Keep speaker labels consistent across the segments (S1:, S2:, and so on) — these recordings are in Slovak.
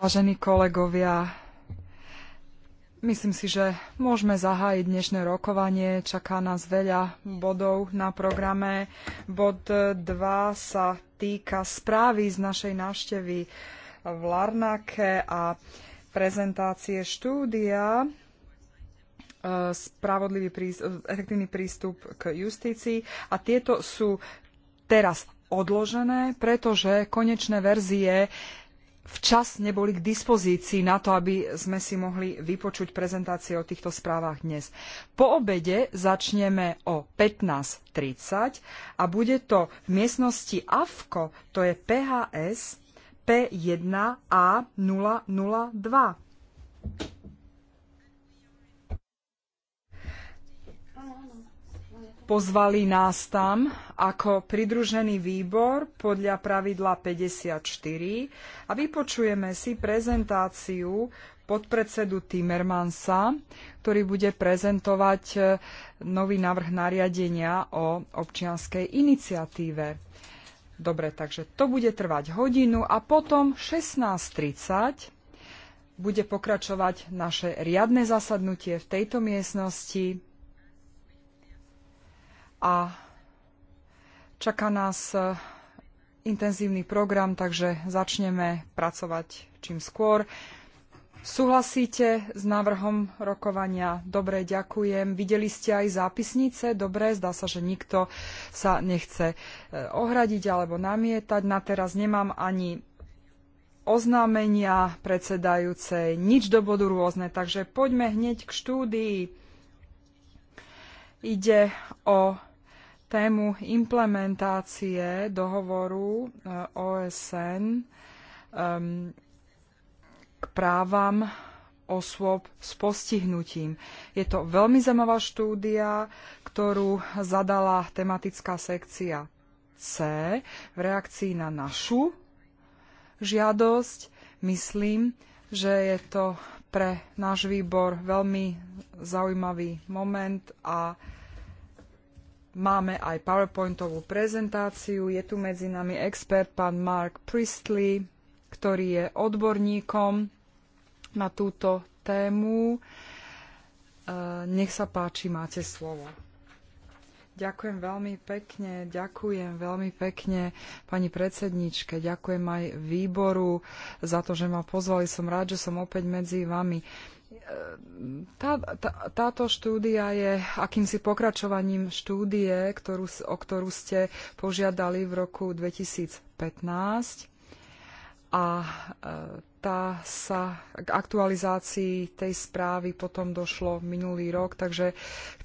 S1: Vážení kolegovia, myslím si, že môžeme zahájiť dnešné rokovanie. Čaká nás veľa bodov na programe. Bod 2 sa týka správy z našej návštevy v Larnake a prezentácie štúdia e, spravodlivý e, efektívny prístup k justícii a tieto sú teraz odložené, pretože konečné verzie včas neboli k dispozícii na to, aby sme si mohli vypočuť prezentácie o týchto správach dnes. Po obede začneme o 15.30 a bude to v miestnosti AFKO, to je PHS P1A002. Pozvali nás tam ako pridružený výbor podľa pravidla 54 a vypočujeme si prezentáciu podpredsedu Timmermansa, ktorý bude prezentovať e, nový návrh nariadenia o občianskej iniciatíve. Dobre, takže to bude trvať hodinu a potom 16.30 bude pokračovať naše riadne zasadnutie v tejto miestnosti a čaká nás e, intenzívny program, takže začneme pracovať čím skôr. Súhlasíte s návrhom rokovania? Dobre, ďakujem. Videli ste aj zápisnice? Dobre, zdá sa, že nikto sa nechce e, ohradiť alebo namietať. Na teraz nemám ani oznámenia predsedajúcej, nič do bodu rôzne, takže poďme hneď k štúdii. Ide o tému implementácie dohovoru eh, OSN eh, k právam osôb s postihnutím. Je to veľmi zaujímavá štúdia, ktorú zadala tematická sekcia C v reakcii na našu žiadosť. Myslím, že je to pre náš výbor veľmi zaujímavý moment a Máme aj PowerPointovú prezentáciu. Je tu medzi nami expert pán Mark Priestley, ktorý je odborníkom na túto tému. E, nech sa páči, máte slovo. Ďakujem veľmi pekne, ďakujem veľmi pekne pani predsedničke, ďakujem aj výboru za to, že ma pozvali. Som rád, že som opäť medzi vami tá, tá, táto štúdia je akýmsi pokračovaním štúdie, ktorú, o ktorú ste požiadali v roku 2015 a e, tá sa k aktualizácii tej správy potom došlo minulý rok, takže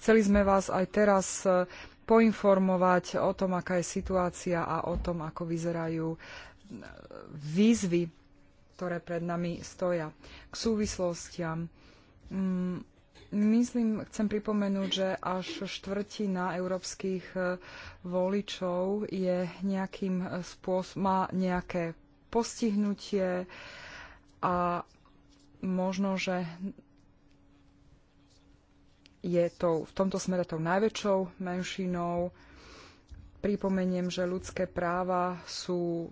S1: chceli sme vás aj teraz e, poinformovať o tom, aká je situácia a o tom, ako vyzerajú e, výzvy, ktoré pred nami stoja k súvislostiam Mm, myslím, chcem pripomenúť, že až štvrtina európskych e, voličov je nejakým e, spôsob, má nejaké postihnutie a možno, že je to v tomto smere tou najväčšou menšinou. Pripomeniem, že ľudské práva sú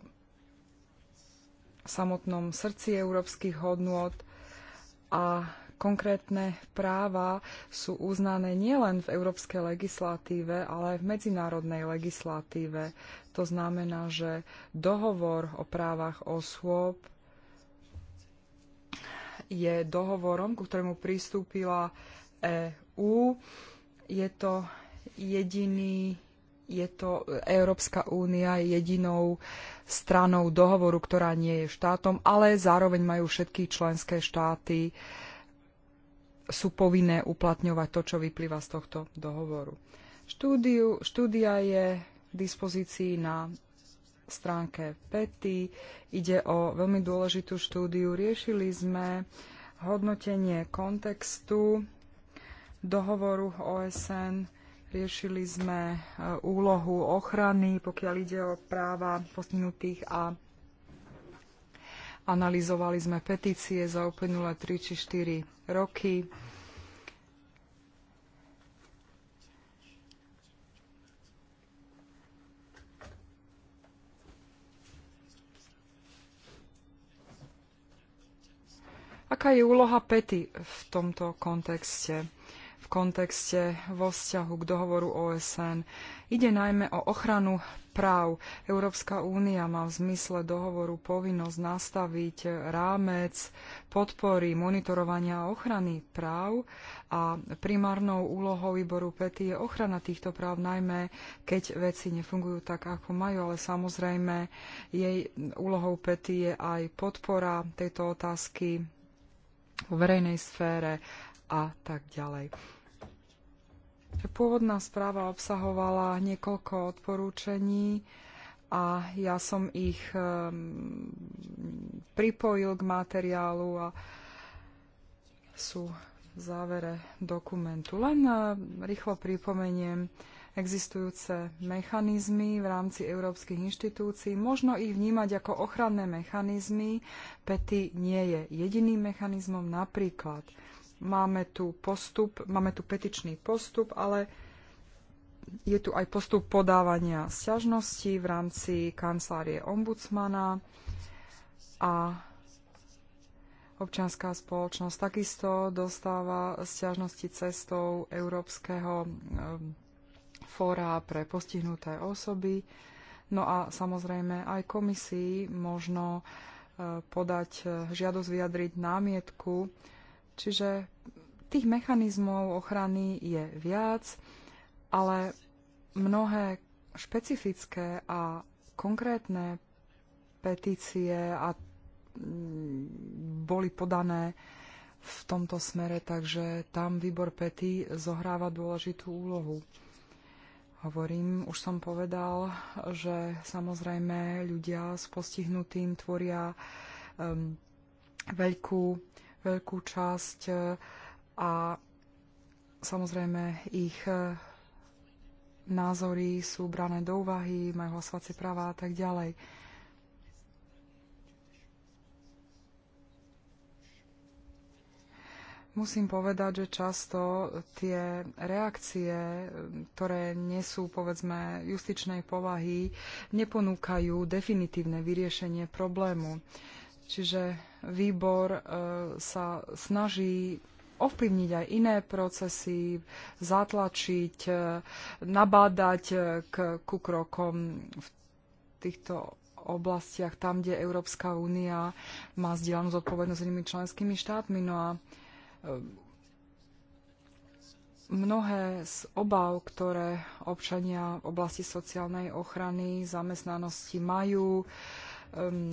S1: v samotnom srdci európskych hodnôt a konkrétne práva sú uznané nielen v európskej legislatíve, ale aj v medzinárodnej legislatíve. To znamená, že dohovor o právach osôb je dohovorom, ku ktorému pristúpila EÚ. Je to jediný je to Európska únia jedinou stranou dohovoru, ktorá nie je štátom, ale zároveň majú všetky členské štáty uh, sú povinné uplatňovať to, čo vyplýva z tohto dohovoru. Štúdiu, štúdia je k dispozícii na stránke PETI. Ide o veľmi dôležitú štúdiu. Riešili sme hodnotenie kontextu dohovoru OSN. Riešili sme e, úlohu ochrany, pokiaľ ide o práva postihnutých a Analyzovali sme petície za uplynulé 3 či 4 roky. Aká je úloha PETI v tomto kontexte? kontexte vo vzťahu k dohovoru OSN. Ide najmä o ochranu práv. Európska únia má v zmysle dohovoru povinnosť nastaviť rámec podpory monitorovania a ochrany práv a primárnou úlohou výboru PETI je ochrana týchto práv, najmä keď veci nefungujú tak, ako majú, ale samozrejme jej úlohou PETI je aj podpora tejto otázky vo verejnej sfére a tak ďalej. Pôvodná správa obsahovala niekoľko odporúčení a ja som ich um, pripojil k materiálu a sú v závere dokumentu. Len uh, rýchlo pripomeniem existujúce mechanizmy v rámci európskych inštitúcií. Možno ich vnímať ako ochranné mechanizmy. PETI nie je jediným mechanizmom. Napríklad Máme tu postup, máme tu petičný postup, ale je tu aj postup podávania sťažnosti v rámci kancelárie ombudsmana a občianská spoločnosť takisto dostáva sťažnosti cestou Európskeho ehm, fóra pre postihnuté osoby. No a samozrejme aj komisii možno ehm, podať eh, žiadosť vyjadriť námietku Čiže tých mechanizmov ochrany je viac, ale mnohé špecifické a konkrétne petície a mm, boli podané v tomto smere, takže tam výbor Pety zohráva dôležitú úlohu. Hovorím, už som povedal, že samozrejme ľudia s postihnutým tvoria um, veľkú veľkú časť e, a samozrejme ich e, názory sú brané do úvahy, majú hlasovacie práva a tak ďalej. Musím povedať, že často tie reakcie, ktoré nie sú, povedzme, justičnej povahy, neponúkajú definitívne vyriešenie problému. Uh, Čiže výbor e, sa snaží ovplyvniť aj iné procesy, zatlačiť, e, nabádať e, k, ku krokom v týchto oblastiach, tam, kde Európska únia má zdieľanú zodpovednosť s inými členskými štátmi. No a mnohé z obav, ktoré občania v oblasti sociálnej ochrany, zamestnanosti majú, um,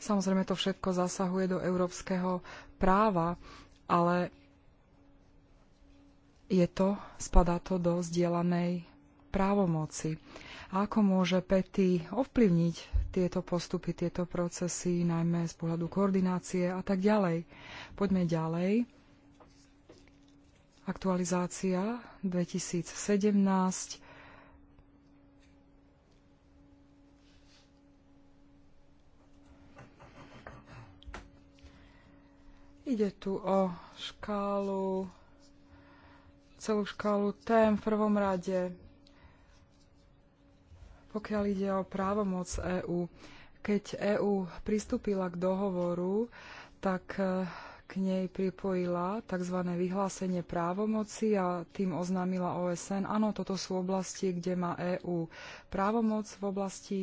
S1: Samozrejme to všetko zasahuje do európskeho práva, ale je to, spadá to do zdieľanej právomoci. A ako môže Pety ovplyvniť tieto postupy, tieto procesy, najmä z pohľadu koordinácie a tak ďalej. Poďme ďalej. Aktualizácia 2017 Ide tu o škálu, celú škálu tém v prvom rade, pokiaľ ide o právomoc EÚ. Keď EÚ pristúpila k dohovoru, tak e, k nej pripojila tzv. vyhlásenie právomoci a tým oznámila OSN. Áno, toto sú oblasti, kde má EÚ právomoc v oblasti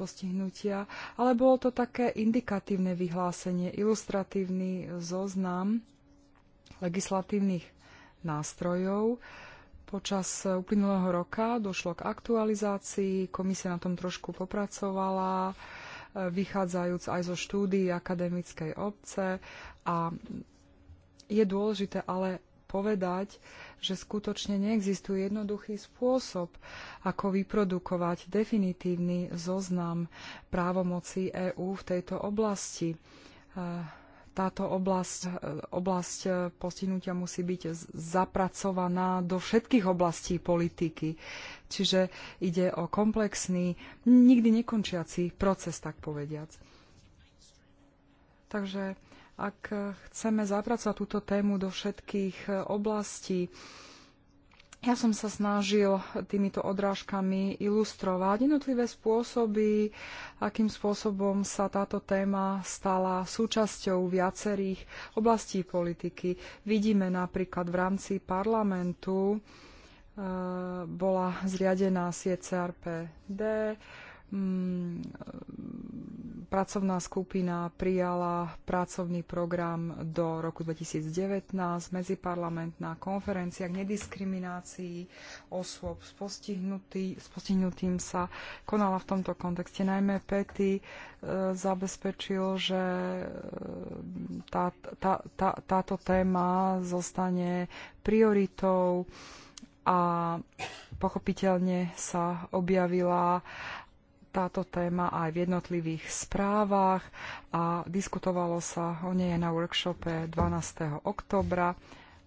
S1: postihnutia, ale bolo to také indikatívne vyhlásenie, ilustratívny zoznam legislatívnych nástrojov. Počas uplynulého roka došlo k aktualizácii, komisia na tom trošku popracovala, vychádzajúc aj zo štúdií akademickej obce a je dôležité ale povedať, že skutočne neexistuje jednoduchý spôsob, ako vyprodukovať definitívny zoznam právomocí EÚ v tejto oblasti. E, táto oblasť, e, oblasť e, postihnutia musí byť zapracovaná do všetkých oblastí politiky. Čiže ide o komplexný, nikdy nekončiaci proces, tak povediac. Takže ak chceme zapracovať túto tému do všetkých e, oblastí, ja som sa snažil týmito odrážkami ilustrovať jednotlivé spôsoby, akým spôsobom sa táto téma stala súčasťou viacerých oblastí politiky. Vidíme napríklad v rámci parlamentu e, bola zriadená CCRPD, CRPD, Mm, pracovná skupina prijala pracovný program do roku 2019, medziparlamentná konferencia k nediskriminácii osôb s, postihnutý, s postihnutým sa konala v tomto kontexte. Najmä Pety e, zabezpečil, že e, tá, tá, tá, táto téma zostane prioritou a pochopiteľne sa objavila táto téma aj v jednotlivých správach a diskutovalo sa o nej na workshope 12. oktobra.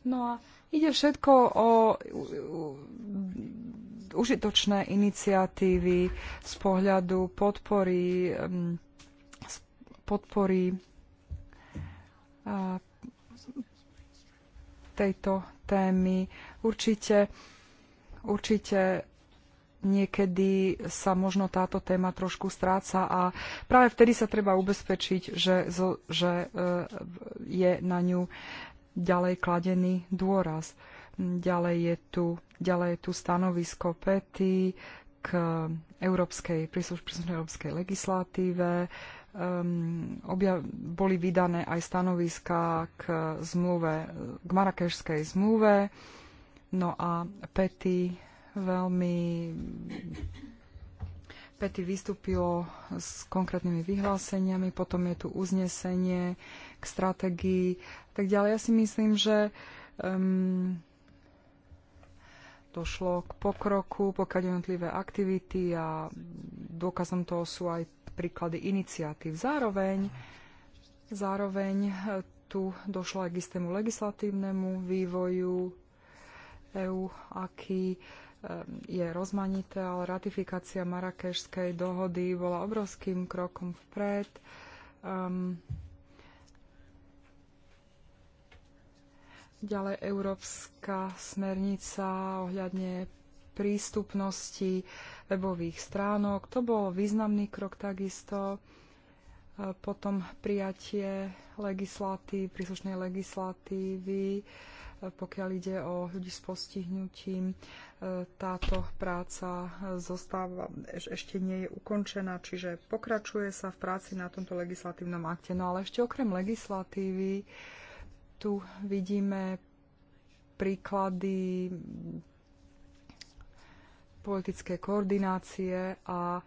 S1: No a ide všetko o užitočné iniciatívy z pohľadu podpory, podpory tejto témy. Určite, určite niekedy sa možno táto téma trošku stráca a práve vtedy sa treba ubezpečiť, že, že e, je na ňu ďalej kladený dôraz. Ďalej je tu, ďalej je tu stanovisko Pety, k európskej, príslušnej európskej legislatíve. Um, obja- boli vydané aj stanoviska k zmluve, k marakešskej zmluve. No a PETY veľmi Peti vystúpilo s konkrétnymi vyhláseniami, potom je tu uznesenie k stratégii tak ďalej. Ja si myslím, že um, došlo k pokroku, pokiaľ jednotlivé aktivity a dôkazom toho sú aj príklady iniciatív. Zároveň, zároveň e, tu došlo aj k istému legislatívnemu vývoju EU, aký je rozmanité, ale ratifikácia marakešskej dohody bola obrovským krokom vpred. Um, ďalej Európska smernica ohľadne prístupnosti webových stránok. To bol významný krok takisto. Potom prijatie legislatívy, príslušnej legislatívy pokiaľ ide o ľudí s postihnutím, e, táto práca zostáva, e, ešte nie je ukončená, čiže pokračuje sa v práci na tomto legislatívnom akte. No ale ešte okrem legislatívy tu vidíme príklady politické koordinácie a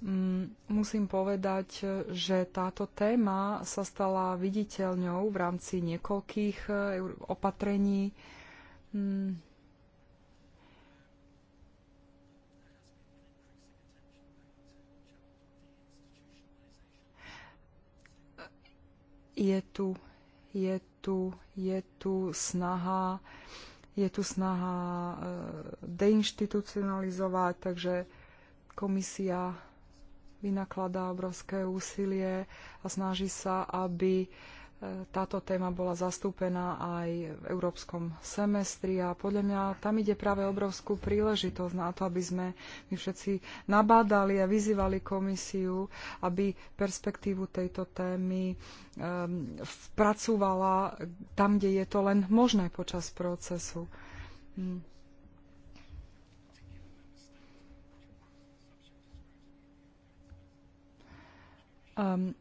S1: Mm, musím povedať, že táto téma sa stala viditeľňou v rámci niekoľkých eh, opatrení. Mm. Je tu, je tu, je tu snaha, je tu snaha eh, deinstitucionalizovať, takže komisia vynakladá obrovské úsilie a snaží sa, aby e, táto téma bola zastúpená aj v európskom semestri a podľa mňa tam ide práve obrovskú príležitosť na to, aby sme my všetci nabádali a vyzývali komisiu, aby perspektívu tejto témy um, e, vpracúvala tam, kde je to len možné počas procesu. Hmm. Um,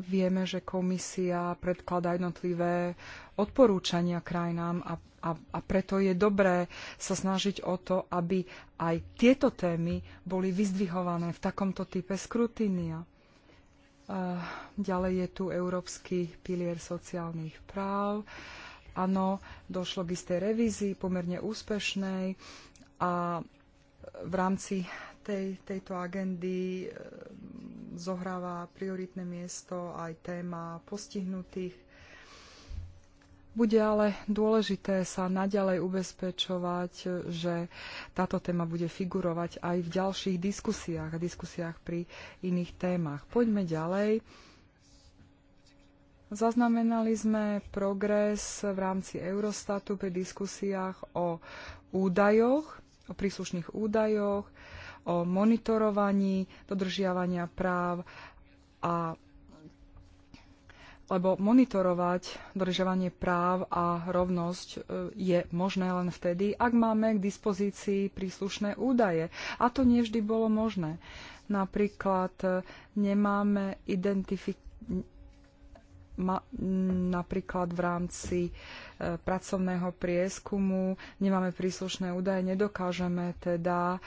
S1: vieme, že komisia predkladá jednotlivé odporúčania krajinám a, a, a preto je dobré sa snažiť o to, aby aj tieto témy boli vyzdvihované v takomto type skrutínia. Ehm, ďalej je tu Európsky pilier sociálnych práv. Áno, došlo k istej revízii, pomerne úspešnej a v rámci tej, tejto agendy eh, zohráva prioritné miesto aj téma postihnutých. Bude ale dôležité sa naďalej ubezpečovať, že táto téma bude figurovať aj v ďalších diskusiách a diskusiách pri iných témach. Poďme ďalej. Zaznamenali sme progres v rámci Eurostatu pri diskusiách o údajoch, o príslušných údajoch o monitorovaní dodržiavania práv a lebo monitorovať dodržiavanie práv a rovnosť e, je možné len vtedy, ak máme k dispozícii príslušné údaje. A to nie vždy bolo možné. Napríklad e, nemáme identifikovať ma, napríklad v rámci e, pracovného prieskumu, nemáme príslušné údaje, nedokážeme teda e,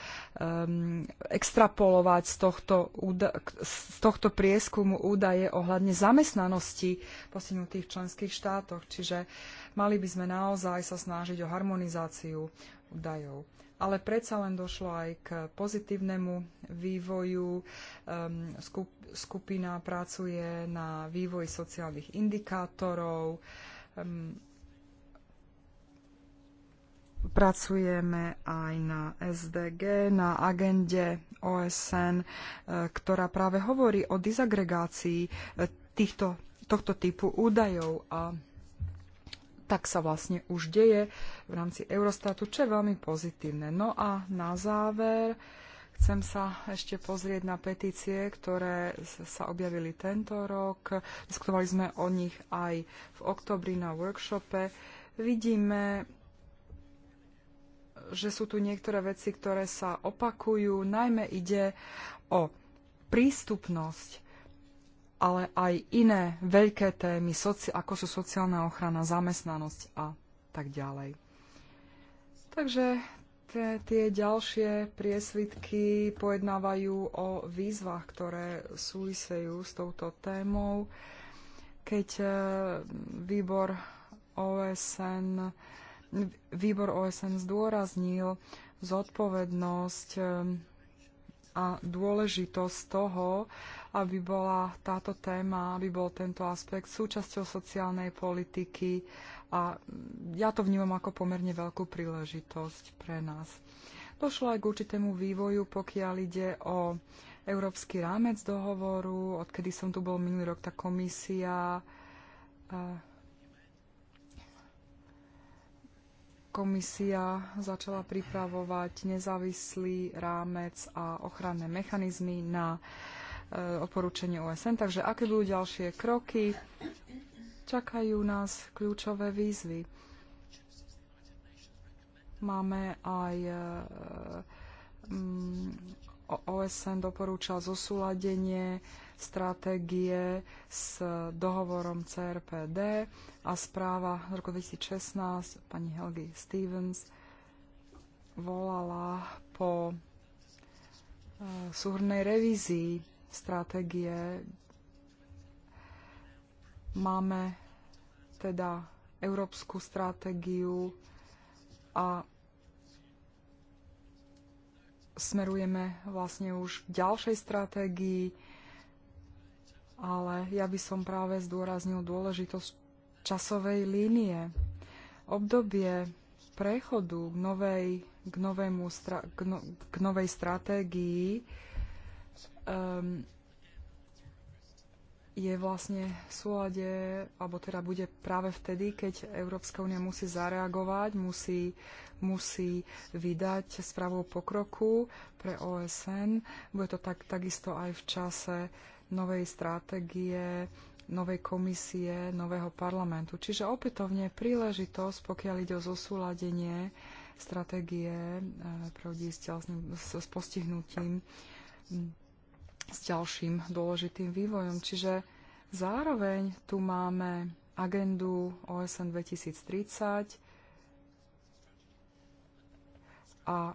S1: extrapolovať z tohto, úda- z tohto prieskumu údaje ohľadne zamestnanosti postihnutých členských štátoch. Čiže mali by sme naozaj sa snažiť o harmonizáciu údajov ale predsa len došlo aj k pozitívnemu vývoju. Ehm, skupina pracuje na vývoji sociálnych indikátorov. Ehm, pracujeme aj na SDG, na agende OSN, e, ktorá práve hovorí o dizagregácii e, týchto, tohto typu údajov a tak sa vlastne už deje v rámci Eurostatu, čo je veľmi pozitívne. No a na záver chcem sa ešte pozrieť na petície, ktoré sa objavili tento rok. Diskutovali sme o nich aj v oktobri na workshope. Vidíme, že sú tu niektoré veci, ktoré sa opakujú. Najmä ide o prístupnosť ale aj iné veľké témy, ako sú sociálna ochrana, zamestnanosť a tak ďalej. Takže tie ďalšie priesvitky pojednávajú o výzvach, ktoré súvisejú s touto témou. Keď e, výbor OSN, výbor OSN zdôraznil zodpovednosť e, a dôležitosť toho, aby bola táto téma, aby bol tento aspekt súčasťou sociálnej politiky a ja to vnímam ako pomerne veľkú príležitosť pre nás. Došlo aj k určitému vývoju, pokiaľ ide o európsky rámec dohovoru. Odkedy som tu bol minulý rok, tá komisia eh, komisia začala pripravovať nezávislý rámec a ochranné mechanizmy na e, odporúčanie OSN. Takže aké budú ďalšie kroky? Čakajú nás kľúčové výzvy. Máme aj mm, OSN doporúča zosúladenie stratégie s dohovorom CRPD a správa z roku 2016 pani Helgi Stevens volala po e, súhrnej revízii stratégie. Máme teda európsku stratégiu a smerujeme vlastne už k ďalšej stratégii, ale ja by som práve zdôraznil dôležitosť časovej línie. Obdobie prechodu k novej, k novému stra, k no, k novej stratégii um, je vlastne v súlade, alebo teda bude práve vtedy, keď Európska únia musí zareagovať, musí, musí vydať správu pokroku pre OSN. Bude to tak, takisto aj v čase novej stratégie, novej komisie, nového parlamentu. Čiže opätovne príležitosť, pokiaľ ide o zosúladenie stratégie e, s, s postihnutím, s ďalším dôležitým vývojom. Čiže zároveň tu máme agendu OSN 2030 a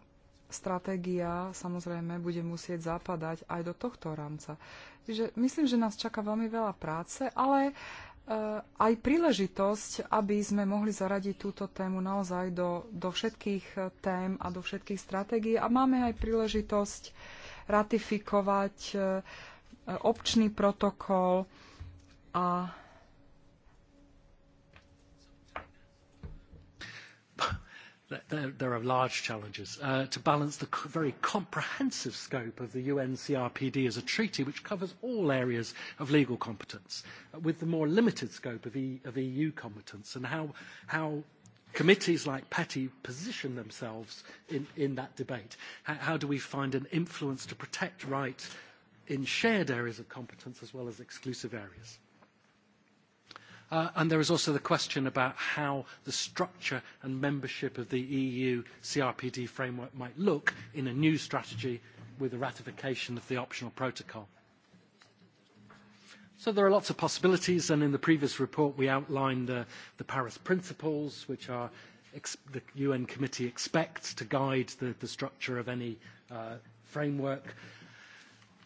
S1: stratégia samozrejme bude musieť zapadať aj do tohto rámca. Čiže myslím, že nás čaká veľmi veľa práce, ale e, aj príležitosť, aby sme mohli zaradiť túto tému naozaj do, do všetkých tém a do všetkých stratégií. A máme aj príležitosť ratifikovať e, občný protokol a
S2: There, there are large challenges uh, to balance the very comprehensive scope of the UNCRPD as a treaty which covers all areas of legal competence uh, with the more limited scope of, e, of EU competence and how, how committees like PETI position themselves in, in that debate? How, how do we find an influence to protect rights in shared areas of competence as well as exclusive areas? Uh, and there is also the question about how the structure and membership of the EU CRPD framework might look in a new strategy with the ratification of the optional protocol. So there are lots of possibilities, and in the previous report we outlined the, Paris principles, which are the UN committee expects to guide the, structure of any uh, framework.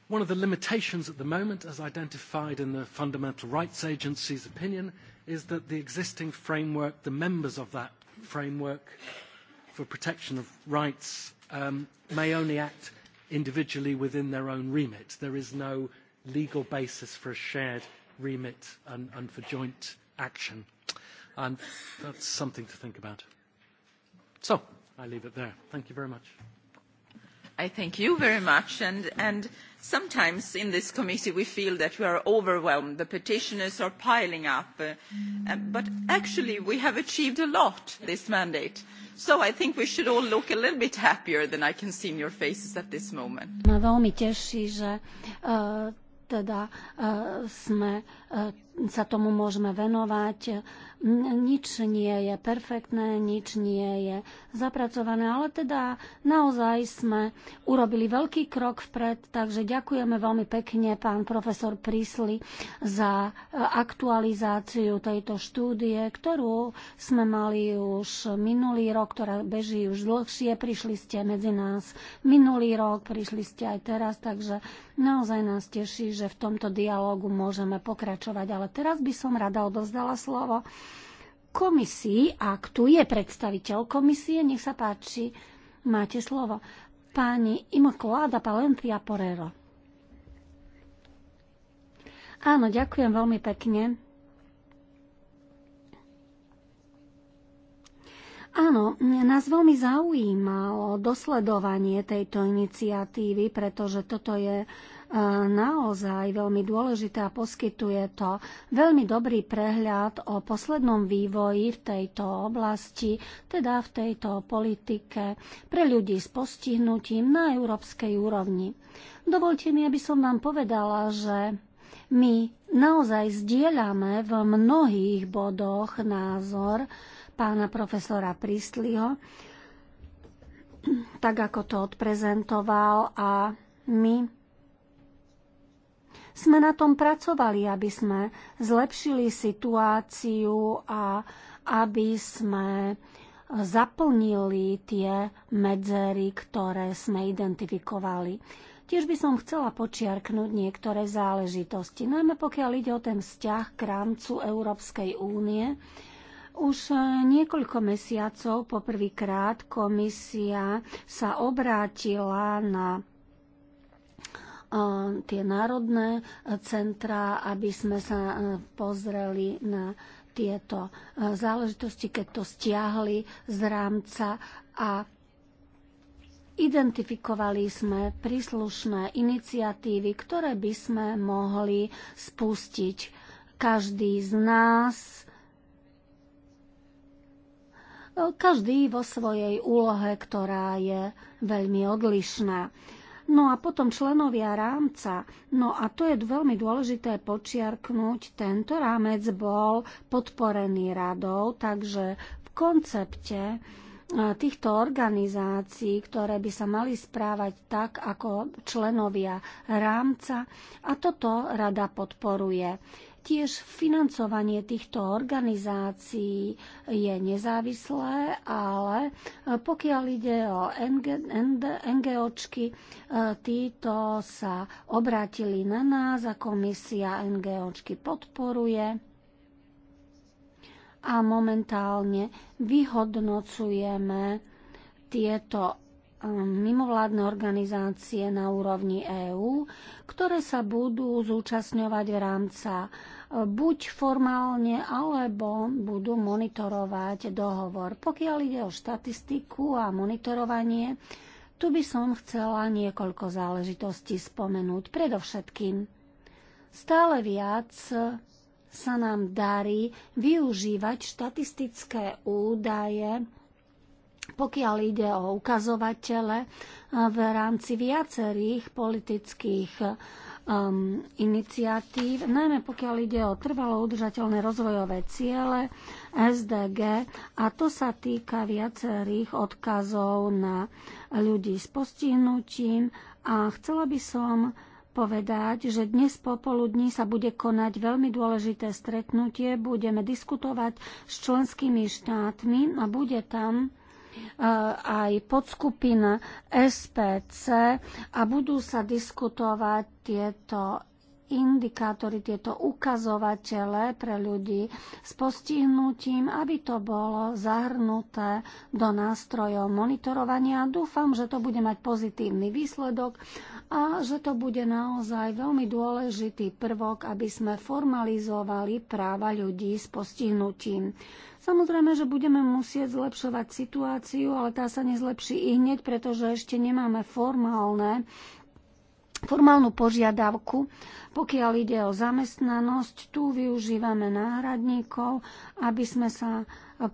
S2: One of the limitations at the moment, as identified in the Fundamental Rights Agency's opinion, is that the existing framework, the members of that framework for protection of rights, um, may only act individually within their own remit. There is no legal basis for a shared remit and, and for joint action. And that's something to think about. So I leave it there. Thank you very much.
S1: I thank you very much. And, and sometimes in this committee we feel that we are overwhelmed. The petitioners are piling up. Uh, uh, but actually we have achieved a lot this mandate. So I think we should all look a little bit happier than I can see in your faces at this moment.
S3: Ma veľmi teší, že uh, teda e, sme e, sa tomu môžeme venovať. Nič nie je perfektné, nič nie je zapracované, ale teda naozaj sme urobili veľký krok vpred, takže ďakujeme veľmi pekne pán profesor Prísli za e, aktualizáciu tejto štúdie, ktorú sme mali už minulý rok, ktorá beží už dlhšie. Prišli ste medzi nás minulý rok, prišli ste aj teraz, takže naozaj nás teší, že v tomto dialogu môžeme pokračovať, ale ale teraz by som rada odovzdala slovo komisii, ak tu je predstaviteľ komisie, nech sa páči, máte slovo. Pani Imokláda Palentia Porero. Áno, ďakujem veľmi pekne. Áno, nás veľmi zaujímalo dosledovanie tejto iniciatívy, pretože toto je uh, E, naozaj veľmi dôležité a poskytuje to veľmi dobrý prehľad o poslednom vývoji v tejto oblasti, teda v tejto politike pre ľudí s postihnutím na európskej úrovni. Dovolte mi, aby som vám povedala, že my naozaj zdieľame v mnohých bodoch názor pána profesora Pristliho, tak ako to odprezentoval a my sme na tom pracovali, aby sme zlepšili situáciu a aby sme eh, zaplnili tie medzery, ktoré sme identifikovali. Tiež by som chcela počiarknúť niektoré záležitosti, najmä pokiaľ ide o ten vzťah k rámcu Európskej únie. Už eh, niekoľko mesiacov poprvýkrát komisia sa obrátila na tie národné centrá, aby sme sa e, pozreli na tieto e, záležitosti, keď to stiahli z rámca a Identifikovali sme príslušné iniciatívy, ktoré by sme mohli spustiť. Každý z nás, e, každý vo svojej úlohe, ktorá je veľmi odlišná. No a potom členovia rámca. No a to je veľmi dôležité počiarknúť. Tento rámec bol podporený radou, takže v koncepte e, týchto organizácií, ktoré by sa mali správať tak ako členovia rámca a toto rada podporuje. Tiež financovanie týchto organizácií je nezávislé, ale e, pokiaľ ide o NGOčky, e, títo sa obrátili na nás a komisia NGOčky podporuje a momentálne vyhodnocujeme tieto Um, mimovládne organizácie na úrovni EÚ, ktoré sa budú zúčastňovať v rámca uh, buď formálne, alebo budú monitorovať dohovor. Pokiaľ ide o štatistiku a monitorovanie, tu by som chcela niekoľko záležitostí spomenúť. Predovšetkým, stále viac sa nám darí využívať štatistické údaje pokiaľ ide o ukazovatele eh, v rámci viacerých politických um, iniciatív, najmä pokiaľ ide o trvalo udržateľné rozvojové ciele SDG a to sa týka viacerých odkazov na ľudí s postihnutím a chcela by som povedať, že dnes popoludní sa bude konať veľmi dôležité stretnutie. Budeme diskutovať s členskými štátmi a bude tam E, aj podskupina SPC a budú sa diskutovať tieto indikátory, tieto ukazovatele pre ľudí s postihnutím, aby to bolo zahrnuté do nástrojov monitorovania. Dúfam, že to bude mať pozitívny výsledok a že to bude naozaj veľmi dôležitý prvok, aby sme formalizovali práva ľudí s postihnutím. Samozrejme, že budeme musieť zlepšovať situáciu, ale tá sa nezlepší i hneď, pretože ešte nemáme formálne formálnu požiadavku. Pokiaľ ide o zamestnanosť, tu využívame náhradníkov, aby sme sa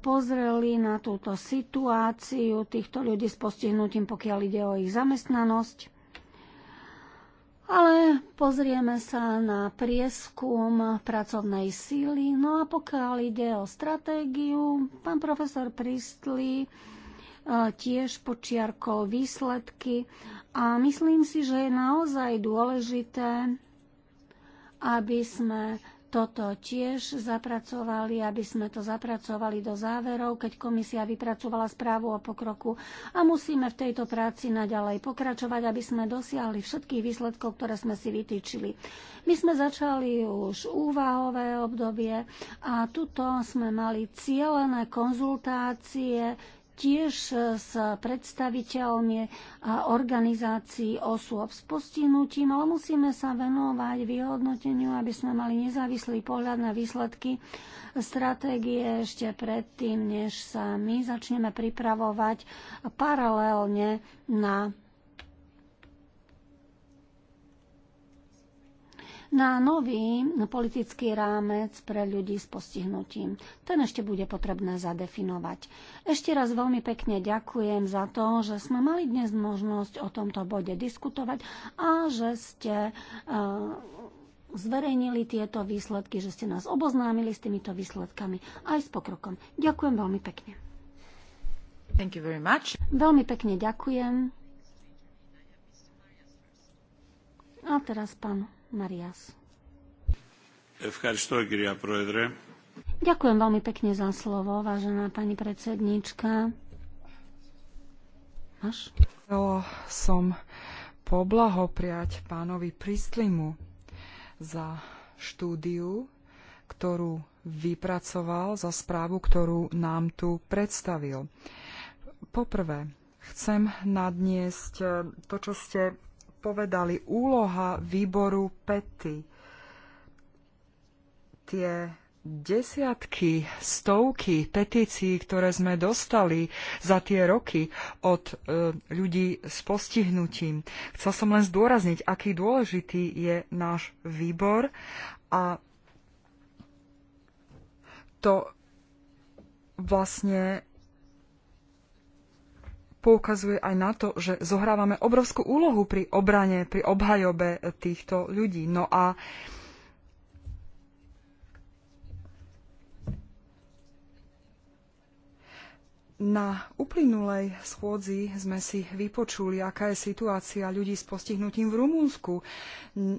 S3: pozreli na túto situáciu týchto ľudí s postihnutím, pokiaľ ide o ich zamestnanosť ale pozrieme sa na prieskum pracovnej síly. No a pokiaľ ide o stratégiu, pán profesor Pristli e, tiež počiarkol výsledky a myslím si, že je naozaj dôležité, aby sme toto tiež zapracovali, aby sme to zapracovali do záverov, keď komisia vypracovala správu o pokroku a musíme v tejto práci naďalej pokračovať, aby sme dosiahli všetkých výsledkov, ktoré sme si vytýčili. My sme začali už úvahové obdobie a tuto sme mali cieľené konzultácie tiež s predstaviteľmi organizácií osôb s postihnutím, ale musíme sa venovať vyhodnoteniu, aby sme mali nezávislý pohľad na výsledky stratégie ešte predtým, než sa my začneme pripravovať paralelne na na nový politický rámec pre ľudí s postihnutím. Ten ešte bude potrebné zadefinovať. Ešte raz veľmi pekne ďakujem za to, že sme mali dnes možnosť o tomto bode diskutovať a že ste e, zverejnili tieto výsledky, že ste nás oboznámili s týmito výsledkami aj s pokrokom. Ďakujem veľmi pekne. Thank you very much. Veľmi pekne ďakujem. A teraz pán Marias. Ďakujem veľmi pekne za slovo, vážená pani predsedníčka. Máš? Chcela
S1: som poblahopriať pánovi Pristlimu za štúdiu, ktorú vypracoval, za správu, ktorú nám tu predstavil. Poprvé, chcem nadniesť to, čo ste povedali, úloha výboru PETY, tie desiatky, stovky petícií, ktoré sme dostali za tie roky od e, ľudí s postihnutím. Chcel som len zdôrazniť, aký dôležitý je náš výbor a to vlastne poukazuje aj na to, že zohrávame obrovskú úlohu pri obrane, pri obhajobe týchto ľudí. No a Na uplynulej schôdzi sme si vypočuli, aká je situácia ľudí s postihnutím v Rumúnsku.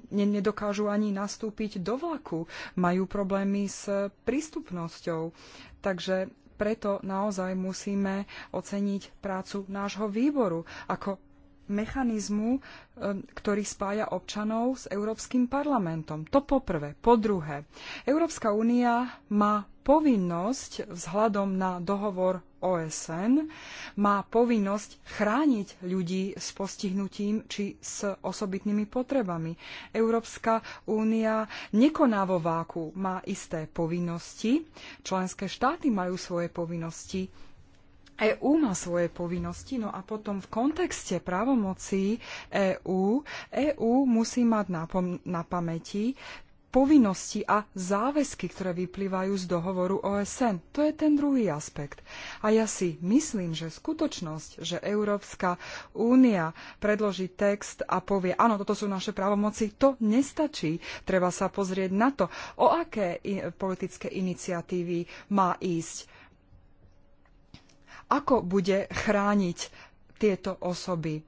S1: Nedokážu ani nastúpiť do vlaku, majú problémy s prístupnosťou. Takže preto naozaj musíme oceniť prácu nášho výboru ako mechanizmu, e, ktorý spája občanov s Európskym parlamentom. To poprvé. Po druhé, Európska únia má povinnosť vzhľadom na dohovor OSN, má povinnosť chrániť ľudí s postihnutím či s osobitnými potrebami. Európska únia nekoná vo váku, má isté povinnosti, členské štáty majú svoje povinnosti, EÚ má svoje povinnosti, no a potom v kontexte právomocí EÚ, EÚ musí mať na, na pamäti, povinnosti a záväzky, ktoré vyplývajú z dohovoru OSN. To je ten druhý aspekt. A ja si myslím, že skutočnosť, že Európska únia predloží text a povie, áno, toto sú naše právomoci, to nestačí. Treba sa pozrieť na to, o aké politické iniciatívy má ísť. Ako bude chrániť tieto osoby.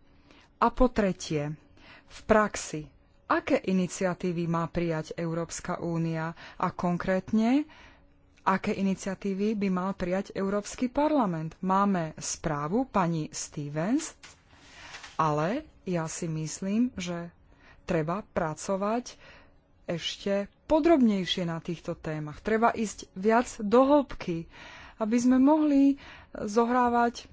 S1: A po tretie, v praxi aké iniciatívy má prijať Európska únia a konkrétne, aké iniciatívy by mal prijať Európsky parlament. Máme správu pani Stevens, ale ja si myslím, že treba pracovať ešte podrobnejšie na týchto témach. Treba ísť viac do hĺbky, aby sme mohli zohrávať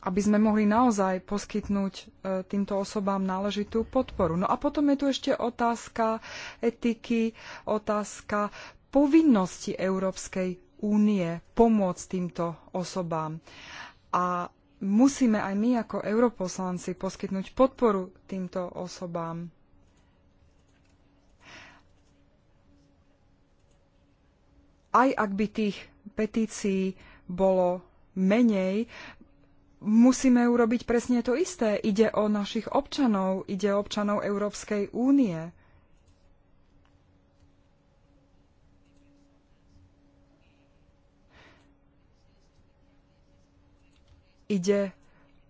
S1: aby sme mohli naozaj poskytnúť e, týmto osobám náležitú podporu. No a potom je tu ešte otázka etiky, otázka povinnosti Európskej únie pomôcť týmto osobám. A musíme aj my ako europoslanci poskytnúť podporu týmto osobám. Aj ak by tých petícií bolo menej, musíme urobiť presne to isté. Ide o našich občanov, ide o občanov Európskej únie. Ide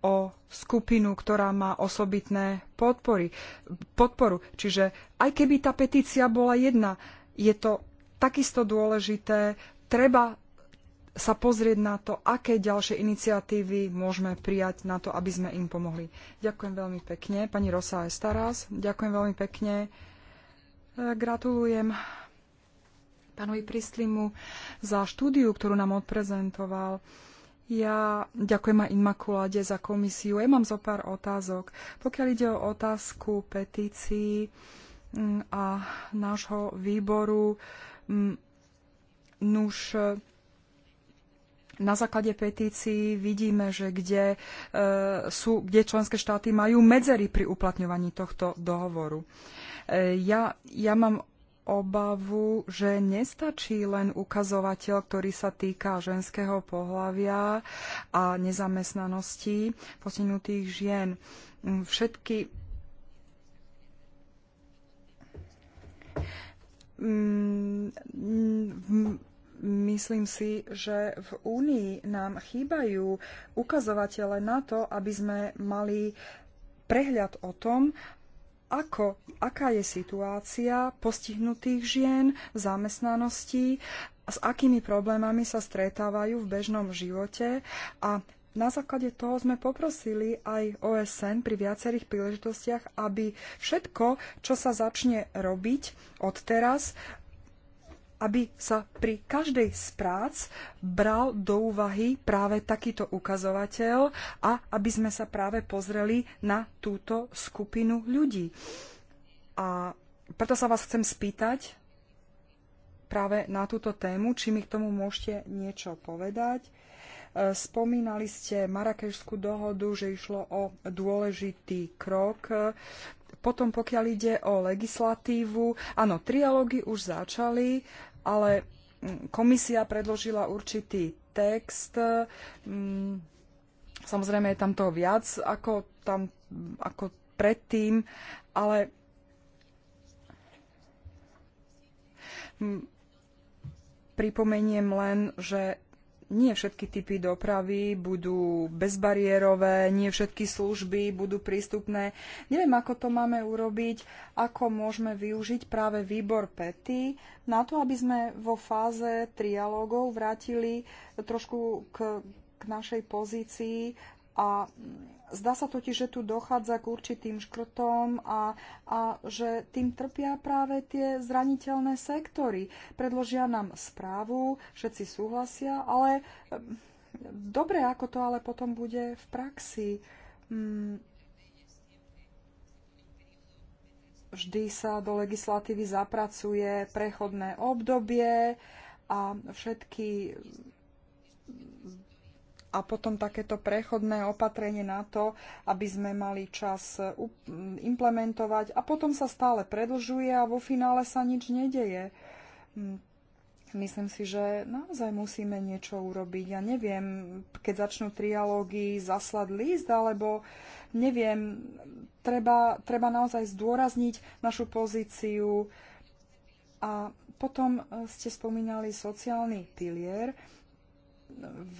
S1: o skupinu, ktorá má osobitné podpory, podporu. Čiže aj keby tá petícia bola jedna, je to takisto dôležité. Treba sa pozrieť na to, aké ďalšie iniciatívy môžeme prijať na to, aby sme im pomohli. Ďakujem veľmi pekne. Pani Rosa Estaras, ďakujem veľmi pekne. E, gratulujem pánovi Pristlimu za štúdiu, ktorú nám odprezentoval. Ja ďakujem aj Inmakulade za komisiu. Ja mám zo pár otázok. Pokiaľ ide o otázku petícií mm, a nášho výboru, mm, nuž na základe petícií vidíme, že kde, e, sú, kde členské štáty majú medzery pri uplatňovaní tohto dohovoru. E, ja, ja mám obavu, že nestačí len ukazovateľ, ktorý sa týka ženského pohlavia a nezamestnanosti postihnutých žien. Mm, všetky mm, mm, Myslím si, že v Únii nám chýbajú ukazovatele na to, aby sme mali prehľad o tom, ako, aká je situácia postihnutých žien v zamestnanosti, s akými problémami sa stretávajú v bežnom živote a na základe toho sme poprosili aj OSN pri viacerých príležitostiach, aby všetko, čo sa začne robiť od teraz, aby sa pri každej z prác bral do úvahy práve takýto ukazovateľ a aby sme sa práve pozreli na túto skupinu ľudí. A preto sa vás chcem spýtať práve na túto tému, či mi k tomu môžete niečo povedať. E, spomínali ste Marrakešskú dohodu, že išlo o dôležitý krok potom, pokiaľ ide o legislatívu, áno, trialógy už začali ale mm, komisia predložila určitý text. Mm, samozrejme je tam toho viac ako, tam, ako predtým, ale mm, pripomeniem len, že nie všetky typy dopravy budú bezbariérové, nie všetky služby budú prístupné. Neviem, ako to máme urobiť, ako môžeme využiť práve výbor PETI na to, aby sme vo fáze trialógov vrátili trošku k, k našej pozícii a zdá sa totiž, že tu dochádza k určitým škrtom a, a že tým trpia práve tie zraniteľné sektory. Predložia nám správu, všetci súhlasia, ale hm, dobre, ako to ale potom bude v praxi. Hm, vždy sa do legislatívy zapracuje prechodné obdobie a všetky a potom takéto prechodné opatrenie na to, aby sme mali čas e, implementovať a potom sa stále predlžuje a vo finále sa nič nedeje. Hm. Myslím si, že naozaj musíme niečo urobiť. Ja neviem, keď začnú trialógy zaslať list, alebo neviem, treba, treba naozaj zdôrazniť našu pozíciu. A potom e, ste spomínali sociálny pilier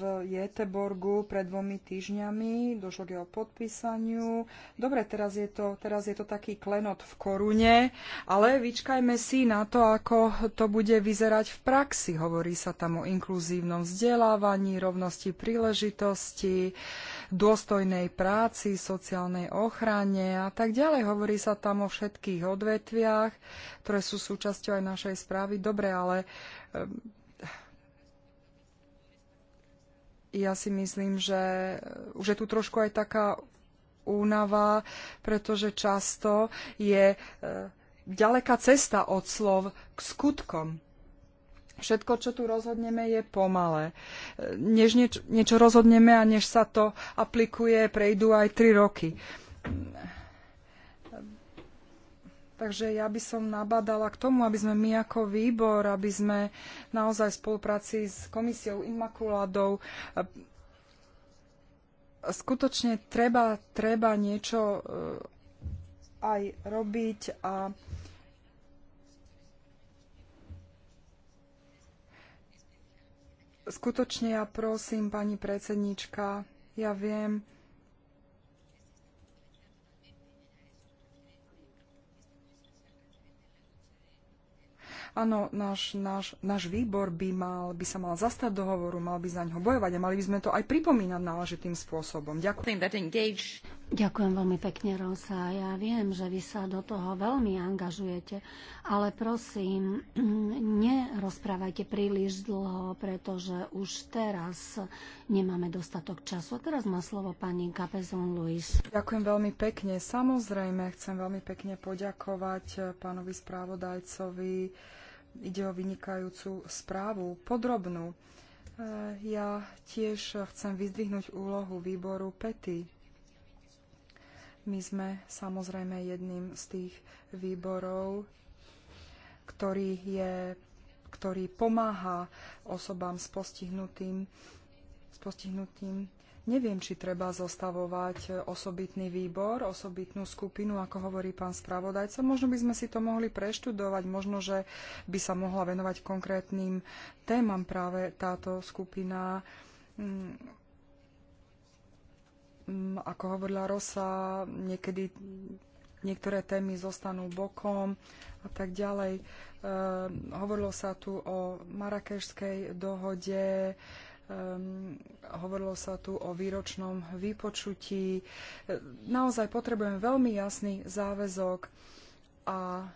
S1: v Jeteborgu pred dvomi týždňami, došlo k jeho podpísaniu. Dobre, teraz je, to, teraz je to taký klenot v korune, ale vyčkajme si na to, ako to bude vyzerať v praxi. Hovorí sa tam o inkluzívnom vzdelávaní, rovnosti príležitosti, dôstojnej práci, sociálnej ochrane a tak ďalej. Hovorí sa tam o všetkých odvetviach, ktoré sú súčasťou aj našej správy. Dobre, ale ja si myslím, že e, už je tu trošku aj taká únava, pretože často je e, ďaleká cesta od slov k skutkom. Všetko, čo tu rozhodneme, je pomalé. E, než nieč, niečo rozhodneme a než sa to aplikuje, prejdú aj tri roky. Takže ja by som nabádala k tomu, aby sme my ako výbor, aby sme naozaj v spolupráci s komisiou Imakuládou. E, skutočne treba, treba niečo e, aj robiť a skutočne ja prosím, pani predsednička, ja viem, Áno, náš, náš, náš výbor by, mal, by sa mal zastať dohovoru, mal by za ňo bojovať a mali by sme to aj pripomínať náležitým spôsobom. Ďakujem.
S3: Ďakujem veľmi pekne, Rosa. Ja viem, že vy sa do toho veľmi angažujete, ale prosím, nerozprávajte príliš dlho, pretože už teraz nemáme dostatok času. A teraz má slovo pani Capezon Luis. Ďakujem veľmi pekne. Samozrejme, chcem veľmi pekne poďakovať eh, pánovi
S1: správodajcovi. Ide o vynikajúcu správu, podrobnú. Eh, ja tiež chcem vyzdvihnúť úlohu výboru PETI my sme samozrejme jedným z tých výborov, ktorý, je, ktorý pomáha osobám s postihnutým, s postihnutým. Neviem, či treba zostavovať osobitný výbor, osobitnú skupinu, ako hovorí pán spravodajca. Možno by sme si to mohli preštudovať, možno, že by sa mohla venovať konkrétnym témam práve táto skupina mm, Mm, ako hovorila Rosa, niekedy niektoré témy zostanú bokom a tak ďalej. E, hovorilo sa tu o marakešskej dohode, e, hovorilo sa tu o výročnom výpočutí. E, naozaj potrebujem veľmi jasný záväzok a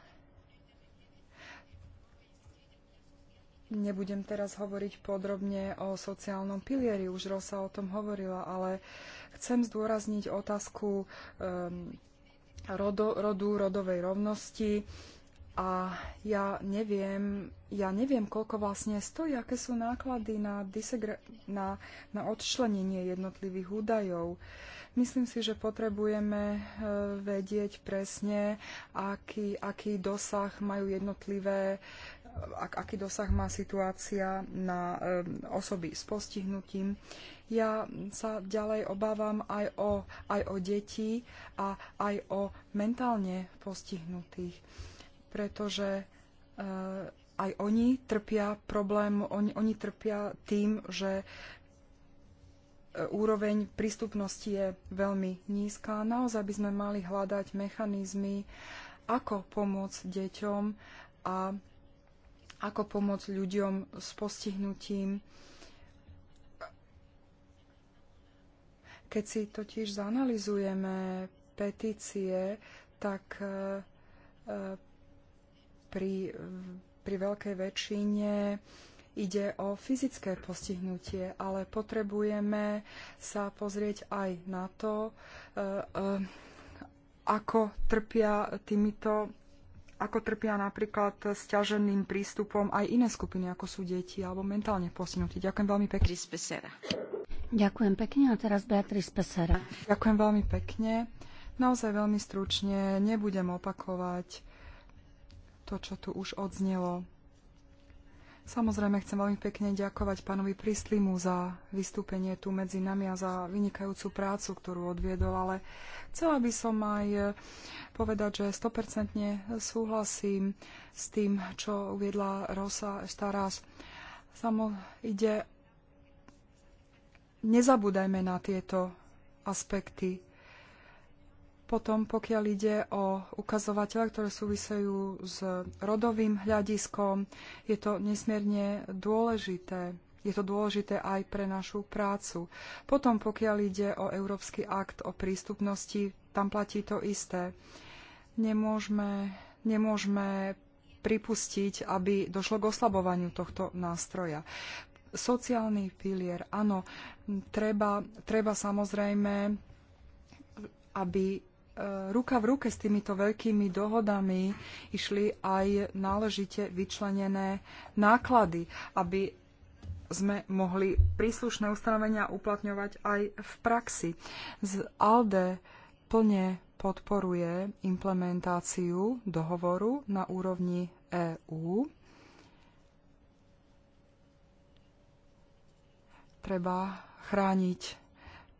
S1: nebudem teraz hovoriť podrobne o sociálnom pilieri, už Rosa o tom hovorila, ale e, Chcem zdôrazniť otázku um, rodo, rodu, rodovej rovnosti a ja neviem, ja neviem, koľko vlastne stojí, aké sú náklady na, disegre, na, na odčlenenie jednotlivých údajov. Myslím si, že potrebujeme eh, vedieť presne, aký, aký dosah majú jednotlivé ak, aký dosah má situácia na osoby s postihnutím. Ja sa ďalej obávam aj o, aj o deti a aj o mentálne postihnutých, pretože eh, aj oni trpia problém, oni, oni trpia tým, že eh, úroveň prístupnosti je veľmi nízka. Naozaj by sme mali hľadať mechanizmy, ako pomôcť deťom a ako pomôcť ľuďom s postihnutím. Keď si totiž zanalizujeme petície, tak e, e, pri, pri veľkej väčšine ide o fyzické postihnutie, ale potrebujeme sa pozrieť aj na to, e, ako trpia týmito ako trpia napríklad s ťaženým prístupom aj iné skupiny, ako sú deti alebo mentálne postihnutí. Ďakujem veľmi pekne.
S3: Ďakujem pekne a teraz Beatrice Pesera. Ďakujem veľmi
S1: pekne. Naozaj veľmi stručne, nebudem opakovať to, čo tu už odznelo. Samozrejme chcem veľmi pekne ďakovať pánovi Prislimu za vystúpenie tu medzi nami a za vynikajúcu prácu, ktorú odviedol, ale chcela by som aj eh, povedať, že 100% súhlasím s tým, čo uviedla Rosa Štarás. Samo ide, nezabúdajme na tieto aspekty potom, pokiaľ ide o ukazovatele, ktoré súvisejú s rodovým hľadiskom, je to nesmierne dôležité. Je to dôležité aj pre našu prácu. Potom, pokiaľ ide o Európsky akt o prístupnosti, tam platí to isté. Nemôžeme, nemôžeme pripustiť, aby došlo k oslabovaniu tohto nástroja sociálny pilier. Áno, treba, treba samozrejme, aby ruka v ruke s týmito veľkými dohodami išli aj náležite vyčlenené náklady, aby sme mohli príslušné ustanovenia uplatňovať aj v praxi. Z ALDE plne podporuje implementáciu dohovoru na úrovni EÚ. Treba chrániť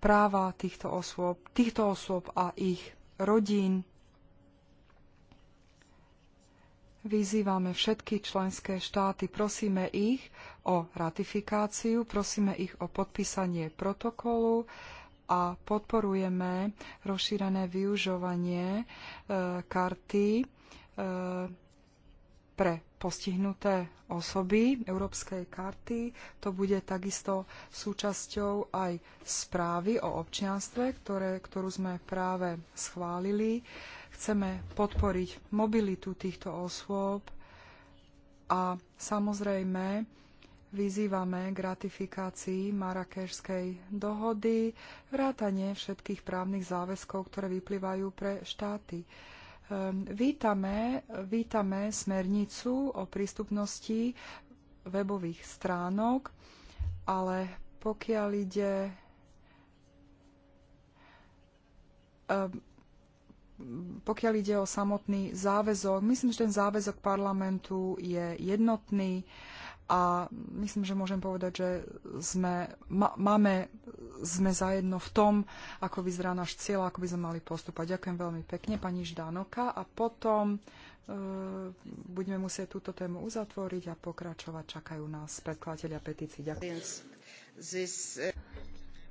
S1: práva týchto osôb, týchto osôb a ich rodín. Vyzývame všetky členské štáty, prosíme ich o ratifikáciu, prosíme ich o podpísanie protokolu a podporujeme rozšírené využovanie e, karty e, pre postihnuté osoby Európskej karty. To bude takisto súčasťou aj správy o občianstve, ktoré, ktorú sme práve schválili. Chceme podporiť mobilitu týchto osôb a samozrejme vyzývame k ratifikácii Marrakešskej dohody, vrátanie všetkých právnych záväzkov, ktoré vyplývajú pre štáty. Ehm, vítame, vítame smernicu o prístupnosti webových stránok, ale pokiaľ ide ehm, pokiaľ ide o samotný záväzok, myslím, že ten záväzok parlamentu je jednotný a myslím, že môžem povedať, že sme, ma, máme, sme zajedno v tom, ako vyzerá náš cieľ, ako by sme mali postúpať. Ďakujem veľmi pekne, pani Ždánoka. A potom e, budeme musieť túto tému uzatvoriť a pokračovať. Čakajú nás predkladateľia petícií. Ďakujem.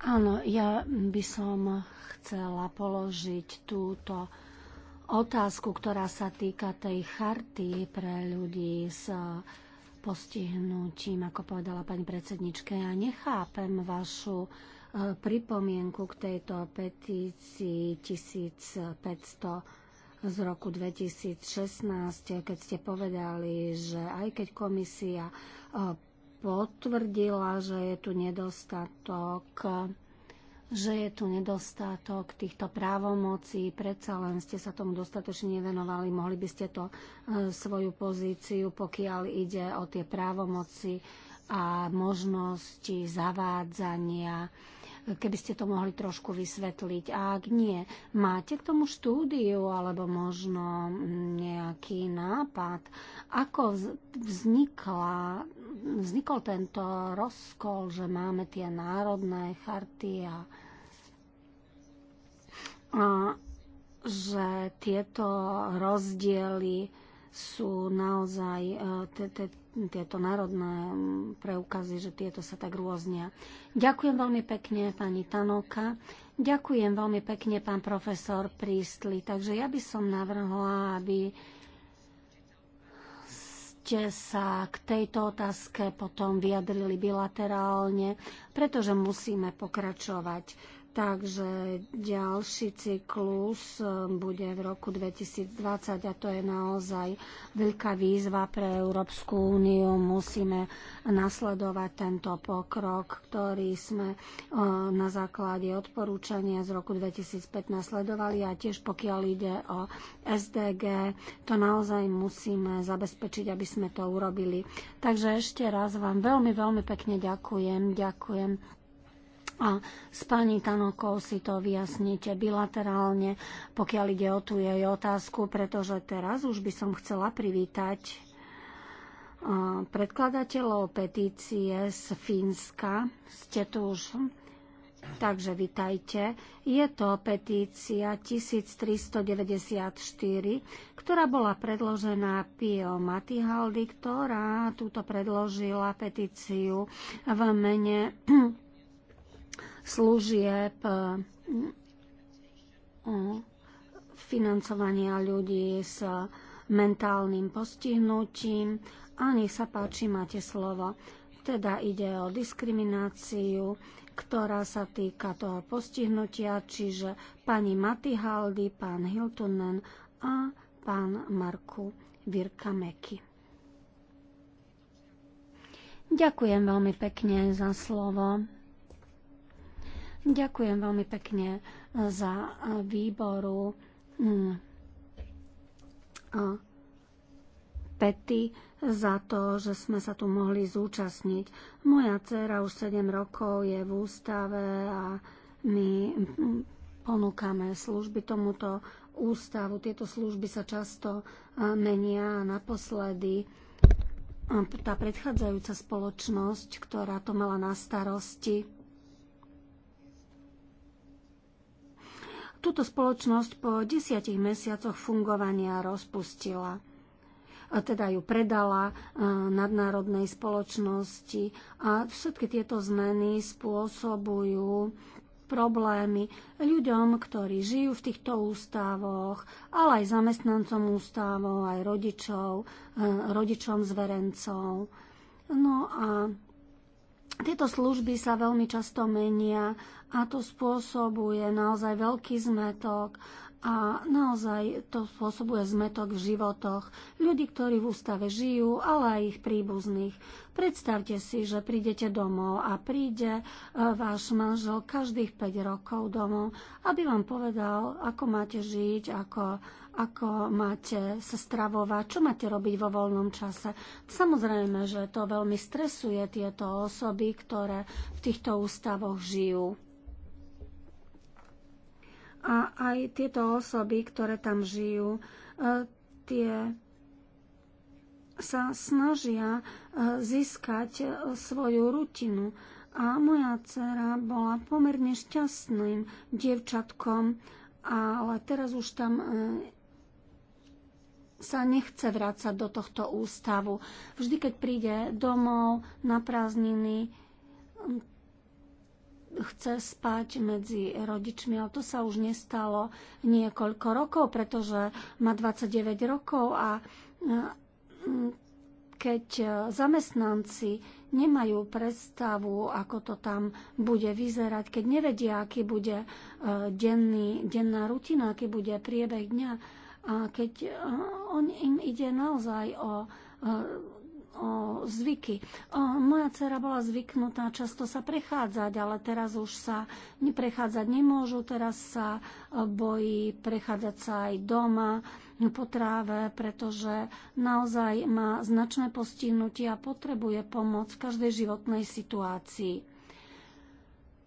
S3: Áno, ja by som chcela položiť túto otázku, ktorá sa týka tej charty pre ľudí s postihnutím, ako povedala pani predsednička. Ja nechápem vašu e, pripomienku k tejto petícii 1500 z roku 2016, keď ste povedali, že aj keď komisia e, potvrdila, že je tu nedostatok že je tu nedostatok týchto právomocí, predsa len ste sa tomu dostatočne nevenovali, mohli by ste to e, svoju pozíciu, pokiaľ ide o tie právomoci a možnosti zavádzania keby ste to mohli trošku vysvetliť. A ak nie, máte k tomu štúdiu alebo možno nejaký nápad, ako vznikla, vznikol tento rozkol, že máme tie národné charty a, a že tieto rozdiely sú naozaj e, tieto národné preukazy, že tieto sa tak rôznia. Ďakujem veľmi pekne pani Tanoka. Ďakujem veľmi pekne pán profesor Prístli. Takže ja by som navrhla, aby ste sa k tejto otázke potom vyjadrili bilaterálne, pretože musíme pokračovať Takže ďalší cyklus e, bude v roku 2020 a to je naozaj veľká výzva pre Európsku úniu. Musíme nasledovať tento pokrok, ktorý sme e, na základe odporúčania z roku 2015 sledovali a tiež pokiaľ ide o SDG, to naozaj musíme zabezpečiť, aby sme to urobili. Takže ešte raz vám veľmi, veľmi pekne ďakujem. Ďakujem a s pani Tanokou si to vyjasnite bilaterálne, pokiaľ ide o tú jej otázku, pretože teraz už by som chcela privítať predkladateľov petície z Fínska. Ste tu už Takže vitajte. Je to petícia 1394, ktorá bola predložená Pio Matihaldi, ktorá túto predložila petíciu v mene služieb, eh, financovania ľudí s mentálnym postihnutím. A nech sa páči, máte slovo. Teda ide o diskrimináciu, ktorá sa týka toho postihnutia, čiže pani Haldy, pán Hiltunen a pán Marku Virkameky. Ďakujem veľmi pekne za slovo. Ďakujem veľmi pekne e, za e, výboru mm, Pety za to, že sme sa tu mohli zúčastniť. Moja dcera už 7 rokov je v ústave a my mm, ponúkame služby tomuto ústavu. Tieto služby sa často e, menia a naposledy tá predchádzajúca spoločnosť, ktorá to mala na starosti, túto spoločnosť po desiatich mesiacoch fungovania rozpustila. A teda ju predala e, nadnárodnej spoločnosti a všetky tieto zmeny spôsobujú problémy ľuďom, ktorí žijú v týchto ústavoch, ale aj zamestnancom ústavov, aj rodičov, e, rodičom zverencov. No a tieto služby sa veľmi často menia a to spôsobuje naozaj veľký zmetok a naozaj to spôsobuje zmetok v životoch ľudí, ktorí v ústave žijú, ale aj ich príbuzných. Predstavte si, že prídete domov a príde e, váš manžel každých 5 rokov domov, aby vám povedal, ako máte žiť, ako ako máte sa stravovať, čo máte robiť vo voľnom čase. Samozrejme, že to veľmi stresuje tieto osoby, ktoré v týchto ústavoch žijú. A aj tieto osoby, ktoré tam žijú, e, tie sa snažia e, získať e, svoju rutinu. A moja dcera bola pomerne šťastným dievčatkom, ale teraz už tam sa nechce vrácať do tohto ústavu. Vždy, keď príde domov na prázdniny, chce spať medzi rodičmi, ale to sa už nestalo niekoľko rokov, pretože má 29 rokov a e, keď e, zamestnanci nemajú predstavu, ako to tam bude vyzerať, keď nevedia, aký bude e, denný, denná rutina, aký bude priebeh dňa, a keď e, on, im ide naozaj o, e, o zvyky. E, moja dcera bola zvyknutá často sa prechádzať, ale teraz už sa prechádzať nemôžu, teraz sa bojí prechádzať sa aj doma po tráve, pretože naozaj má značné postihnutie a potrebuje pomoc v každej životnej situácii.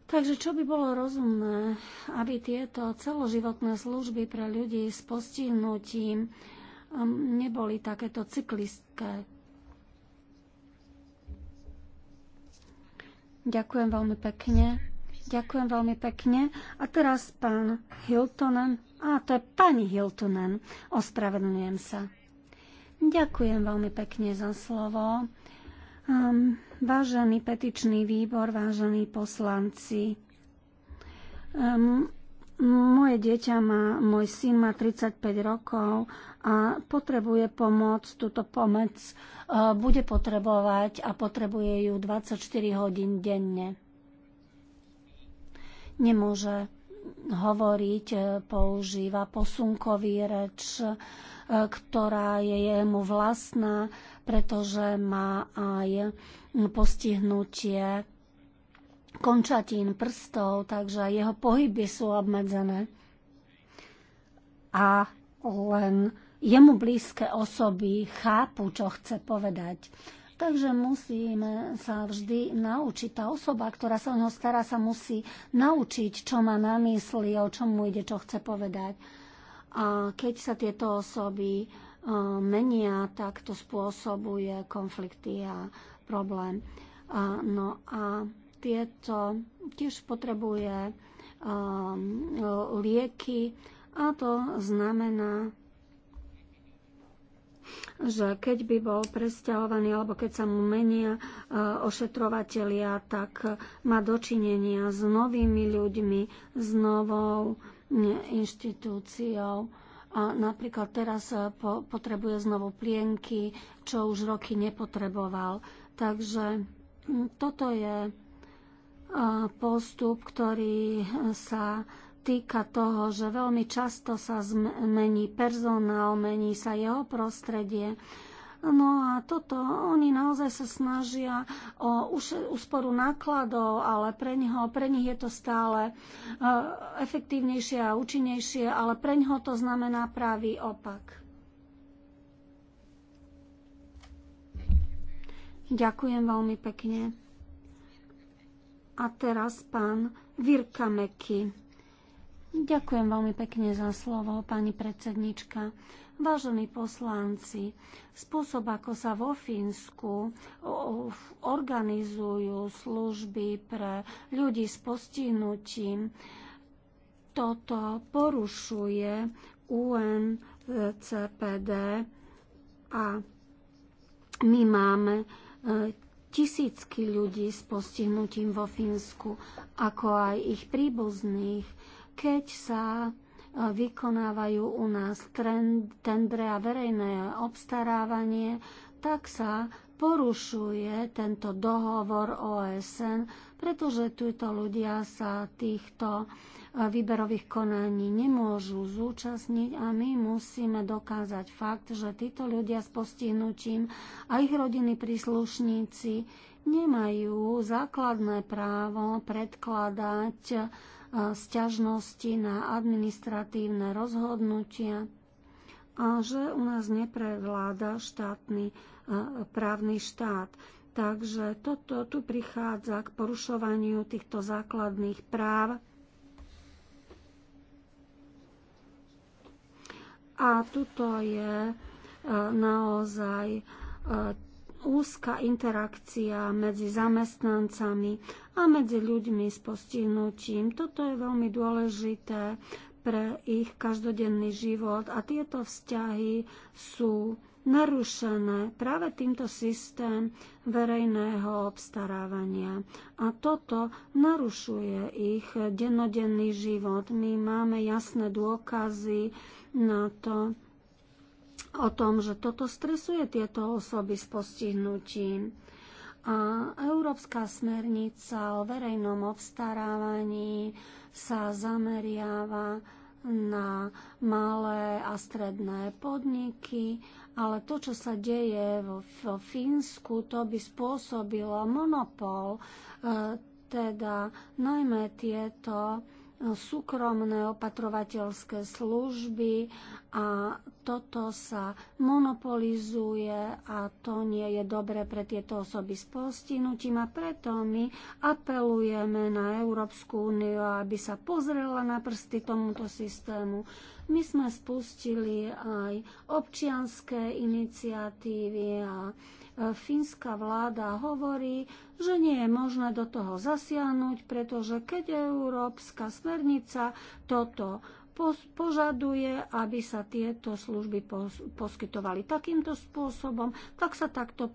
S3: Takže čo by bolo rozumné, aby tieto celoživotné služby pre ľudí s postihnutím um, neboli takéto cyklistké? Ďakujem veľmi pekne. Ďakujem veľmi pekne. A teraz pán Hiltonen. A to je pani Hiltonen. Ospravedlňujem sa. Ďakujem veľmi pekne za slovo. Um, Vážený petičný výbor, vážení poslanci, um, moje dieťa má, môj syn má 35 rokov a potrebuje pomoc, túto pomoc uh, bude potrebovať a potrebuje ju 24 hodín denne. Nemôže hovoriť, eh, používa posunkový reč, eh, ktorá je jemu vlastná pretože má aj postihnutie končatín prstov, takže jeho pohyby sú obmedzené. A len jemu blízke osoby chápu, čo chce povedať. Takže musíme sa vždy naučiť. Tá osoba, ktorá sa o neho stará, sa musí naučiť, čo má na mysli, o čom mu ide, čo chce povedať. A keď sa tieto osoby E, menia, tak to spôsobuje konflikty a problém. no a tieto tiež potrebuje e, lieky a to znamená, že keď by bol presťahovaný alebo keď sa mu menia e, ošetrovatelia, tak má dočinenia s novými ľuďmi, s novou inštitúciou a napríklad teraz e, po, potrebuje znovu plienky, čo už roky nepotreboval. Takže mm, toto je e, postup, ktorý e, sa týka toho, že veľmi často sa zmení personál, mení sa jeho prostredie No a toto, oni naozaj sa snažia o úsporu nákladov, ale pre, neho, pre nich je to stále e, efektívnejšie a účinnejšie, ale pre ňoho to znamená pravý opak. Ďakujem veľmi pekne. A teraz pán Virka Meky. Ďakujem veľmi pekne za slovo, pani predsednička. Vážení poslanci, spôsob, ako sa vo Fínsku organizujú služby pre ľudí s postihnutím, toto porušuje UNCPD a my máme e, tisícky ľudí s postihnutím vo Fínsku, ako aj ich príbuzných, keď sa vykonávajú u nás tendre a verejné obstarávanie, tak sa porušuje tento dohovor OSN, pretože títo ľudia sa týchto e, výberových konaní nemôžu zúčastniť a my musíme dokázať fakt, že títo ľudia s postihnutím a ich rodiny príslušníci nemajú základné právo predkladať sťažnosti na administratívne rozhodnutia a že u nás neprevláda štátny e, právny štát. Takže toto tu prichádza k porušovaniu týchto základných práv. A tuto je e, naozaj e, úzka interakcia medzi zamestnancami a medzi ľuďmi s postihnutím. Toto je veľmi dôležité pre ich každodenný život a tieto vzťahy sú narušené práve týmto systém verejného obstarávania. A toto narušuje ich dennodenný život. My máme jasné dôkazy na to, o tom, že toto stresuje tieto osoby s postihnutím. A Európska smernica o verejnom obstarávaní sa zameriava na malé a stredné podniky, ale to, čo sa deje vo, vo Fínsku, to by spôsobilo monopol, e, teda najmä tieto súkromné opatrovateľské služby a toto sa monopolizuje a to nie je dobre pre tieto osoby s postihnutím a preto my apelujeme na Európsku úniu, aby sa pozrela na prsty tomuto systému. My sme spustili aj občianské iniciatívy a fínska vláda hovorí, že nie je možné do toho zasiahnuť, pretože keď európska smernica toto požaduje, aby sa tieto služby poskytovali takýmto spôsobom, tak sa takto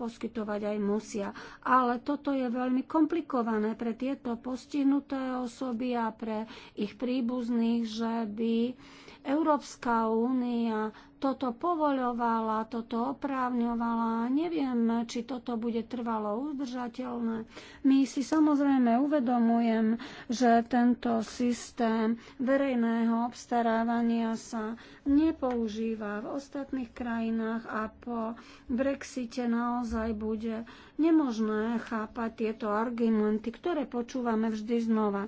S3: poskytovať aj musia. Ale toto je veľmi komplikované pre tieto postihnuté osoby a pre ich príbuzných, že by Európska únia toto povoľovala, toto oprávňovala. Neviem, či toto bude trvalo udržateľné. My si samozrejme uvedomujem, že tento systém verejného obstarávania sa nepoužíva v ostatných krajinách a po Brexite naozaj bude nemožné chápať tieto argumenty, ktoré počúvame vždy znova.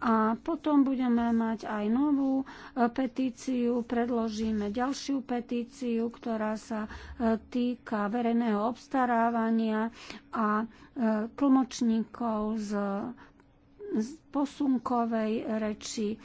S3: A potom budeme mať aj novú e, petíciu, predložíme ďalšiu petíciu, ktorá sa e, týka verejného obstarávania a e, tlmočníkov z, z posunkovej reči. E,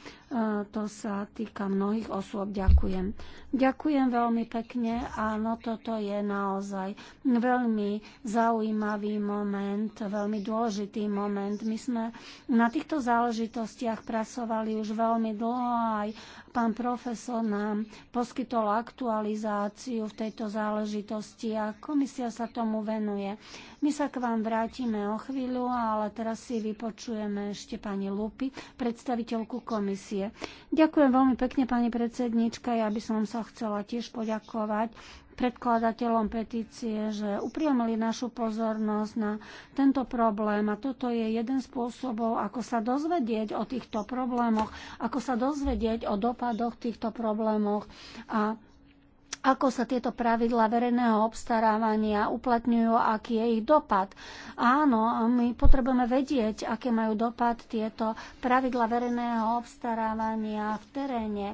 S3: to sa týka mnohých osôb. Ďakujem. Ďakujem veľmi pekne. Áno, toto je naozaj veľmi zaujímavý moment, veľmi dôležitý moment. My sme na týchto záležitostiach pracovali už veľmi dlho aj pán profesor nám poskytol aktualizáciu v tejto záležitosti a komisia sa tomu venuje. My sa k vám vrátime o chvíľu, ale teraz si vypočujeme ešte pani pani Lupy, predstaviteľku komisie. Ďakujem veľmi pekne, pani predsednička. Ja by som sa chcela tiež poďakovať predkladateľom petície, že upriamili našu pozornosť na tento problém a toto je jeden spôsobov, ako sa dozvedieť o týchto problémoch, ako sa dozvedieť o dopadoch týchto problémoch a ako sa tieto pravidla verejného obstarávania uplatňujú, aký je ich dopad. Áno, my potrebujeme vedieť, aké majú dopad tieto pravidla verejného obstarávania v teréne.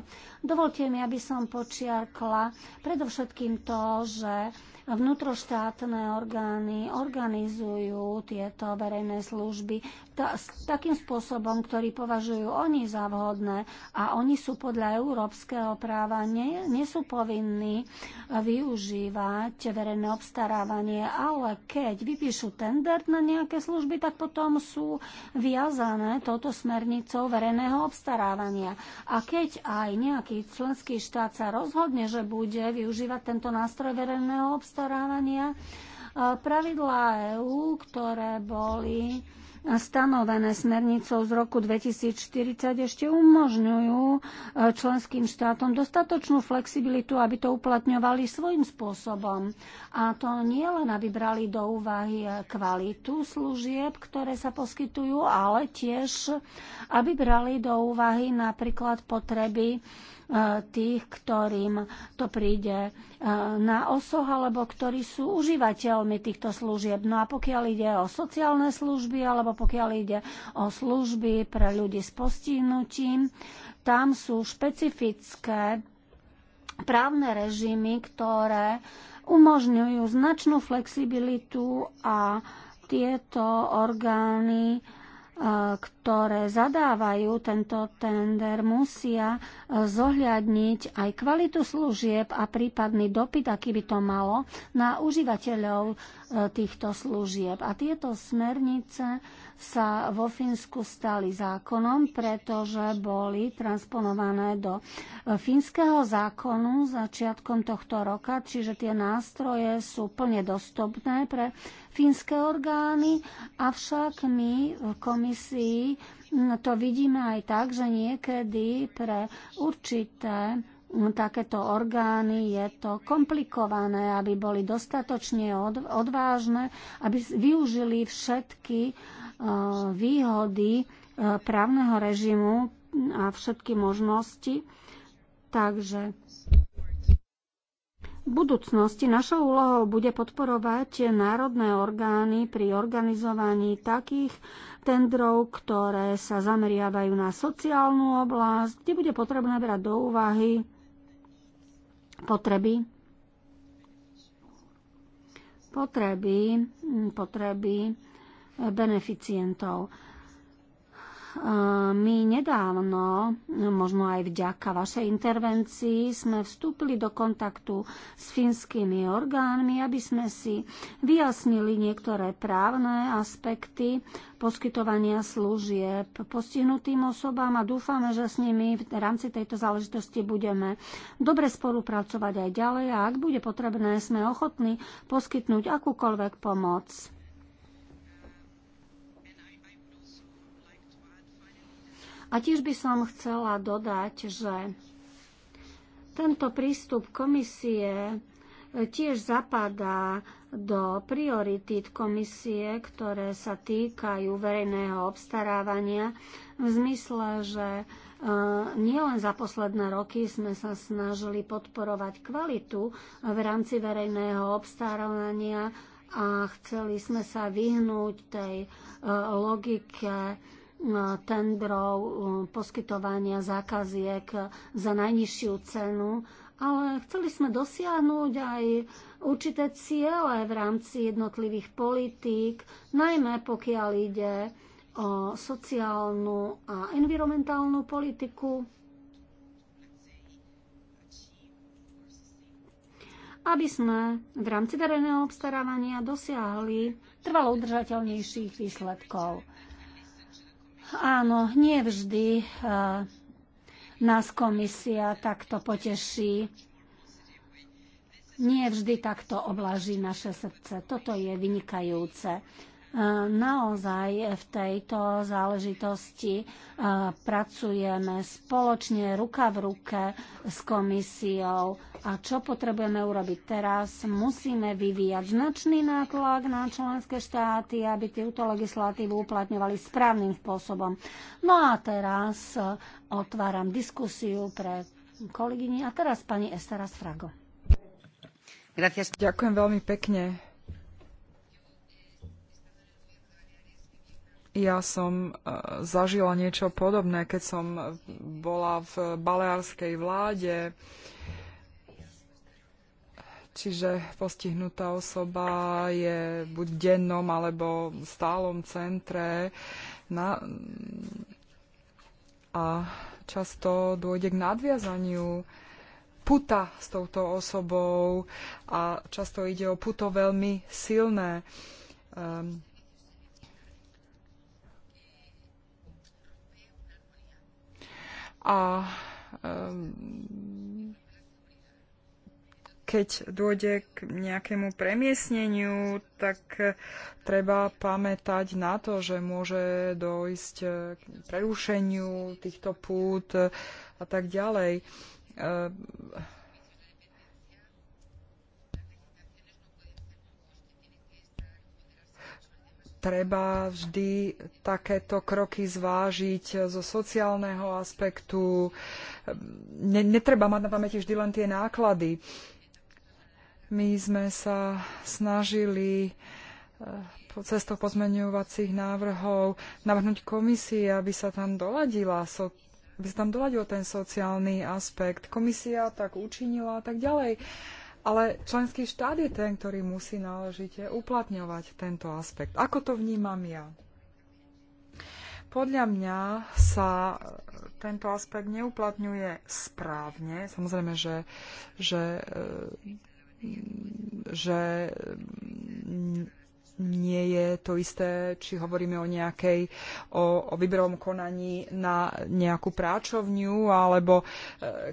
S3: Dovolte mi, aby som počiarkla predovšetkým to, že vnútroštátne orgány organizujú tieto verejné služby ta, s takým spôsobom, ktorý považujú oni za vhodné a oni sú podľa európskeho práva nie, nie sú povinní využívať verejné obstarávanie, ale keď vypíšu tender na nejaké služby, tak potom sú viazané touto smernicou verejného obstarávania. A keď aj nejaký členský štát sa rozhodne, že bude využívať tento nástroj verejného obstarávania, obstarávania. Pravidlá EÚ, ktoré boli stanovené smernicou z roku 2040 ešte umožňujú e, členským štátom dostatočnú flexibilitu, aby to uplatňovali svojim spôsobom. A to nie len, aby brali do úvahy e, kvalitu služieb, ktoré sa poskytujú, ale tiež, aby brali do úvahy napríklad potreby E, tých, ktorým to príde e, na osoch, alebo ktorí sú užívateľmi týchto služieb. No a pokiaľ ide o sociálne služby, alebo pokiaľ ide o služby pre ľudí s postihnutím, tam sú špecifické právne režimy, ktoré umožňujú značnú flexibilitu a tieto orgány E, ktoré zadávajú tento tender, musia e, zohľadniť aj kvalitu služieb a prípadný dopyt, aký by to malo, na užívateľov e, týchto služieb. A tieto smernice sa vo Fínsku stali zákonom, pretože boli transponované do fínskeho zákonu začiatkom tohto roka, čiže tie nástroje sú plne dostupné pre fínske orgány, avšak my v komisii to vidíme aj tak, že niekedy pre určité takéto orgány je to komplikované, aby boli dostatočne odvážne, aby využili všetky e, výhody e, právneho režimu a všetky možnosti. Takže budúcnosti našou úlohou bude podporovať národné orgány pri organizovaní takých tendrov, ktoré sa zameriavajú na sociálnu oblasť, kde bude potrebné brať do úvahy potreby potreby, potreby beneficientov. My nedávno, možno aj vďaka vašej intervencii, sme vstúpili do kontaktu s finskými orgánmi, aby sme si vyjasnili niektoré právne aspekty poskytovania služieb postihnutým osobám a dúfame, že s nimi v rámci tejto záležitosti budeme dobre spolupracovať aj ďalej a ak bude potrebné, sme ochotní poskytnúť akúkoľvek pomoc A tiež by som chcela dodať, že tento prístup komisie tiež zapadá do prioritít komisie, ktoré sa týkajú verejného obstarávania v zmysle, že e, nielen za posledné roky sme sa snažili podporovať kvalitu v rámci verejného obstarávania a chceli sme sa vyhnúť tej e, logike tendrov, eh, poskytovania zákaziek za najnižšiu cenu, ale chceli sme dosiahnuť aj určité ciele v rámci jednotlivých politík, najmä pokiaľ ide o sociálnu a environmentálnu politiku. aby sme v rámci verejného obstarávania dosiahli trvalo udržateľnejších výsledkov. Áno, nie vždy eh, nás komisia takto poteší. Nie vždy takto oblaží naše srdce. Toto je vynikajúce. Naozaj v tejto záležitosti e, pracujeme spoločne, ruka v ruke s komisiou. A čo potrebujeme urobiť teraz? Musíme vyvíjať značný nátlak na členské štáty, aby túto legislatívu uplatňovali správnym spôsobom. No a teraz e, otváram diskusiu pre kolegyni. A teraz pani Estera Sfrago. Ďakujem veľmi pekne Ja
S1: som e, zažila niečo podobné, keď som bola v baleárskej vláde. Čiže postihnutá osoba je buď v dennom alebo v stálom centre na... a často dôjde k nadviazaniu puta s touto osobou a často ide o puto veľmi silné. Um, A ehm, keď dôjde k nejakému premiesneniu, tak e, treba pamätať na to, že môže dojsť e, k prerušeniu týchto pút e, a tak ďalej. Ehm, treba vždy takéto kroky zvážiť zo sociálneho aspektu. Netreba mať na pamäti vždy len tie náklady. My sme sa snažili eh, cestou pozmeňovacích návrhov navrhnúť komisii, aby sa tam doladila so aby sa tam doladil ten sociálny aspekt. Komisia tak učinila a tak ďalej. Uh, ale členský štát je ten, ktorý musí náležite uplatňovať tento aspekt. Ako to vnímam ja? Podľa mňa sa e, tento aspekt neuplatňuje správne. Samozrejme, že, že, e, že nie je to isté, či hovoríme o nejakej, o, o výberovom konaní na nejakú práčovňu, alebo e,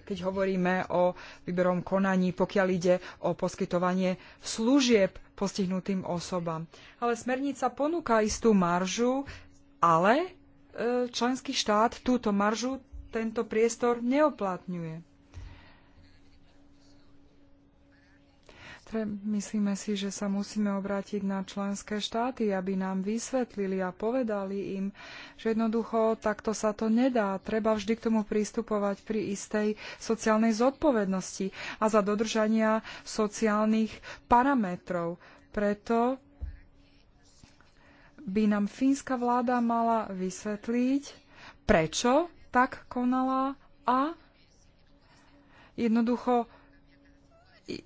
S1: keď hovoríme o výberovom konaní, pokiaľ ide o poskytovanie služieb postihnutým osobám. Ale smernica ponúka istú maržu, ale e, členský štát túto maržu, tento priestor neoplatňuje. ministre, myslíme si, že sa musíme obrátiť na členské štáty, aby nám vysvetlili a povedali im, že jednoducho takto sa to nedá. Treba vždy k tomu pristupovať pri istej sociálnej zodpovednosti a za dodržania sociálnych parametrov. Preto by nám fínska vláda mala vysvetliť, prečo tak konala a jednoducho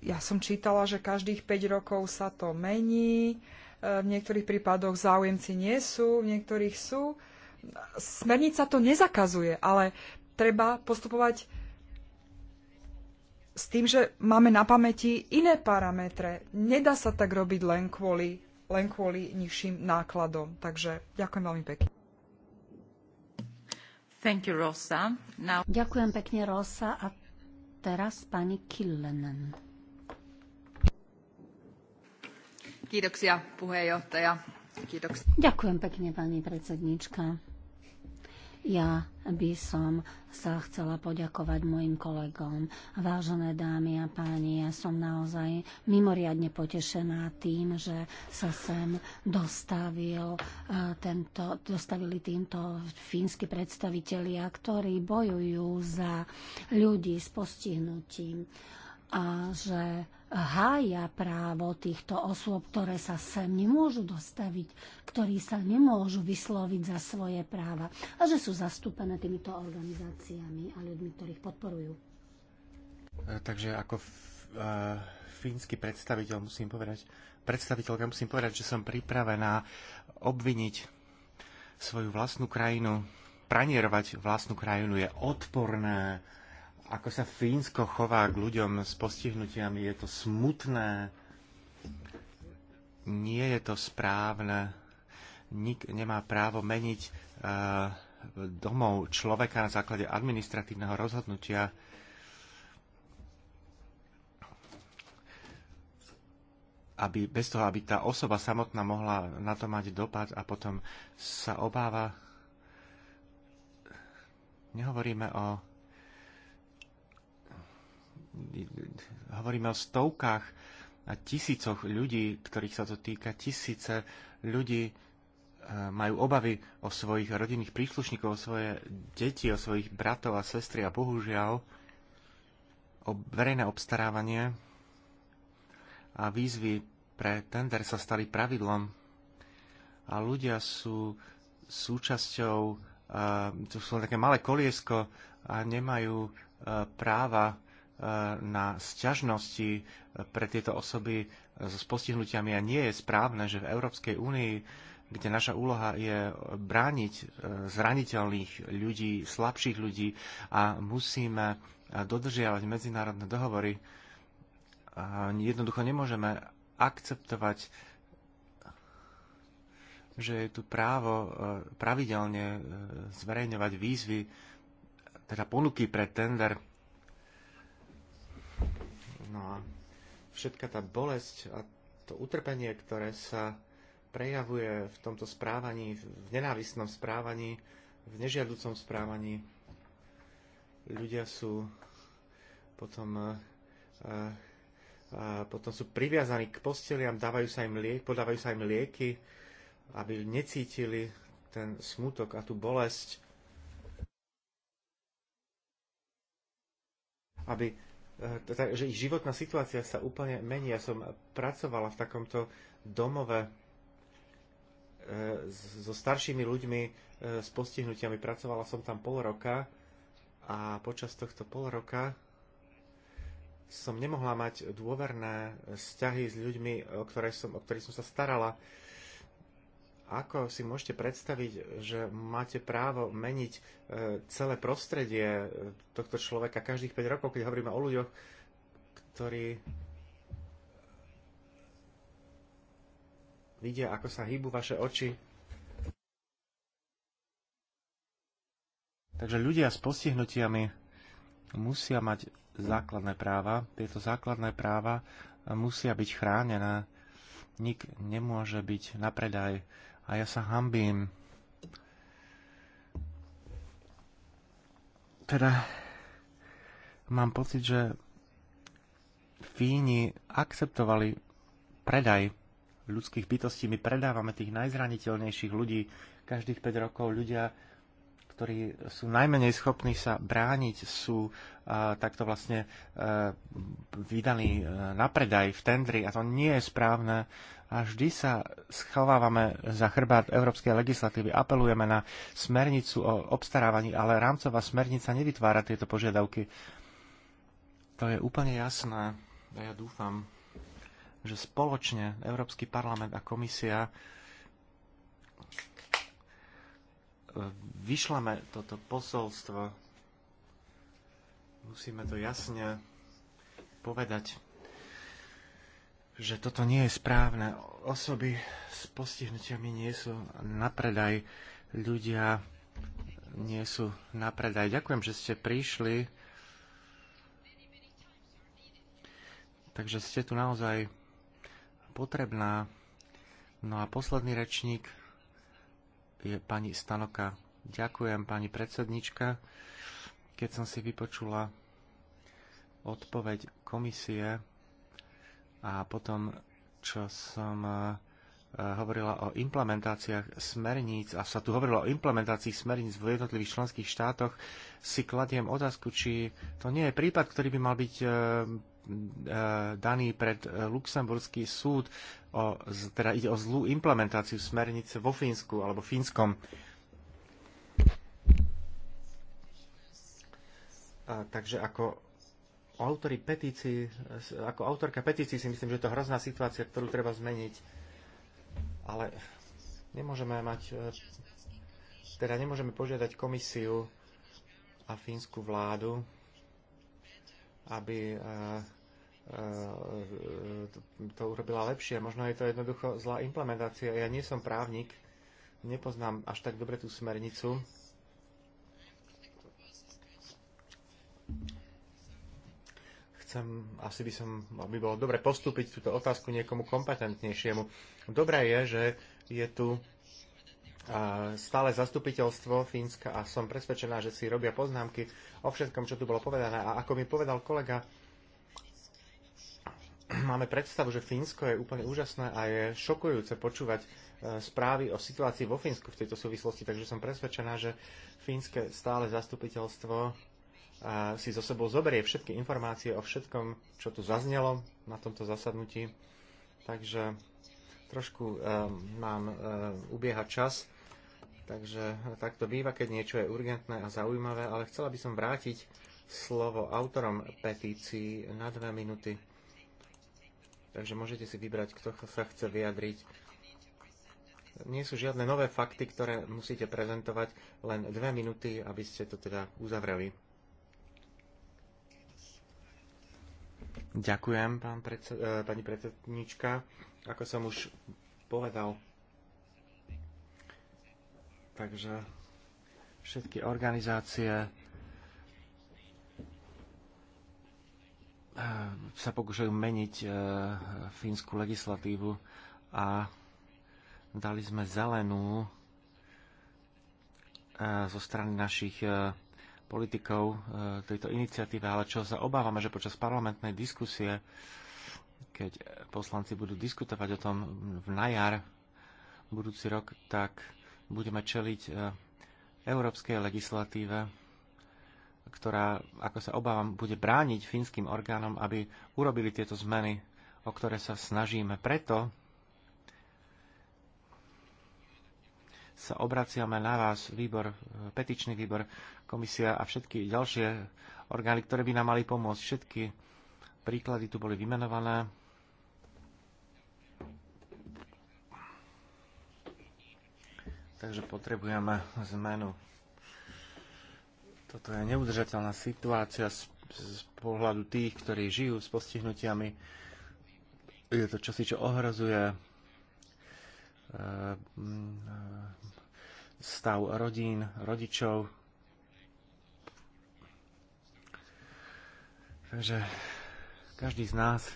S1: ja som čítala, že každých 5 rokov sa to mení, e, v niektorých prípadoch záujemci nie sú, v niektorých sú. Smernica to nezakazuje, ale treba postupovať s tým, že máme na pamäti iné parametre. Nedá sa tak robiť len kvôli, len kvôli nižším nákladom. Takže ďakujem veľmi pekne.
S3: Thank you, Rosa. Now... Ďakujem pekne, Rosa. A teraz pani Killenen. Ďakujem pekne, pani predsednička. Ja by som sa chcela poďakovať mojim kolegom. Vážené dámy a páni, ja som naozaj mimoriadne potešená tým, že sa sem dostavil e, tento, dostavili týmto fínsky predstavitelia, ktorí bojujú za ľudí s postihnutím a že hája právo týchto osôb, ktoré sa sem nemôžu dostaviť, ktorí sa nemôžu vysloviť za svoje práva a že sú zastúpené týmito organizáciami a ľuďmi, ktorých podporujú. E,
S4: takže ako e, fínsky predstaviteľ musím povedať, predstaviteľka musím povedať, že som pripravená obviniť svoju vlastnú krajinu, pranierovať vlastnú krajinu je odporné ako sa Fínsko chová k ľuďom s postihnutiami, je to smutné, nie je to správne, nik nemá právo meniť uh, domov človeka na základe administratívneho rozhodnutia. Aby, bez toho, aby tá osoba samotná mohla na to mať dopad a potom sa obáva. Nehovoríme o hovoríme o stovkách a tisícoch ľudí, ktorých sa to týka, tisíce ľudí e, majú obavy o svojich rodinných príslušníkov, o svoje deti, o svojich bratov a sestry a bohužiaľ o verejné obstarávanie a výzvy pre tender sa stali pravidlom a ľudia sú súčasťou, to e, sú také malé koliesko a nemajú e, práva E, na sťažnosti e, pre tieto osoby so postihnutiami a nie je správne, že v Európskej únii, kde naša úloha je brániť e, zraniteľných ľudí, slabších ľudí a musíme dodržiavať medzinárodné dohovory, jednoducho nemôžeme akceptovať, že je tu právo pravidelne zverejňovať výzvy, teda ponuky pre tender No a všetka tá bolesť a to utrpenie, ktoré sa prejavuje v tomto správaní, v nenávisnom správaní, v nežiaducom správaní, ľudia sú potom, e, e, e, potom sú priviazaní k posteliam, dávajú sa im liek, podávajú sa im lieky, aby necítili ten smutok a tú bolesť, aby Eh, že ich životná situácia sa úplne mení. Ja som pracovala v takomto domove eh, so staršími ľuďmi eh, s postihnutiami. Pracovala som tam pol roka a počas tohto pol roka som nemohla mať dôverné vzťahy s ľuďmi, o, ktoré som, o ktorých som sa starala ako si môžete predstaviť, že máte právo meniť e, celé prostredie e, tohto človeka každých 5 rokov, keď hovoríme o ľuďoch, ktorí vidia, ako sa hýbu vaše oči. Takže ľudia s postihnutiami musia mať základné práva. Tieto základné práva musia byť chránené. Nik nemôže byť napredaj a ja sa hambím. Teda mám pocit, že Fíni akceptovali predaj ľudských bytostí. My predávame tých najzraniteľnejších ľudí. Každých 5 rokov ľudia ktorí sú najmenej schopní sa brániť, sú uh, takto vlastne uh, vydaní e, na predaj v tendri a to nie je správne. A vždy sa schovávame za chrbát európskej legislatívy, apelujeme na smernicu o obstarávaní, ale rámcová smernica nevytvára tieto požiadavky. To je úplne jasné a ja dúfam, že spoločne Európsky parlament a komisia vyšlame toto posolstvo. Musíme to jasne povedať, že toto nie je správne. Osoby s postihnutiami nie sú na predaj. Ľudia nie sú na predaj. Ďakujem, že ste prišli. Takže ste tu naozaj potrebná. No a posledný rečník je pani Stanoka. Ďakujem, pani predsednička. Keď som si vypočula odpoveď komisie a potom, čo som eh, hovorila o implementáciách smerníc a sa tu hovorilo o implementácii smerníc v jednotlivých členských štátoch, si kladiem otázku, či to nie je prípad, ktorý by mal byť eh, E, daný pred e, Luxemburský súd, o, teda ide o zlú implementáciu smernice vo Fínsku alebo Fínskom. A, takže ako autori petícii, ako autorka petícií si myslím, že je to hrozná situácia, ktorú treba zmeniť. Ale nemôžeme mať, e, teda nemôžeme požiadať komisiu a fínsku vládu, aby E, e, to urobila lepšie. Možno je to jednoducho zlá implementácia. Ja nie som právnik, nepoznám až tak dobre tú smernicu. chcem, asi by som, by bolo dobre postúpiť túto otázku niekomu kompetentnejšiemu. Dobré je, že je tu e, stále zastupiteľstvo Fínska a som presvedčená, že si robia poznámky o všetkom, čo tu bolo povedané. A ako mi povedal kolega, máme predstavu, že Fínsko je úplne úžasné a je šokujúce počúvať e, správy o situácii vo Fínsku v tejto súvislosti, takže som presvedčená, že fínske stále zastupiteľstvo e, si zo sebou zoberie všetky informácie o všetkom, čo tu zaznelo na tomto zasadnutí. Takže trošku um, e, nám um, ubieha čas, takže tak to býva, keď niečo je urgentné a zaujímavé, ale chcela by som vrátiť slovo autorom petícií na dve minúty takže môžete si vybrať, kto sa chce vyjadriť. Nie sú žiadne nové fakty, ktoré musíte prezentovať, len dve minúty, aby ste to teda uzavreli. Ďakujem, pán predse- e, pani predsednička. Ako som už povedal, takže všetky organizácie, Ehm, sa pokúšajú meniť eh, fínsku legislatívu a dali sme zelenú eh, zo strany našich eh, politikov tejto iniciatíve, ale čo sa obávame, že počas parlamentnej diskusie, keď poslanci budú diskutovať o tom v najar budúci rok, tak budeme čeliť európskej legislatíve, ktorá, ako sa obávam, bude brániť fínskym orgánom, aby urobili tieto zmeny, o ktoré sa snažíme. Preto sa obraciame na vás, výbor, petičný výbor, komisia a všetky ďalšie orgány, ktoré by nám mali pomôcť. Všetky príklady tu boli vymenované. Takže potrebujeme zmenu toto je neudržateľná situácia z, z pohľadu tých, ktorí žijú s postihnutiami. Je to čosi, čo ohrozuje e, mm, e stav rodín, rodičov. Takže každý z nás,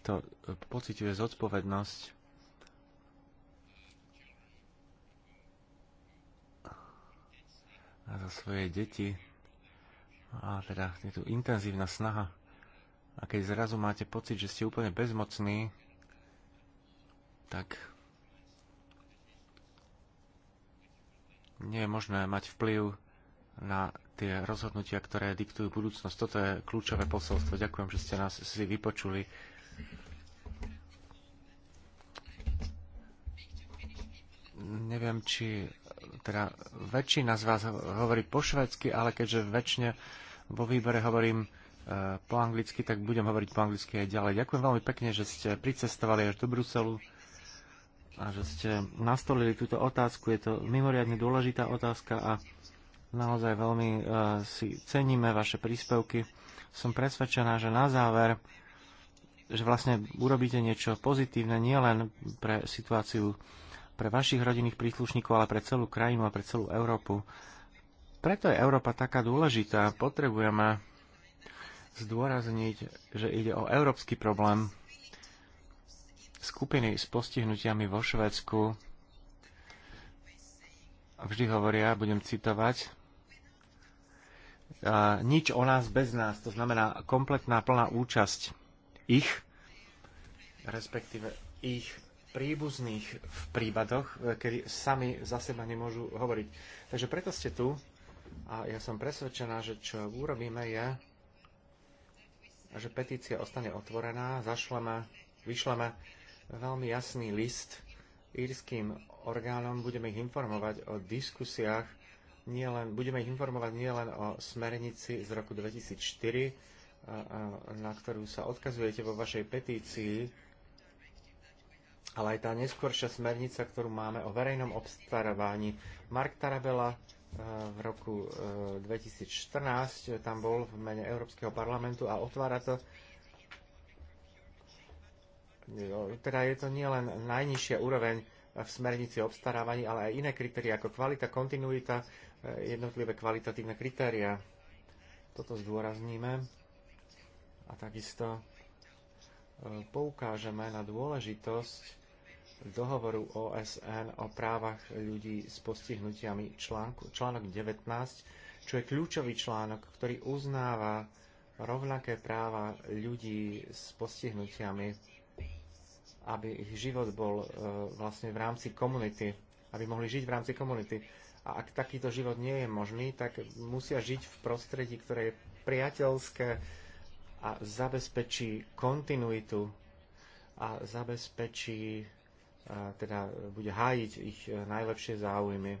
S4: kto pociťuje zodpovednosť a za svoje deti. A teda je tu intenzívna snaha. A keď zrazu máte pocit, že ste úplne bezmocní, tak nie je možné mať vplyv na tie rozhodnutia, ktoré diktujú budúcnosť. Toto je kľúčové posolstvo. Ďakujem, že ste nás si vypočuli. Neviem, či teda väčšina z vás hovorí po švedsky, ale keďže väčšine vo výbere hovorím e, po anglicky, tak budem hovoriť po anglicky aj ďalej. Ďakujem veľmi pekne, že ste pricestovali až do Bruselu a že ste nastolili túto otázku. Je to mimoriadne dôležitá otázka a naozaj veľmi e, si ceníme vaše príspevky. Som presvedčená, že na záver že vlastne urobíte niečo pozitívne nielen pre situáciu pre vašich rodinných príslušníkov, ale pre celú krajinu a pre celú Európu. Preto je Európa taká dôležitá. Potrebujeme zdôrazniť, že ide o európsky problém. Skupiny s postihnutiami vo Švedsku vždy hovoria, budem citovať, nič o nás bez nás, to znamená kompletná plná účasť ich, respektíve ich príbuzných v prípadoch, e, kedy sami za seba nemôžu hovoriť. Takže preto ste tu a ja som presvedčená, že čo urobíme je, že petícia ostane otvorená, zašleme, vyšleme veľmi jasný list írským orgánom, budeme ich informovať o diskusiách, nie len, budeme ich informovať nielen o smernici z roku 2004, na ktorú sa odkazujete vo vašej petícii, ale aj tá neskôršia smernica, ktorú máme o verejnom obstarávaní. Mark Tarabella eh, v roku 2014 eh, tam bol v mene Európskeho parlamentu a otvára to teda je to nielen najnižšia úroveň v smernici obstarávaní, ale aj iné kritéria ako kvalita, kontinuita, eh, jednotlivé kvalitatívne kritéria. Toto zdôrazníme. A takisto poukážeme na dôležitosť dohovoru OSN o právach ľudí s postihnutiami článku, článok 19, čo je kľúčový článok, ktorý uznáva rovnaké práva ľudí s postihnutiami, aby ich život bol e, vlastne v rámci komunity, aby mohli žiť v rámci komunity. A ak takýto život nie je možný, tak musia žiť v prostredí, ktoré je priateľské, a zabezpečí kontinuitu a zabezpečí, a teda bude hájiť ich e, najlepšie záujmy.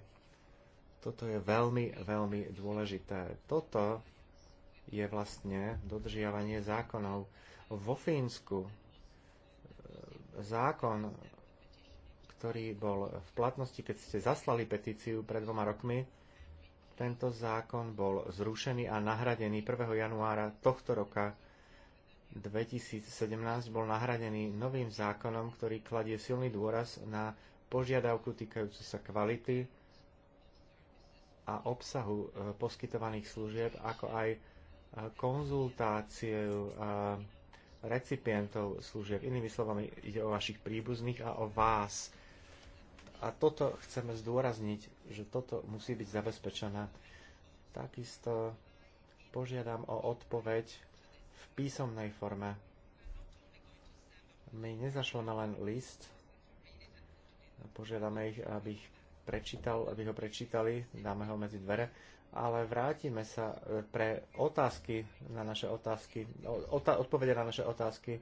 S4: Toto je veľmi, veľmi dôležité. Toto je vlastne dodržiavanie zákonov. Vo Fínsku e, zákon, ktorý bol v platnosti, keď ste zaslali petíciu pred dvoma rokmi, tento zákon bol zrušený a nahradený 1. januára tohto roka 2017 bol nahradený novým zákonom, ktorý kladie silný dôraz na požiadavku týkajúcu sa kvality a obsahu e, poskytovaných služieb, ako aj e, konzultáciu e, recipientov služieb. Inými slovami, ide o vašich príbuzných a o vás. A toto chceme zdôrazniť, že toto musí byť zabezpečené. Takisto požiadam o odpoveď v písomnej forme. My nezašleme len list, požiadame ich, aby, ich prečítal, aby ho prečítali, dáme ho medzi dvere, ale vrátime sa e, pre otázky na naše otázky, odpovede na naše otázky.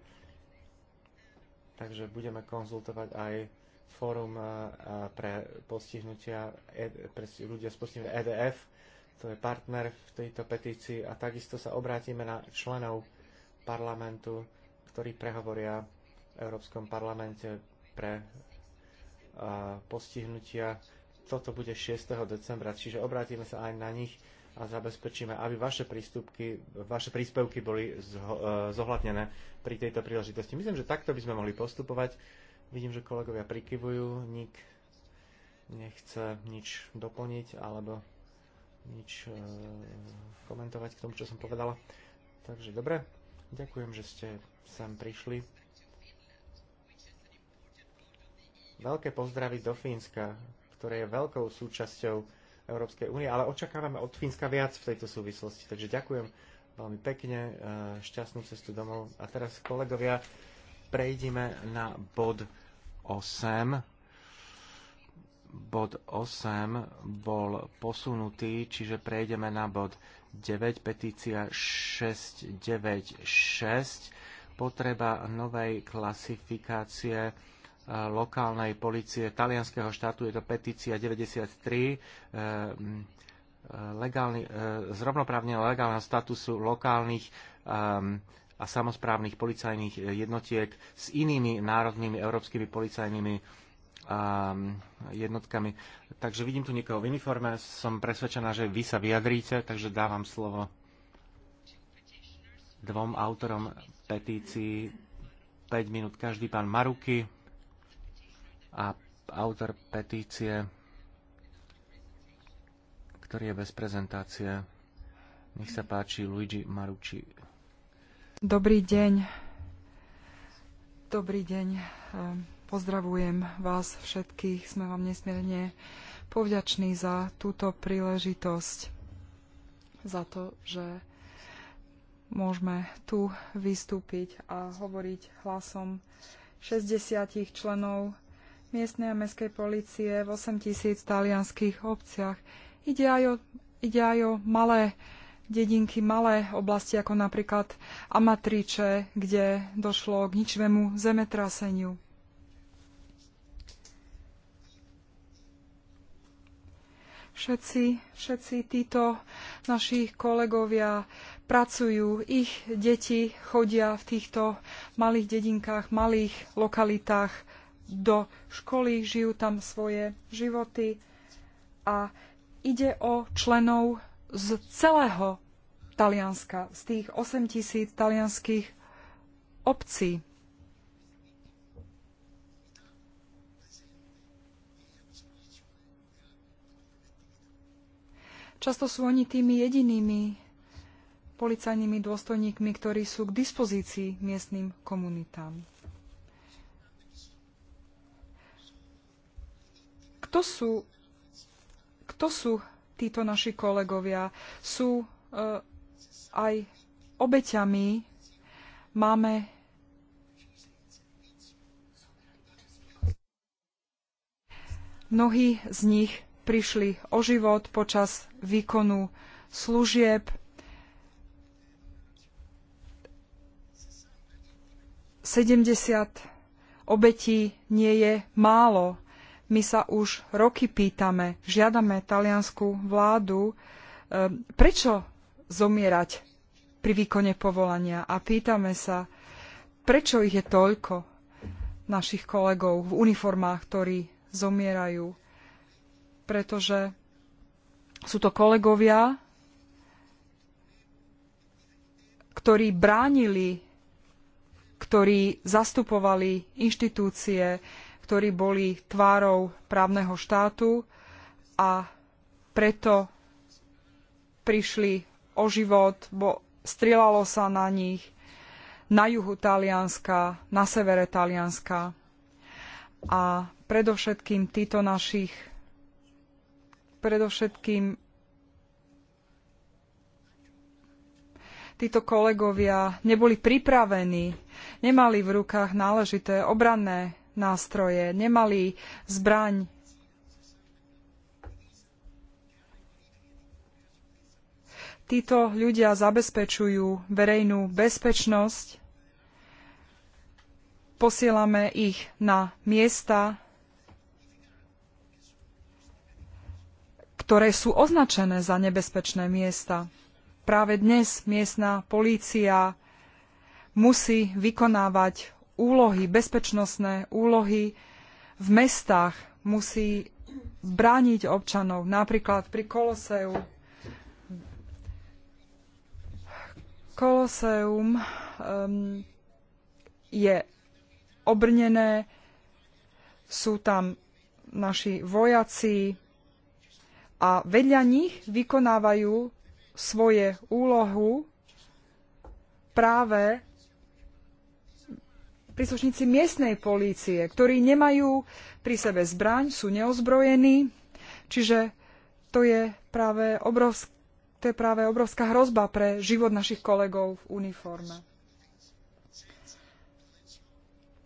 S4: Takže budeme konzultovať aj fórum e, e, pre postihnutia, pre ľudia s postihnutím EDF, to je partner v tejto petícii a takisto sa obrátime na členov parlamentu, ktorí prehovoria v Európskom parlamente pre a, postihnutia. Toto bude 6. decembra, čiže obrátime sa aj na nich a zabezpečíme, aby vaše, prístupky, vaše príspevky boli zho, e, zohľadnené pri tejto príležitosti. Myslím, že takto by sme mohli postupovať. Vidím, že kolegovia prikyvujú, nik nechce nič doplniť alebo nič eh, komentovať k tomu, čo som povedala. Takže dobre, ďakujem, že ste sem prišli. Veľké pozdravy do Fínska, ktoré je veľkou súčasťou Európskej únie, ale očakávame od Fínska viac v tejto súvislosti. Takže ďakujem veľmi pekne, eh, šťastnú cestu domov. A teraz, kolegovia, prejdime na bod 8 bod 8 bol posunutý, čiže prejdeme na bod 9, petícia 696, potreba novej klasifikácie e, lokálnej policie talianského štátu, je to petícia 93, e, e, legálny, zrovnoprávne legálneho statusu lokálnych ehm, a samozprávnych policajných jednotiek s inými národnými európskymi policajnými a mm, jednotkami. Takže vidím tu niekoho v uniforme, som presvedčená, že vy sa vyjadríte, takže dávam slovo dvom autorom petícií. 5 minút každý pán Maruky a autor petície, ktorý je bez prezentácie. Nech sa páči, Luigi Marucci.
S1: Dobrý deň. Dobrý deň eh, Pozdravujem vás všetkých, sme vám nesmierne povďační za túto príležitosť, za to, že môžeme tu vystúpiť a hovoriť hlasom 60 členov miestnej a mestskej policie v 8 tisíc talianských obciach. Ide aj o, ide aj o malé dedinky, malé oblasti, ako napríklad Amatriče, kde došlo k ničvému zemetraseniu. všetci, všetci títo naši kolegovia pracujú, ich deti chodia v týchto malých dedinkách, malých lokalitách do školy, žijú tam svoje životy a ide o členov z celého Talianska, z tých 8 tisíc talianských obcí. Často sú oni tými jedinými policajnými dôstojníkmi, ktorí sú k dispozícii miestnym komunitám. Kto sú, kto sú títo naši kolegovia? Sú uh, aj obeťami. Máme mnohí z nich prišli o život počas výkonu služieb. Sedemdesiat obetí nie je málo. My sa už roky pýtame, žiadame taliansku vládu, e, prečo zomierať pri výkone povolania a pýtame sa, prečo ich je toľko našich kolegov v uniformách, ktorí zomierajú pretože sú to kolegovia, ktorí bránili, ktorí zastupovali inštitúcie, ktorí boli tvárou právneho štátu a preto prišli o život, bo strieľalo sa na nich na juhu Talianska, na severe Talianska. A predovšetkým títo našich predovšetkým títo kolegovia neboli pripravení, nemali v rukách náležité obranné nástroje, nemali zbraň. Títo ľudia zabezpečujú verejnú bezpečnosť, posielame ich na miesta, ktoré sú označené za nebezpečné miesta. Práve dnes miestna polícia musí vykonávať úlohy, bezpečnostné úlohy v mestách, musí brániť občanov, napríklad pri Koloseu. Koloseum um, je obrnené, sú tam naši vojaci, a vedľa nich vykonávajú svoje úlohu práve príslušníci miestnej polície, ktorí nemajú pri sebe zbraň, sú neozbrojení, čiže to je práve, obrovsk- to je práve obrovská hrozba pre život našich kolegov v uniforme.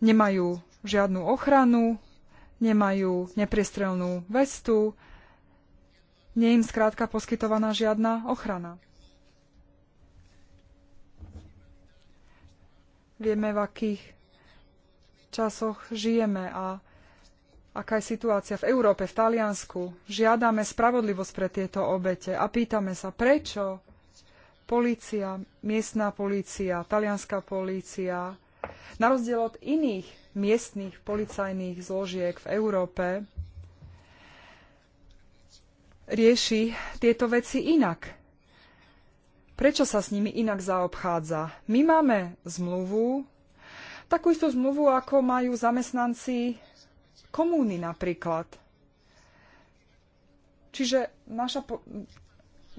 S1: Nemajú žiadnu ochranu, nemajú nepriestrelnú vestu, nie im skrátka poskytovaná žiadna ochrana. Vieme, v akých časoch žijeme a aká je situácia v Európe, v Taliansku. Žiadame spravodlivosť pre tieto obete a pýtame sa, prečo policia, miestná polícia, talianská polícia, na rozdiel od iných miestnych policajných zložiek v Európe, rieši tieto veci inak. Prečo sa s nimi inak zaobchádza? My máme zmluvu, takú istú zmluvu, ako majú zamestnanci komúny napríklad. Čiže naša po-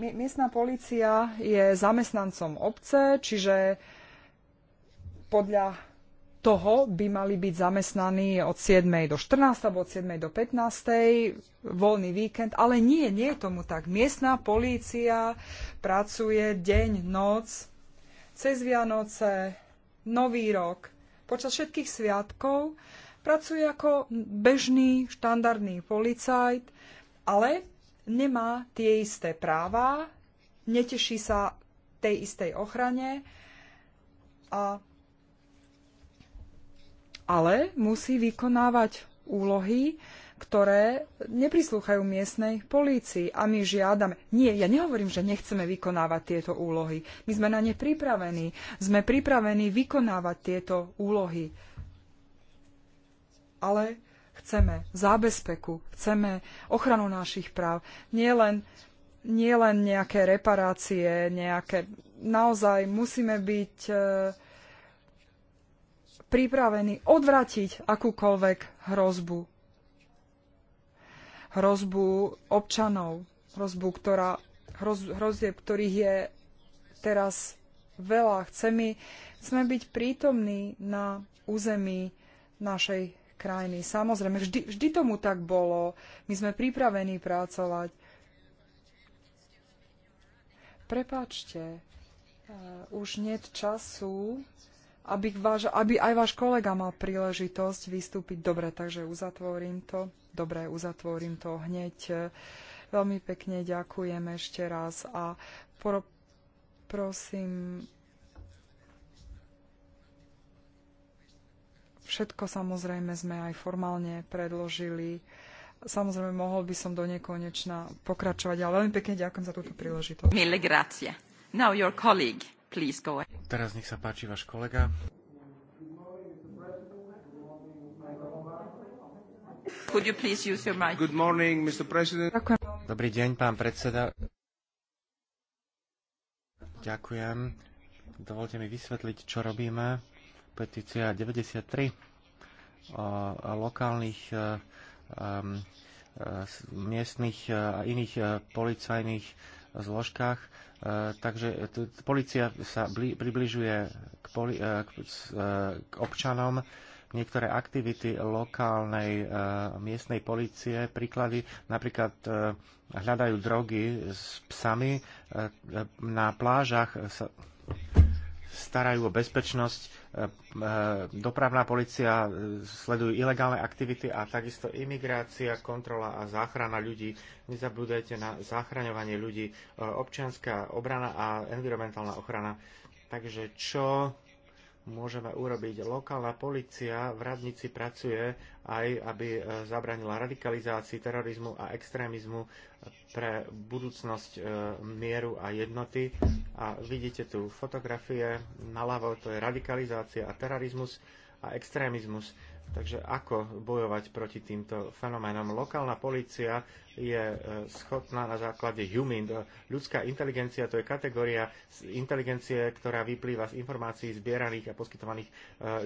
S1: miestná policia je zamestnancom obce, čiže podľa toho by mali byť zamestnaní od 7. do 14. alebo od 7. do 15. voľný víkend, ale nie, nie je tomu tak. Miestná polícia pracuje deň, noc, cez Vianoce, Nový rok, počas všetkých sviatkov, pracuje ako bežný, štandardný policajt, ale nemá tie isté práva, neteší sa tej istej ochrane a ale musí vykonávať úlohy, ktoré neprislúchajú miestnej polícii. A my žiadame. Nie, ja nehovorím, že nechceme vykonávať tieto úlohy. My sme na ne pripravení. Sme pripravení vykonávať tieto úlohy. Ale chceme zábezpeku, chceme ochranu našich práv. Nie len, nie len nejaké reparácie, nejaké... Naozaj musíme byť... E, pripravení odvratiť akúkoľvek hrozbu. Hrozbu občanov, hrozbu, ktorá, hroz, hrozie, ktorých je teraz veľa. Chceme, chceme byť prítomní na území našej krajiny. Samozrejme, vždy, vždy tomu tak bolo. My sme pripravení pracovať. Prepačte, eh, už nie času aby, váš, aby aj váš kolega mal príležitosť vystúpiť. Dobre, takže uzatvorím to. Dobre, uzatvorím to hneď. Veľmi pekne ďakujem ešte raz a pro, prosím. Všetko samozrejme sme aj formálne predložili. Samozrejme, mohol by som do nekonečna pokračovať, ale veľmi pekne ďakujem za túto príležitosť.
S3: Mille grazie.
S1: Now your colleague.
S4: Please go ahead. Teraz nech sa páči váš kolega. Could you please use your mic? Good morning, Mr. President. Dobrý deň, pán predseda. Ďakujem. Dovolte mi vysvetliť, čo robíme. Petícia 93 o lokálnych um, miestnych eh, a iných policajných zložkách Eh, takže policia sa bli- približuje k, poli, eh, k, eh, k občanom. Niektoré aktivity lokálnej miestnej policie, príklady, napríklad hľadajú drogy s psami, na plážach sa starajú o bezpečnosť E, e, dopravná policia e, sledujú ilegálne aktivity a takisto imigrácia, kontrola a záchrana ľudí. Nezabúdajte na záchraňovanie ľudí, občianská obrana a environmentálna ochrana. Takže čo môžeme urobiť. Lokálna policia v radnici pracuje aj, aby e, zabranila radikalizácii, terorizmu a extrémizmu pre budúcnosť e, mieru a jednoty. A vidíte tu fotografie, naľavo to je radikalizácia a terorizmus a extrémizmus. Takže ako bojovať proti týmto fenoménom? Lokálna policia je e, schopná na základe human, e, ľudská inteligencia, to je kategória inteligencie, ktorá vyplýva z informácií zbieraných a poskytovaných e,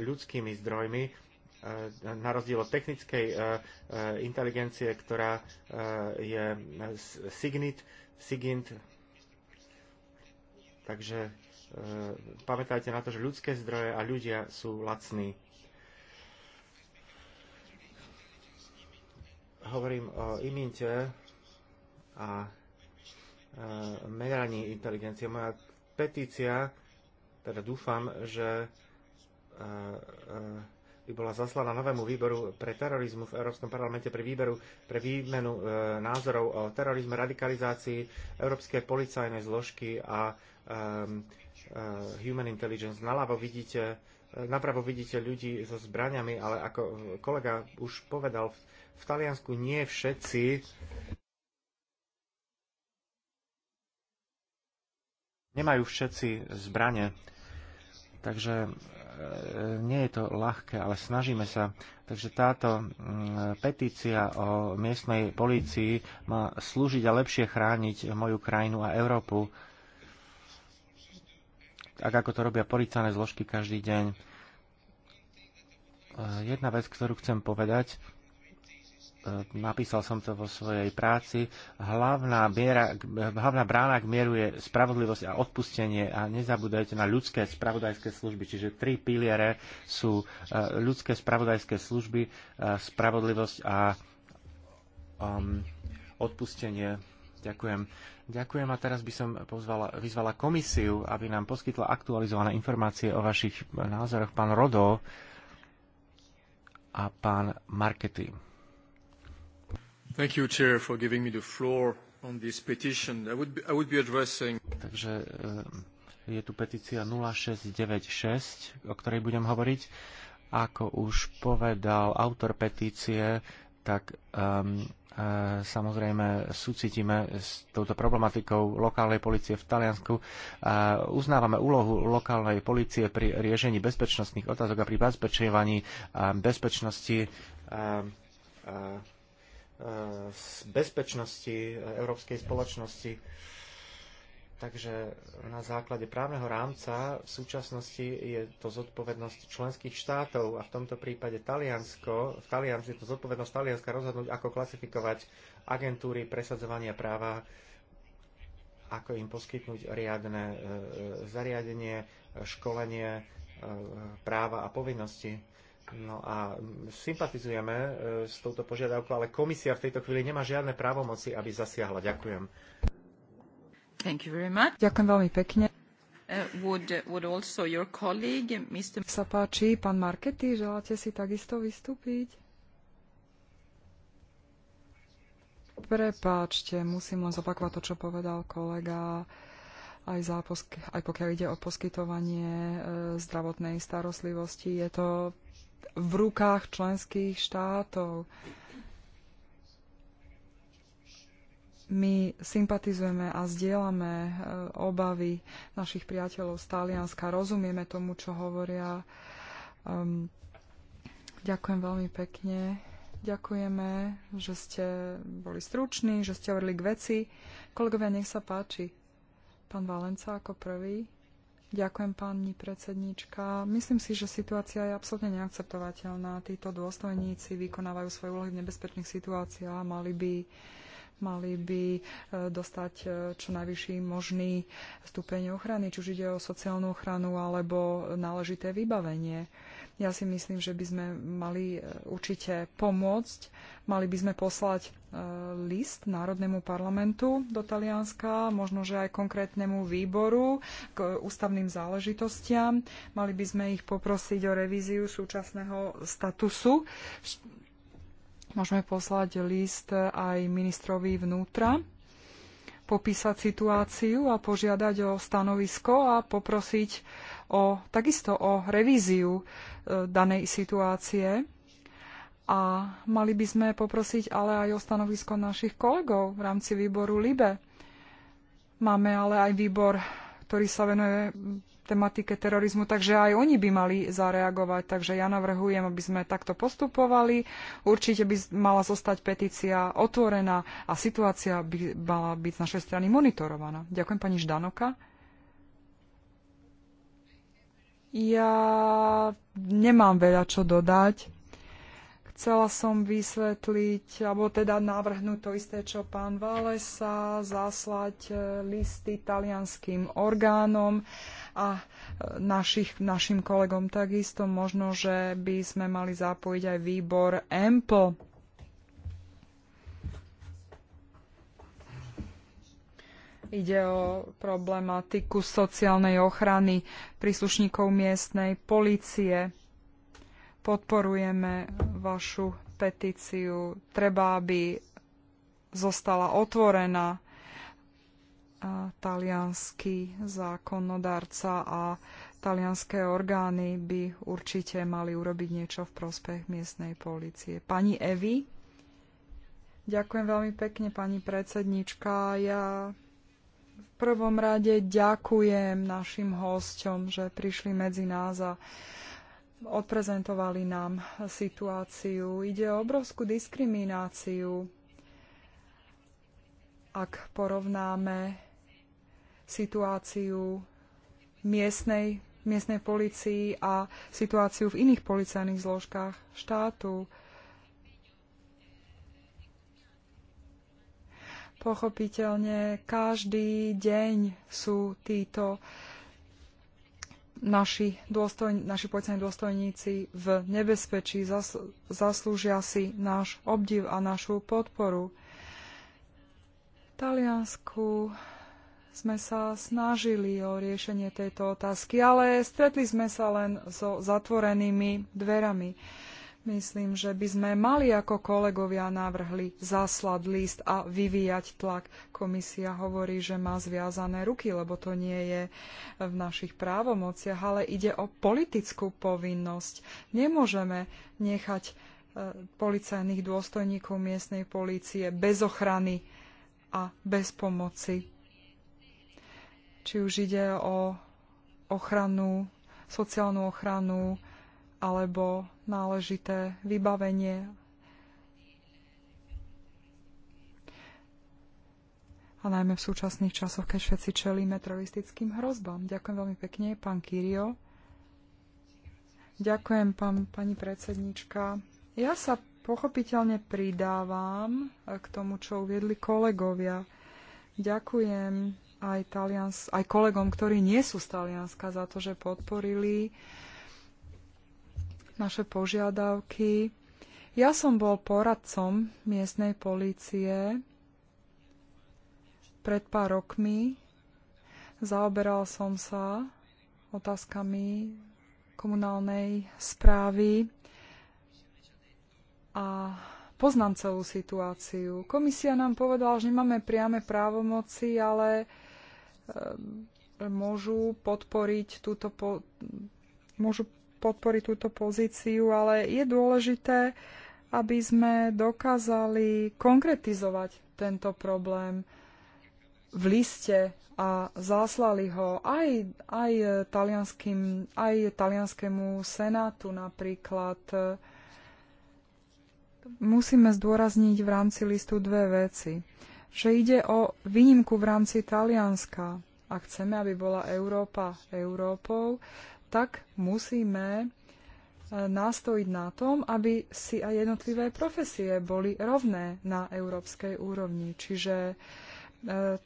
S4: ľudskými zdrojmi, na rozdiel od technickej inteligencie, ktorá je signit, signit. Takže pamätajte na to, že ľudské zdroje a ľudia sú lacní Hovorím o iminte a e, meraní inteligencie. Moja petícia, teda dúfam, že e, e, by bola zaslaná novému výboru pre terorizmu v Európskom parlamente pri výberu pre výmenu názorov o terorizme, radikalizácii Európskej policajnej zložky a Human Intelligence. Naľavo vidíte, napravo vidíte ľudí so zbraniami, ale ako kolega už povedal, v Taliansku nie všetci nemajú všetci zbranie. Takže e, nie je to ľahké, ale snažíme sa. Takže táto petícia o miestnej polícii má slúžiť a lepšie chrániť moju krajinu a Európu, tak ako to robia policajné zložky každý deň. E, jedna vec, ktorú chcem povedať, napísal som to vo svojej práci, hlavná, miera, hlavná brána k mieru je spravodlivosť a odpustenie a nezabúdajte na ľudské spravodajské služby. Čiže tri piliere sú e, ľudské spravodajské služby, e, spravodlivosť a um, odpustenie. Ďakujem. Ďakujem a teraz by som pozvala, vyzvala komisiu, aby nám poskytla aktualizované informácie o vašich e, názoroch. Pán Rodo a pán Marketing. Thank you, Chair, for giving me the floor on this petition. I would be, I would be addressing... Takže eh, je tu petícia 0696, o ktorej budem hovoriť. Ako už povedal autor petície, tak um, samozrejme súcitíme s touto problematikou lokálnej policie v Taliansku. Eh, uznávame úlohu lokálnej policie pri riešení bezpečnostných otázok a pri bezpečovaní bezpečnosti a, a, z bezpečnosti e, európskej spoločnosti. Takže na základe právneho rámca v súčasnosti je to zodpovednosť členských štátov a v tomto prípade Taliansko, v Taliansku je to zodpovednosť Talianska rozhodnúť, ako klasifikovať agentúry presadzovania práva, ako im poskytnúť riadne e, e, zariadenie, školenie, práva a povinnosti No a sympatizujeme e, s touto požiadavkou, ale komisia v tejto chvíli nemá žiadne právomoci, aby zasiahla. Ďakujem.
S1: Thank you very much. Ďakujem veľmi pekne. Uh, would, would also your colleague, Mr. Sa páči, pán Markety, želáte si takisto vystúpiť? Prepáčte, musím len zopakovať to, čo povedal kolega aj, za, aj pokiaľ ide o poskytovanie e, zdravotnej starostlivosti. Je to v rukách členských štátov. My sympatizujeme a zdieľame e, obavy našich priateľov z Talianska, rozumieme tomu, čo hovoria. Um, ďakujem veľmi pekne. Ďakujeme, že ste boli struční, že ste hovorili k veci. Kolegovia, nech sa páči. Pán Valenca ako prvý. Ďakujem, pani predsednička. Myslím si, že situácia je absolútne neakceptovateľná. Títo dôstojníci vykonávajú svoje úlohy v nebezpečných situáciách a mali by mali by e, dostať e, čo najvyšší možný stupeň ochrany, či už ide o sociálnu ochranu alebo náležité vybavenie. Ja si myslím, že by sme mali e, určite pomôcť, mali by sme poslať list Národnému parlamentu do Talianska, možno, že aj konkrétnemu výboru k ústavným záležitostiam. Mali by sme ich poprosiť o revíziu súčasného statusu. Môžeme poslať list aj ministrovi vnútra, popísať situáciu a požiadať o stanovisko a poprosiť o, takisto o revíziu e, danej situácie a mali by sme poprosiť ale aj o stanovisko našich kolegov v rámci výboru LIBE. Máme ale aj výbor, ktorý sa venuje tematike terorizmu, takže aj oni by mali zareagovať. Takže ja navrhujem, aby sme takto postupovali. Určite by mala zostať petícia otvorená a situácia by mala byť z našej strany monitorovaná. Ďakujem pani Ždanoka. Ja nemám veľa čo dodať Chcela som vysvetliť, alebo teda navrhnúť to isté, čo pán Valesa, zaslať e, listy talianským orgánom a e, našich, našim kolegom takisto. Možno, že by sme mali zapojiť aj výbor EMPL. Ide o problematiku sociálnej ochrany príslušníkov miestnej policie podporujeme vašu petíciu. Treba, aby zostala otvorená talianský zákonodárca a talianské orgány by určite mali urobiť niečo v prospech miestnej policie. Pani Evi? Ďakujem veľmi pekne, pani predsednička. Ja v prvom rade ďakujem našim hosťom, že prišli medzi nás a odprezentovali nám situáciu. Ide o obrovskú diskrimináciu, ak porovnáme situáciu miestnej, miestnej policii a situáciu v iných policajných zložkách štátu. Pochopiteľne, každý deň sú títo naši, dôstojn, naši policajní dôstojníci v nebezpečí zas, zaslúžia si náš obdiv a našu podporu. V Taliansku sme sa snažili o riešenie tejto otázky, ale stretli sme sa len so zatvorenými dverami. Myslím, že by sme mali ako kolegovia navrhli zaslať list a vyvíjať tlak. Komisia hovorí, že má zviazané ruky, lebo to nie je v našich právomociach, ale ide o politickú povinnosť. Nemôžeme nechať e, policajných dôstojníkov miestnej polície bez ochrany a bez pomoci. Či už ide o ochranu, sociálnu ochranu, alebo náležité vybavenie a najmä v súčasných časoch, keď všetci čelíme teroristickým hrozbám. Ďakujem veľmi pekne, pán Kirio. Ďakujem, pán, pani predsednička. Ja sa pochopiteľne pridávam k tomu, čo uviedli kolegovia. Ďakujem aj, Talians, aj kolegom, ktorí nie sú z Talianska, za to, že podporili naše požiadavky. Ja som bol poradcom miestnej polície pred pár rokmi. Zaoberal som sa otázkami komunálnej správy a poznám celú situáciu. Komisia nám povedala, že nemáme priame právomoci, ale e, môžu podporiť túto po, môžu podporiť túto pozíciu, ale je dôležité, aby sme dokázali konkretizovať tento problém v liste a zaslali ho aj, aj, talianským, aj talianskému senátu napríklad. Musíme zdôrazniť v rámci listu dve veci. Že ide o výnimku v rámci Talianska. Ak chceme, aby bola Európa Európou, tak musíme e, nástojiť na tom, aby si aj jednotlivé profesie boli rovné na európskej úrovni. Čiže e,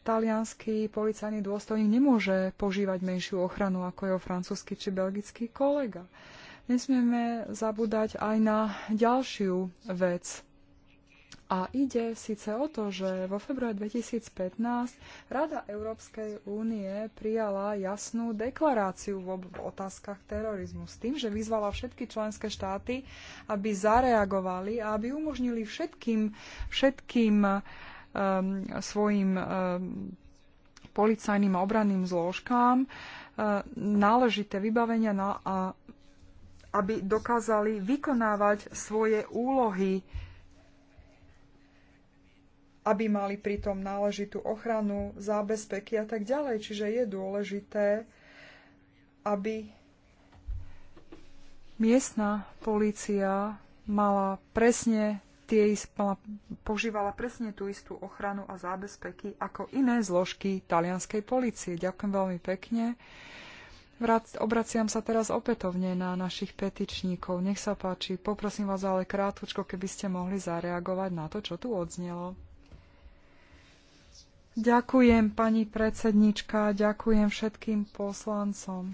S1: talianský policajný dôstojník nemôže požívať menšiu ochranu ako jeho francúzsky či belgický kolega. Nesmieme zabúdať aj na ďalšiu vec. A ide síce o to, že vo februári 2015 Rada Európskej únie prijala jasnú deklaráciu v, otázkach terorizmu s tým, že vyzvala všetky členské štáty, aby zareagovali a aby umožnili všetkým, všetkým um, svojim um, policajným a obranným zložkám uh, náležité vybavenia na, a aby dokázali vykonávať svoje úlohy aby mali pritom náležitú ochranu, zábezpeky a tak ďalej. Čiže je dôležité, aby miestna polícia mala presne tie, mala, požívala presne tú istú ochranu a zábezpeky ako iné zložky talianskej policie. Ďakujem veľmi pekne. Vrát, obraciam sa teraz opätovne na našich petičníkov. Nech sa páči, poprosím vás ale krátko, keby ste mohli zareagovať na to, čo tu odznelo. Ďakujem, pani predsednička, ďakujem všetkým poslancom.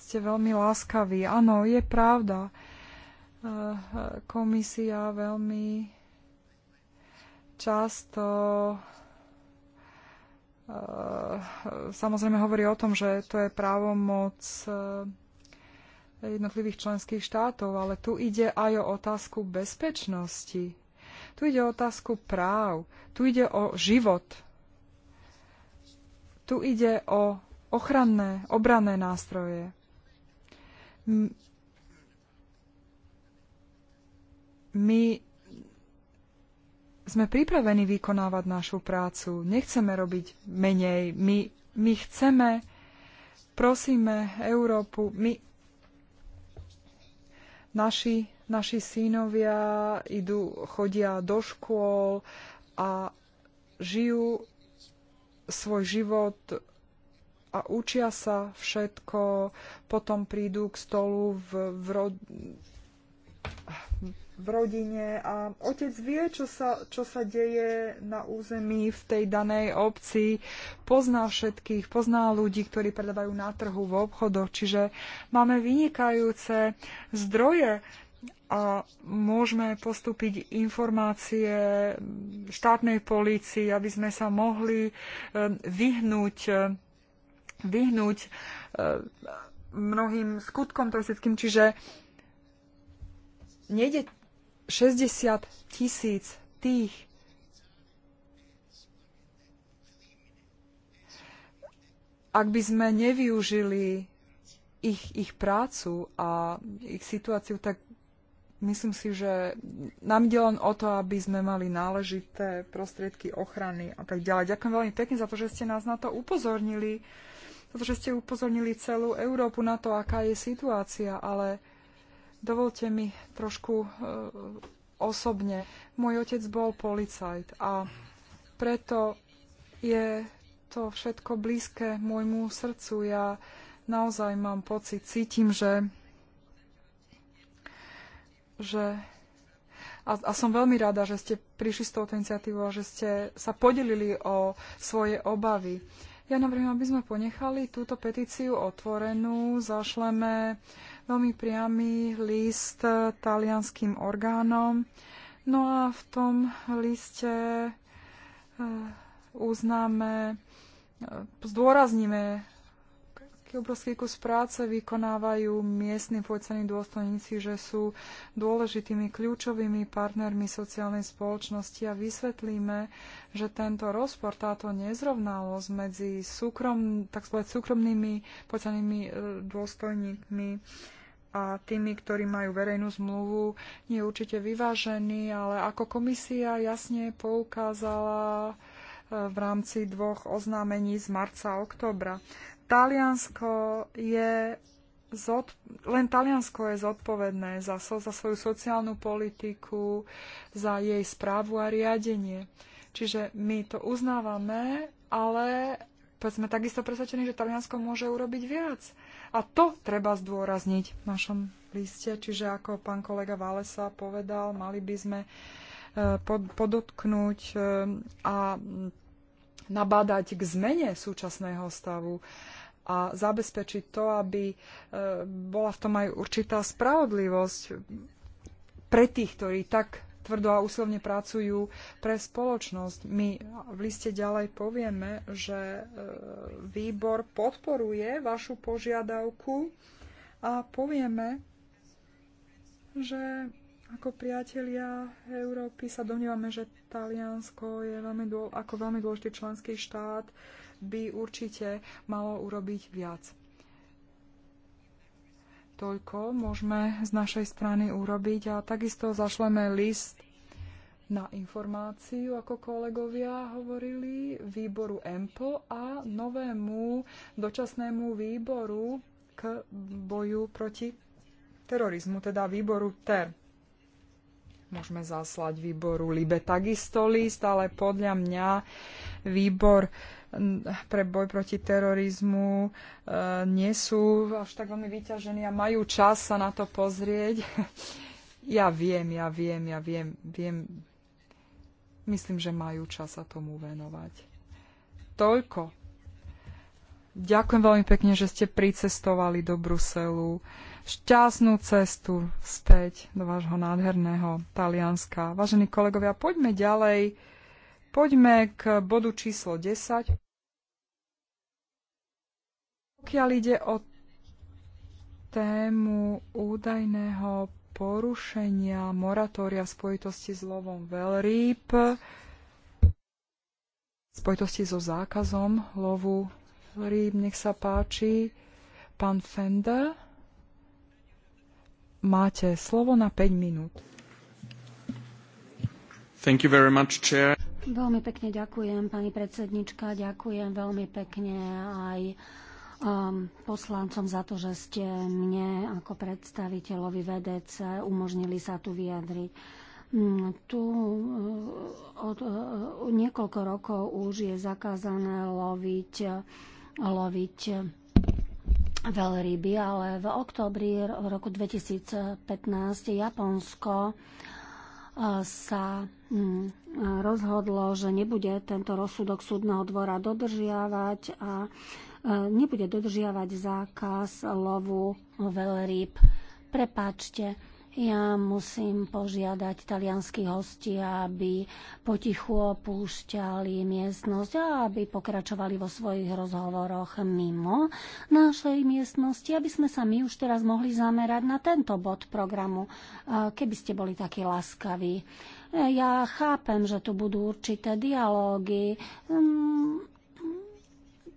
S1: Ste veľmi láskaví. Áno, je pravda. Eh, komisia veľmi často eh, samozrejme hovorí o tom, že to je právomoc eh, jednotlivých členských štátov, ale tu ide aj o otázku bezpečnosti. Tu ide o otázku práv. Tu ide o život tu ide o ochranné, obranné nástroje. My sme pripravení vykonávať našu prácu. Nechceme robiť menej. My, my chceme, prosíme Európu, my, naši, naši synovia idú, chodia do škôl a žijú svoj život a učia sa všetko, potom prídu k stolu v, v, ro, v rodine a otec vie, čo sa, čo sa deje na území v tej danej obci, pozná všetkých, pozná ľudí, ktorí predávajú na trhu, v obchodoch, čiže máme vynikajúce zdroje a môžeme postúpiť informácie štátnej polícii, aby sme sa mohli e, vyhnúť, e, vyhnúť e, mnohým skutkom teroristickým. Čiže nejde 60 tisíc tých, ak by sme nevyužili ich, ich prácu a ich situáciu, tak myslím si, že nám ide len o to, aby sme mali náležité prostriedky ochrany a tak ďalej. Ďakujem veľmi pekne za to, že ste nás na to upozornili, za to, že ste upozornili celú Európu na to, aká je situácia, ale dovolte mi trošku e, osobne. Môj otec bol policajt a preto je to všetko blízke môjmu srdcu. Ja naozaj mám pocit, cítim, že že a, a som veľmi rada, že ste prišli s touto iniciatívou a že ste sa podelili o svoje obavy. Ja navrhujem, aby sme ponechali túto petíciu otvorenú, zašleme veľmi priamy list talianským orgánom. No a v tom liste eh, uznáme, eh, zdôrazníme taký obrovský kus práce vykonávajú miestni policajní dôstojníci, že sú dôležitými kľúčovými partnermi sociálnej spoločnosti a vysvetlíme, že tento rozpor, táto nezrovnalosť medzi súkrom, tak spovedať, súkromnými policajnými e, dôstojníkmi a tými, ktorí majú verejnú zmluvu, nie je určite vyvážený, ale ako komisia jasne poukázala, e, v rámci dvoch oznámení z marca a oktobra. Taliansko je zod, len Taliansko je zodpovedné za, za svoju sociálnu politiku, za jej správu a riadenie. Čiže my to uznávame, ale sme takisto presvedčení, že Taliansko môže urobiť viac. A to treba zdôrazniť v našom liste. Čiže ako pán kolega Valesa povedal, mali by sme e, podotknúť e, a nabádať k zmene súčasného stavu a zabezpečiť to, aby e, bola v tom aj určitá spravodlivosť pre tých, ktorí tak tvrdo a úslovne pracujú pre spoločnosť. My v liste ďalej povieme, že e, výbor podporuje vašu požiadavku a povieme, že ako priatelia Európy sa domnievame, že Taliansko je veľmi dôl, ako veľmi dôležitý členský štát by určite malo urobiť viac. Toľko môžeme z našej strany urobiť a takisto zašleme list na informáciu, ako kolegovia hovorili, výboru EMPL a novému dočasnému výboru k boju proti terorizmu, teda výboru TER. Môžeme zaslať výboru LIBE takisto list, ale podľa mňa výbor pre boj proti terorizmu e, nie sú až tak veľmi vyťažení a majú čas sa na to pozrieť. Ja viem, ja viem, ja viem, viem. Myslím, že majú čas sa tomu venovať. Toľko. Ďakujem veľmi pekne, že ste pricestovali do Bruselu. Šťastnú cestu späť do vášho nádherného Talianska. Vážení kolegovia, poďme ďalej. Poďme k bodu číslo 10. Pokiaľ ide o tému údajného porušenia moratória v spojitosti s lovom veľrýb, v spojitosti so zákazom lovu rýb, nech sa páči, pán Fender, máte slovo na 5 minút.
S2: Thank you very much,
S1: chair.
S3: Veľmi pekne ďakujem, pani predsednička. Ďakujem veľmi pekne aj um, poslancom za to, že ste mne ako predstaviteľovi VDC umožnili sa tu vyjadriť. Mm, tu uh, od, uh, niekoľko rokov už je zakázané loviť, loviť veľryby, ale v oktobri roku 2015 Japonsko uh, sa Mm, rozhodlo, že nebude tento rozsudok súdneho dvora dodržiavať a e, nebude dodržiavať zákaz lovu veľrýb. Prepáčte, ja musím požiadať talianských hostí, aby potichu opúšťali miestnosť a aby pokračovali vo svojich rozhovoroch mimo našej miestnosti, aby sme sa my už teraz mohli zamerať na tento bod programu, keby ste boli takí laskaví. Ja chápem, že tu budú určité dialógy, mm,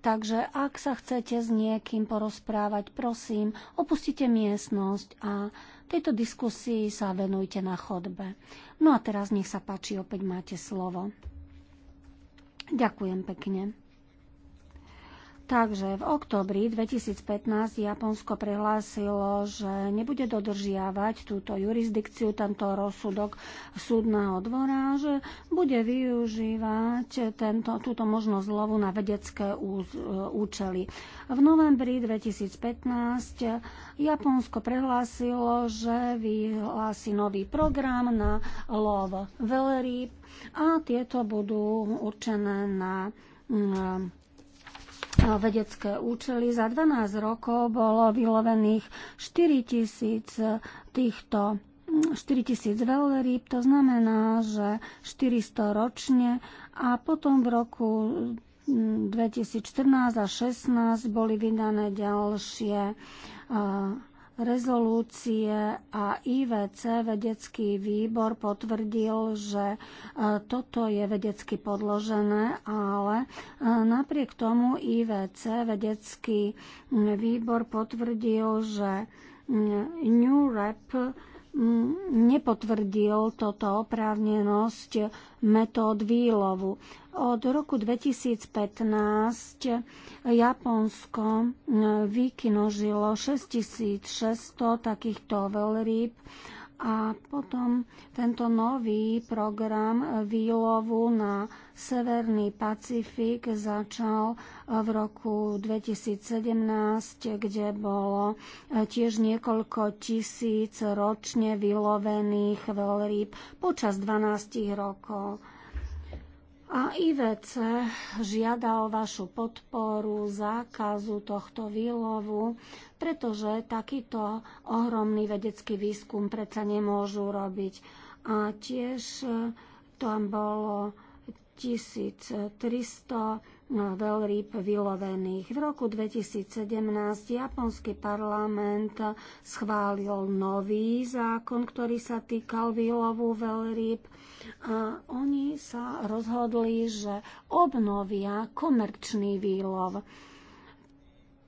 S3: takže ak sa chcete s niekým porozprávať, prosím, opustite miestnosť a tejto diskusii sa venujte na chodbe. No a teraz nech sa páči, opäť máte slovo. Ďakujem pekne. Takže v oktobri 2015 Japonsko prehlásilo, že nebude dodržiavať túto jurisdikciu, tento rozsudok súdneho dvora, že bude využívať tento, túto možnosť lovu na vedecké účely. V novembri 2015 Japonsko prehlásilo, že vyhlási nový program na lov veľrýb a tieto budú určené na mm, vedecké účely. Za 12 rokov bolo vylovených 4000 týchto 4000 tisíc veľrýb, to znamená, že 400 ročne a potom v roku 2014 mm, a 2016 boli vydané ďalšie rezolúcie a IVC vedecký výbor potvrdil, že e, toto je vedecky podložené, ale e, napriek tomu IVC vedecký výbor potvrdil, že New Rap nepotvrdil toto oprávnenosť metód výlovu. Od roku 2015 Japonsko vykinožilo 6600 takýchto veľrýb a potom tento nový program výlovu na Severný Pacifik začal v roku 2017, kde bolo eh, tiež niekoľko tisíc ročne vylovených veľrýb počas 12 rokov. A IVC žiada o vašu podporu zákazu tohto výlovu, pretože takýto ohromný vedecký výskum predsa nemôžu robiť. A tiež eh, tam bolo 1300 veľrýb vylovených. V roku 2017 japonský parlament schválil nový zákon, ktorý sa týkal výlovu veľrýb a oni sa rozhodli, že obnovia komerčný výlov.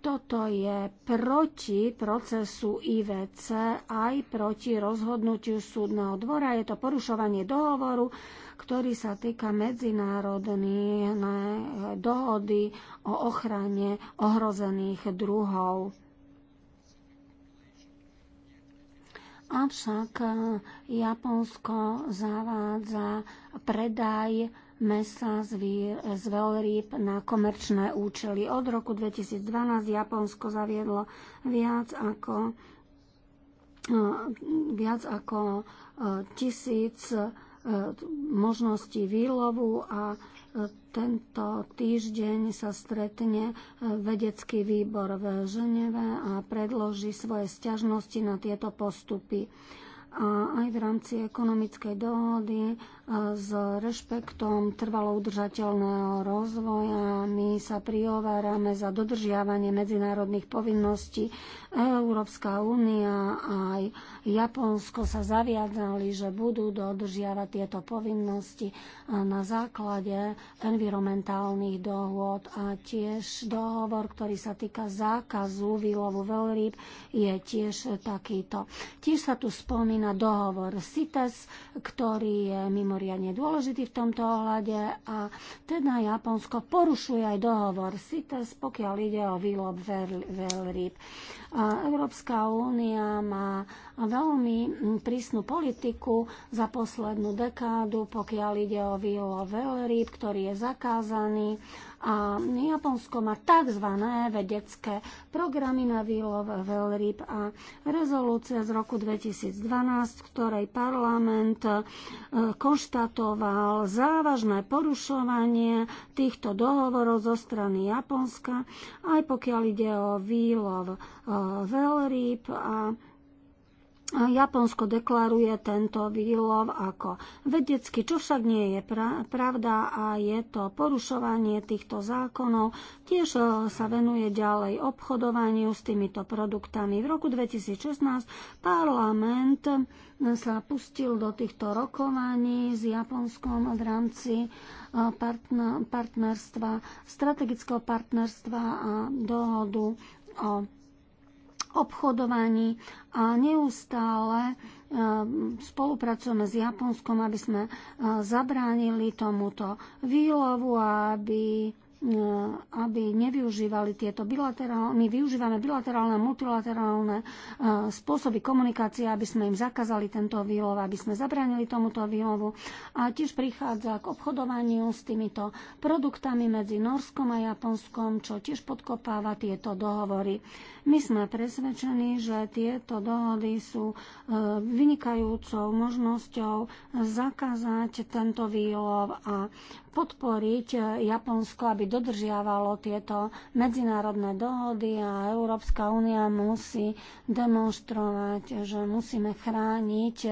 S3: Toto je proti procesu IVC aj proti rozhodnutiu súdneho dvora. Je to porušovanie dohovoru ktorý sa týka medzinárodnej dohody o ochrane ohrozených druhov. Avšak eh, Japonsko zavádza predaj mesa z veľrýb na komerčné účely. Od roku 2012 Japonsko zaviedlo viac ako, eh, viac ako eh, tisíc E, možnosti výlovu a e, tento týždeň sa stretne e, vedecký výbor v Ženeve a predloží svoje sťažnosti na tieto postupy. A aj v rámci ekonomickej dohody s rešpektom trvalo udržateľného rozvoja. My sa prihovárame za dodržiavanie medzinárodných povinností. Európska únia aj Japonsko sa zaviadali, že budú dodržiavať tieto povinnosti na základe environmentálnych dohôd a tiež dohovor, ktorý sa týka zákazu výlovu veľrýb, je tiež takýto. Tiež sa tu spomína dohovor CITES, ktorý je mimo mimoriadne dôležitý v tomto ohľade a teda Japonsko porušuje aj dohovor CITES, pokiaľ ide o výlob veľryb. Európska únia má veľmi prísnu politiku za poslednú dekádu, pokiaľ ide o výlov veľryb, ktorý je zakázaný a Japonsko má tzv. vedecké programy na výlov veľryb a rezolúcia z roku 2012, v ktorej parlament e, konštatoval závažné porušovanie týchto dohovorov zo strany Japonska, aj pokiaľ ide o výlov e, veľryb a Japonsko deklaruje tento výlov ako vedecký, čo však nie je pravda a je to porušovanie týchto zákonov. Tiež e, sa venuje ďalej obchodovaniu s týmito produktami. V roku 2016 parlament e, sa pustil do týchto rokovaní s Japonskom v rámci e, partnerstva, strategického partnerstva a dohodu o obchodovaní a neustále eh, spolupracujeme s Japonskom, aby sme eh, zabránili tomuto výlovu a aby E, aby nevyužívali tieto bilaterálne, my využívame bilaterálne, multilaterálne e, spôsoby komunikácie, aby sme im zakázali tento výlov, aby sme zabránili tomuto výlovu. A tiež prichádza k obchodovaniu s týmito produktami medzi Norskom a Japonskom, čo tiež podkopáva tieto dohovory. My sme presvedčení, že tieto dohody sú e, vynikajúcou možnosťou zakázať tento výlov a podporiť Japonsko, aby dodržiavalo tieto medzinárodné dohody a Európska únia musí demonstrovať, že musíme chrániť e,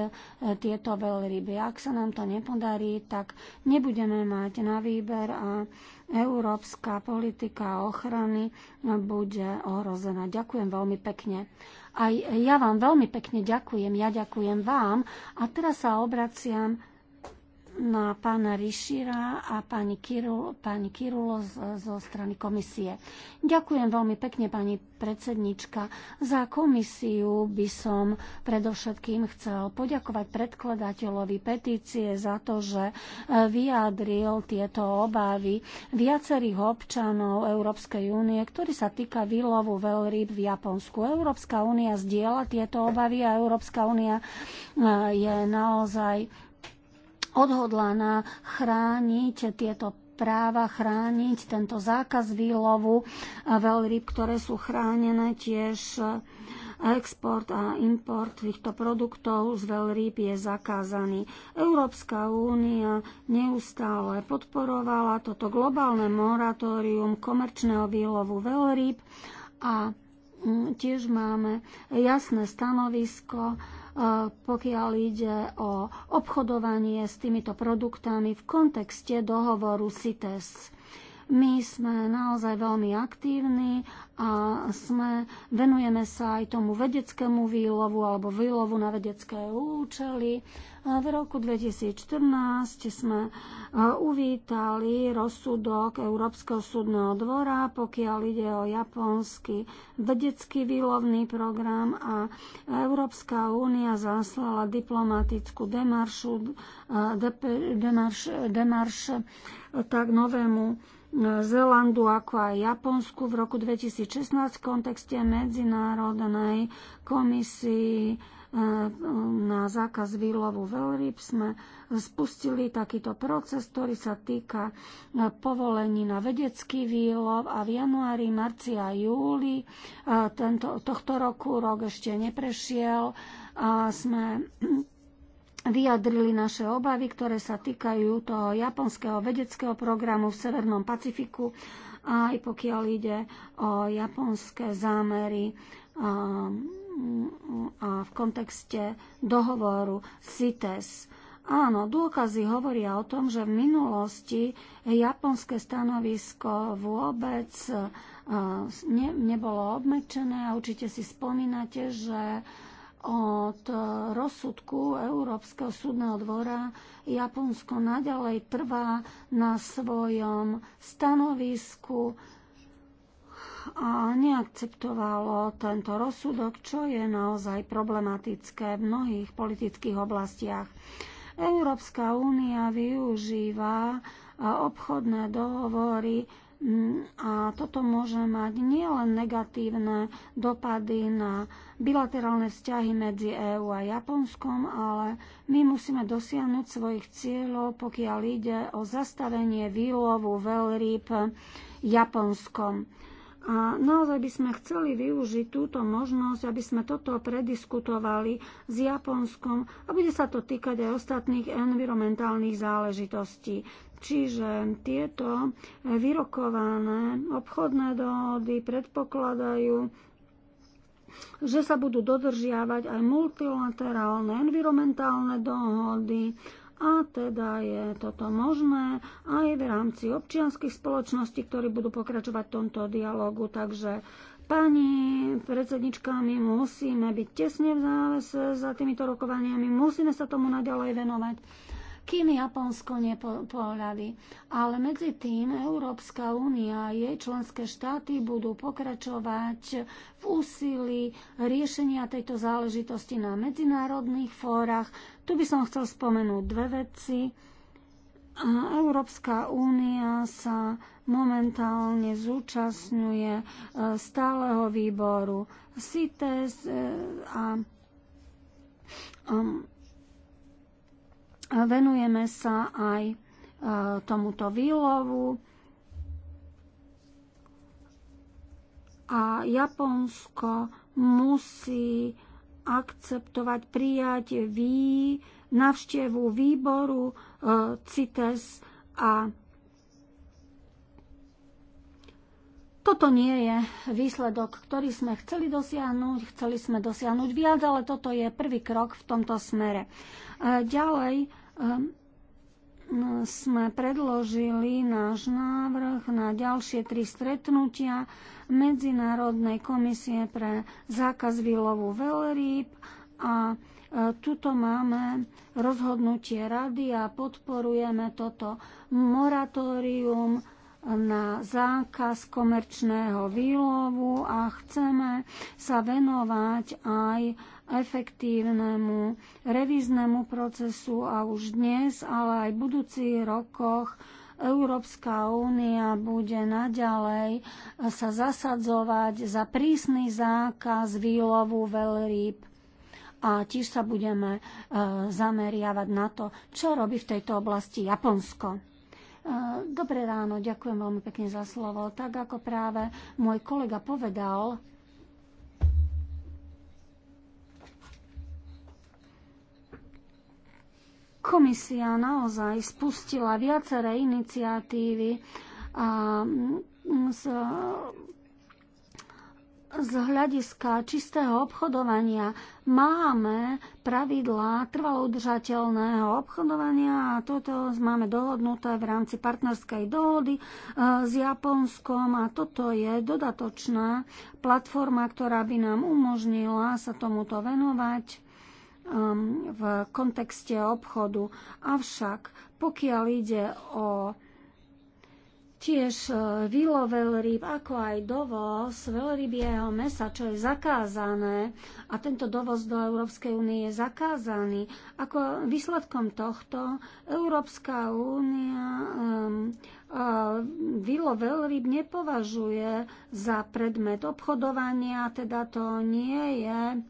S3: tieto veľryby. Ak sa nám to nepodarí, tak nebudeme mať na výber a európska politika ochrany bude ohrozená. Ďakujem veľmi pekne. Aj ja vám veľmi pekne ďakujem, ja ďakujem vám a teraz sa obraciam na no pána Rišira a pani, Kiru, pani Kirulo zo strany komisie. Ďakujem veľmi pekne, pani predsednička. Za komisiu by som predovšetkým chcel poďakovať predkladateľovi petície za to, že e, vyjadril tieto obavy viacerých občanov Európskej únie, ktorý sa týka výlovu veľryb v Japonsku. Európska únia zdieľa tieto obavy a Európska únia e, je naozaj odhodlaná chrániť tieto práva chrániť tento zákaz výlovu veľryb, ktoré sú chránené tiež e, export a import týchto produktov z veľryb je zakázaný. Európska únia neustále podporovala toto globálne moratórium komerčného výlovu veľryb a mm, tiež máme jasné stanovisko pokiaľ ide o obchodovanie s týmito produktami v kontexte dohovoru CITES. My sme naozaj veľmi aktívni a sme, venujeme sa aj tomu vedeckému výlovu alebo výlovu na vedecké účely. V roku 2014 sme e, uvítali rozsudok Európskeho súdneho dvora, pokiaľ ide o japonský vedecký výlovný program a Európska únia zaslala diplomatickú demaršu, e, demarš, demarš e, tak novému Zelandu, ako aj Japonsku v roku 2016 v kontekste medzinárodnej komisii e, na zákaz výlovu veľryb sme spustili takýto proces, ktorý sa týka e, povolení na vedecký výlov a v januári, marci a júli e, tento, tohto roku rok ešte neprešiel a sme vyjadrili naše obavy, ktoré sa týkajú toho japonského vedeckého programu v Severnom Pacifiku, aj pokiaľ ide o japonské zámery a, um, a v kontexte dohovoru CITES. Áno, dôkazy hovoria o tom, že v minulosti japonské stanovisko vôbec uh, ne, nebolo obmečené a určite si spomínate, že od rozsudku Európskeho súdneho dvora Japonsko naďalej trvá na svojom stanovisku a neakceptovalo tento rozsudok, čo je naozaj problematické v mnohých politických oblastiach. Európska únia využíva obchodné dohovory Mm, a toto môže mať nielen negatívne dopady na bilaterálne vzťahy medzi EÚ a Japonskom, ale my musíme dosiahnuť svojich cieľov, pokiaľ ide o zastavenie výlovu veľrýb Japonskom. A naozaj by sme chceli využiť túto možnosť, aby sme toto prediskutovali s Japonskom a bude sa to týkať aj ostatných environmentálnych záležitostí. Čiže tieto vyrokované obchodné dohody predpokladajú, že sa budú dodržiavať aj multilaterálne environmentálne dohody a teda je toto možné aj v rámci občianských spoločností, ktorí budú pokračovať v tomto dialogu. Takže pani predsednička, my musíme byť tesne v závese za týmito rokovaniami, musíme sa tomu naďalej venovať kým Japonsko nepohľadí. Ale medzi tým Európska únia a jej členské štáty budú pokračovať v úsilí riešenia tejto záležitosti na medzinárodných fórach. Tu by som chcel spomenúť dve veci. Európska únia sa momentálne zúčastňuje e, stáleho výboru CITES e, a um, Venujeme sa aj e, tomuto výlovu. A Japonsko musí akceptovať, prijať vý, navštevu výboru e, CITES a toto nie je výsledok, ktorý sme chceli dosiahnuť. Chceli sme dosiahnuť viac, ale toto je prvý krok v tomto smere. E, ďalej Ehm, sme predložili náš návrh na ďalšie tri stretnutia Medzinárodnej komisie pre zákaz výlovu veľrýb a e, tuto máme rozhodnutie rady a podporujeme toto moratórium na zákaz komerčného výlovu a chceme sa venovať aj efektívnemu revíznemu procesu a už dnes, ale aj v budúcich rokoch Európska únia bude naďalej sa zasadzovať za prísny zákaz výlovu veľrýb a tiež sa budeme e, zameriavať na to, čo robí v tejto oblasti Japonsko. E, dobré ráno, ďakujem veľmi pekne za slovo. Tak ako práve môj kolega povedal, Komisia naozaj spustila viaceré iniciatívy a z, z hľadiska čistého obchodovania máme pravidlá trvalo udržateľného obchodovania a toto máme dohodnuté v rámci partnerskej dohody e, s Japonskom a toto je dodatočná platforma, ktorá by nám umožnila sa tomuto venovať Um, v kontexte obchodu. Avšak pokiaľ ide o tiež uh, výlo veľryb, ako aj dovoz veľrybieho mesa, čo je zakázané, a tento dovoz do Európskej únie je zakázaný. Ako výsledkom tohto Európska únia um, uh, Vilo veľryb nepovažuje za predmet obchodovania, teda to nie je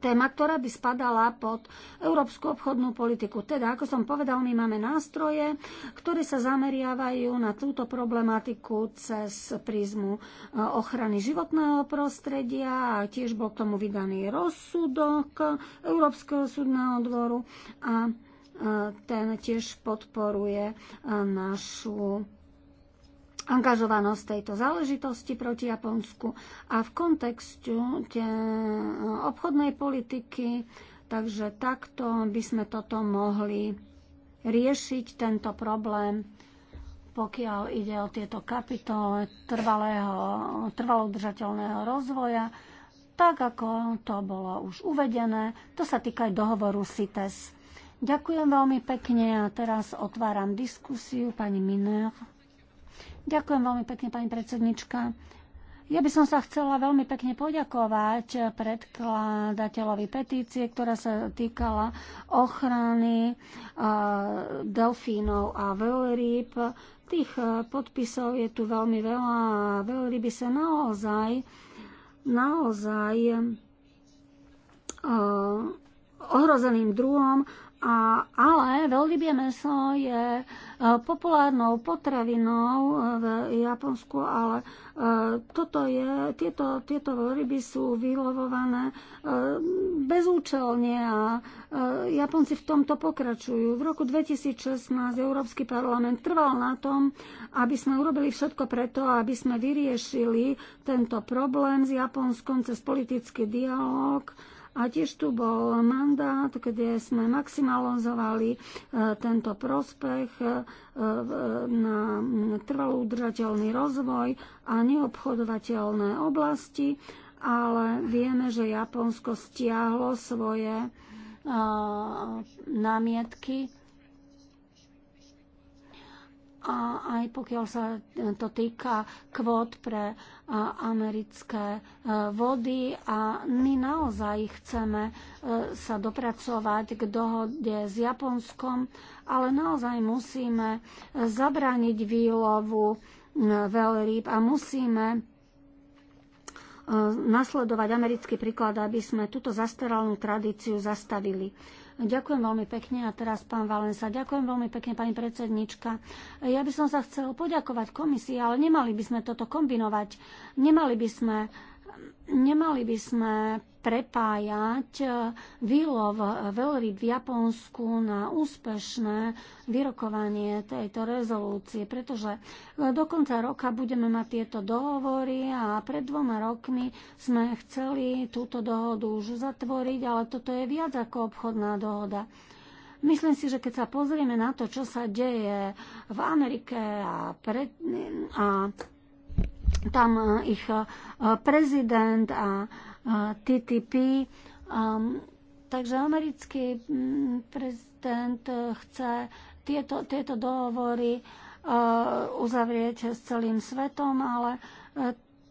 S3: téma, ktorá by spadala pod európsku obchodnú politiku. Teda, ako som povedal, my máme nástroje, ktoré sa zameriavajú na túto problematiku cez prízmu e, ochrany životného prostredia. a Tiež bol k tomu vydaný rozsudok Európskeho súdneho dvoru a e, ten tiež podporuje e, našu angažovanosť tejto záležitosti proti Japonsku a v kontextu e, obchodnej politiky, takže takto by sme toto mohli riešiť, tento problém, pokiaľ ide o tieto kapitole trvalého, trvalo rozvoja, tak ako to bolo už uvedené. To sa týka aj dohovoru CITES. Ďakujem veľmi pekne a teraz otváram diskusiu. Pani Miner. Ďakujem veľmi pekne, pani predsednička. Ja by som sa chcela veľmi pekne poďakovať predkladateľovi petície, ktorá sa týkala ochrany delfínov a veľryb. Tých podpisov je tu veľmi veľa a veľryby sa naozaj, naozaj ohrozeným druhom a, ale veľrybie meso je e, populárnou potravinou e, v Japonsku, ale e, toto je, tieto, tieto veľryby sú vylovované bezúčelne a Japonci v tomto pokračujú. V roku 2016 Európsky parlament trval na tom, aby sme urobili všetko preto, aby sme vyriešili tento problém s Japonskom cez politický dialog a tiež tu bol mandát, kde sme maximalizovali e, tento prospech e, na trvalú udržateľný rozvoj a neobchodovateľné oblasti, ale vieme, že Japonsko stiahlo svoje e, námietky a aj pokiaľ sa to týka kvót pre americké e, vody a my naozaj chceme e, sa dopracovať k dohode s Japonskom, ale naozaj musíme e, zabrániť výlovu veľrýb a musíme nasledovať americký príklad, aby sme túto zastaralú tradíciu zastavili. Ďakujem veľmi pekne a teraz pán Valensa. Ďakujem veľmi pekne, pani predsednička. Ja by som sa chcel poďakovať komisii, ale nemali by sme toto kombinovať. Nemali by sme nemali by sme prepájať e, výlov veľryb v Japonsku na úspešné vyrokovanie tejto rezolúcie, pretože e, do konca roka budeme mať tieto dohovory a pred dvoma rokmi sme chceli túto dohodu už zatvoriť, ale toto je viac ako obchodná dohoda. Myslím si, že keď sa pozrieme na to, čo sa deje v Amerike a, pred, a tam eh, ich eh, prezident a eh, TTP. Ehm, takže americký mm, prezident chce tieto, tieto dohovory uzavrieť s celým svetom, ale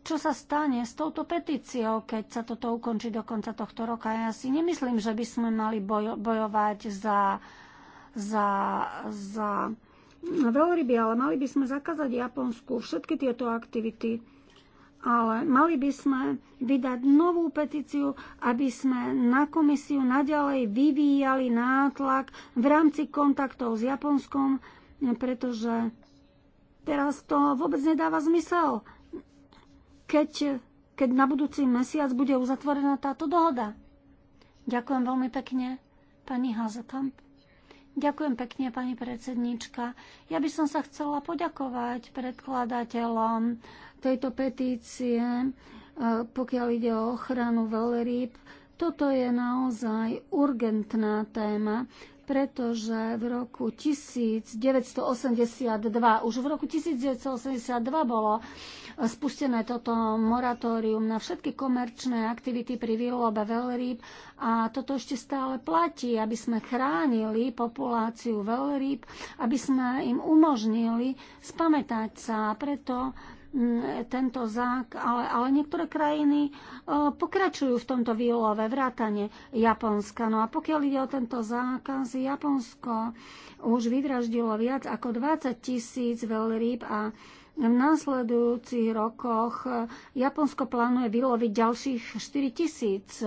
S3: čo sa stane s touto petíciou, keď sa toto ukončí do konca tohto roka. Ja si nemyslím, že by sme mali bojo, bojovať za, za, za Veľryby, ale mali by sme zakázať Japonsku všetky tieto aktivity. Ale mali by sme vydať novú petíciu, aby sme na komisiu naďalej vyvíjali nátlak v rámci kontaktov s Japonskom, pretože teraz to vôbec nedáva zmysel, keď, keď na budúci mesiac bude uzatvorená táto dohoda. Ďakujem veľmi pekne, pani Hazekamp. Ďakujem pekne, pani predsednička. Ja by som sa chcela poďakovať predkladateľom tejto petície, e, pokiaľ ide o ochranu veľryb. Toto je naozaj urgentná téma pretože v roku 1982, už v roku 1982 bolo eh, spustené toto moratórium na všetky komerčné aktivity pri výlobe veľrýb a toto ešte stále platí, aby sme chránili populáciu veľrýb, aby sme im umožnili spamätať sa a preto Mm, tento zák, ale, ale niektoré krajiny e, pokračujú v tomto výlove, vrátane Japonska. No a pokiaľ ide o tento zákaz, Japonsko už vydraždilo viac ako 20 tisíc veľrýb a v následujúcich rokoch Japonsko plánuje vyloviť ďalších 4 tisíc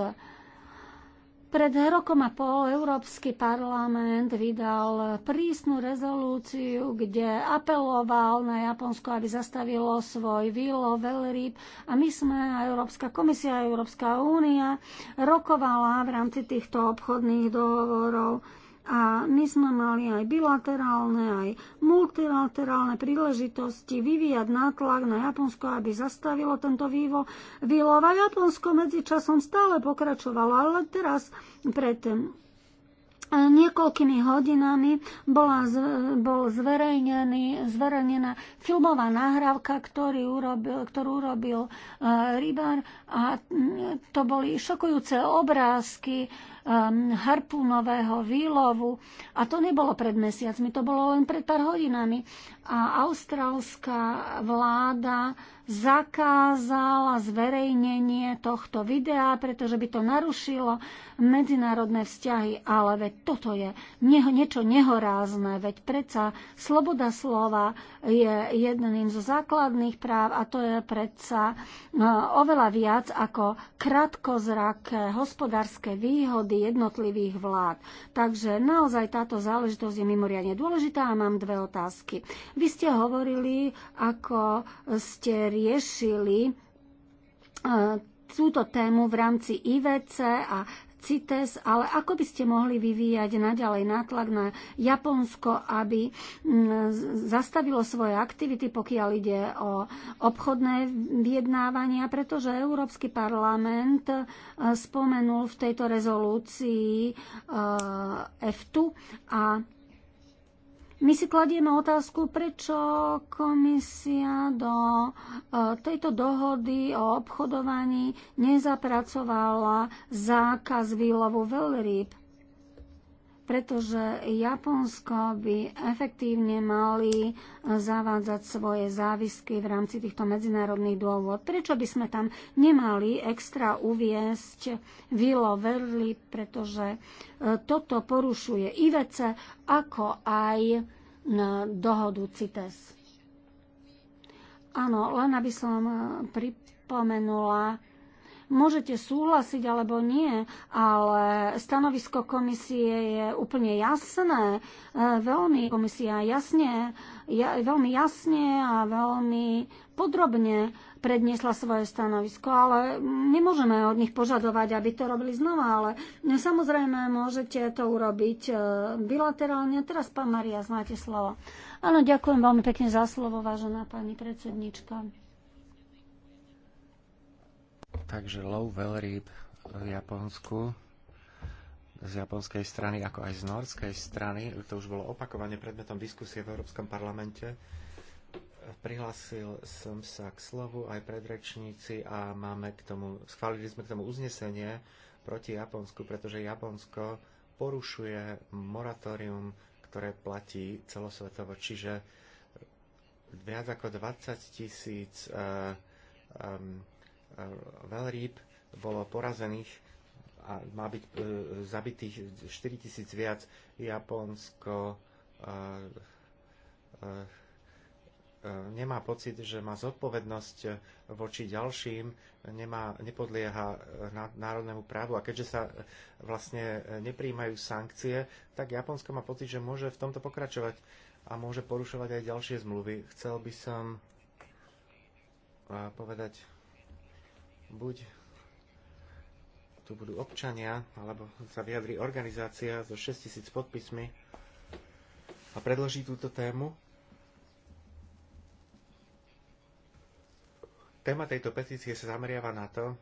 S3: pred rokom a pol Európsky parlament vydal prísnu rezolúciu, kde apeloval na Japonsko, aby zastavilo svoj výlo veľryb. A my sme, a Európska komisia, a Európska únia, rokovala v rámci týchto obchodných dohovorov a my sme mali aj bilaterálne, aj multilaterálne príležitosti vyvíjať nátlak na Japonsko, aby zastavilo tento vývo, A Japonsko medzi časom stále pokračovalo, ale teraz pred eh, niekoľkými hodinami bola, bol zverejnený, zverejnená filmová nahrávka, ktorý urobil, ktorú urobil uh, eh, Rybár a mm, to boli šokujúce obrázky uh, Um, harpúnového výlovu. A to nebolo pred mesiacmi, to bolo len pred pár hodinami. A austrálska vláda zakázala zverejnenie tohto videa, pretože by to narušilo medzinárodné vzťahy, ale veď toto je neho, niečo nehorázne, veď predsa sloboda slova je jedným zo základných práv a to je predsa e, oveľa viac ako krátkozraké hospodárske výhody jednotlivých vlád. Takže naozaj táto záležitosť je mimoriadne dôležitá a mám dve otázky. Vy ste hovorili, ako ste riešili e, túto tému v rámci IVC a CITES, ale ako by ste mohli vyvíjať naďalej nátlak na Japonsko, aby mm, zastavilo svoje aktivity, pokiaľ ide o obchodné vyjednávania, pretože Európsky parlament e, spomenul v tejto rezolúcii EFTU a my si kladieme otázku, prečo komisia do e, tejto dohody o obchodovaní nezapracovala zákaz výlovu veľryb pretože Japonsko by efektívne mali zavádzať svoje závisky v rámci týchto medzinárodných dôvod. Prečo by sme tam nemali extra uviesť Vilo Verli, pretože e, toto porušuje IVC ako aj e, dohodu CITES. Áno, len aby som e, pripomenula, Môžete súhlasiť alebo nie, ale stanovisko komisie je úplne jasné. E, veľmi komisia jasne, ja, veľmi jasne a veľmi podrobne predniesla svoje stanovisko, ale nemôžeme od nich požadovať, aby to robili znova, ale samozrejme môžete to urobiť e, bilaterálne. Teraz, pán Maria, znáte slovo. Áno, ďakujem veľmi pekne za slovo, vážená pani predsednička.
S4: Takže lov veľrýb v Japonsku z japonskej strany, ako aj z norskej strany, to už bolo opakovane predmetom diskusie v Európskom parlamente. Prihlásil som sa k slovu aj predrečníci a máme k tomu, schválili sme k tomu uznesenie proti Japonsku, pretože Japonsko porušuje moratórium, ktoré platí celosvetovo. Čiže viac ako 20 tisíc um, E, veľrýb bolo porazených a má byť e, zabitých 4000 viac. Japonsko e, e, e, nemá pocit, že má zodpovednosť voči ďalším, nemá, nepodlieha národnému právu a keďže sa vlastne nepríjmajú sankcie, tak Japonsko má pocit, že môže v tomto pokračovať a môže porušovať aj ďalšie zmluvy. Chcel by som e, povedať buď tu budú občania, alebo sa vyjadri organizácia so 6000 podpismi a predloží túto tému. Téma tejto petície sa zameriava na to,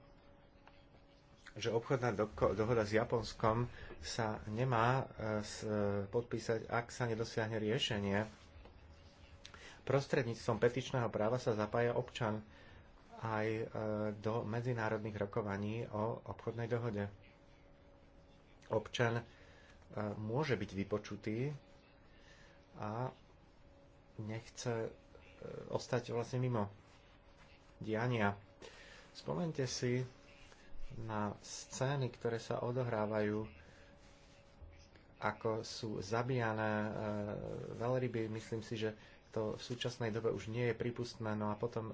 S4: že obchodná dohoda s Japonskom sa nemá e, e, podpísať, ak sa nedosiahne riešenie. Prostredníctvom petičného práva sa zapája občan, aj e, do medzinárodných rokovaní o obchodnej dohode. Občan e, môže byť vypočutý a nechce e, ostať vlastne mimo diania. Spomente si na scény, ktoré sa odohrávajú, ako sú zabíjane veľryby. Myslím si, že to v súčasnej dobe už nie je prípustné. No a potom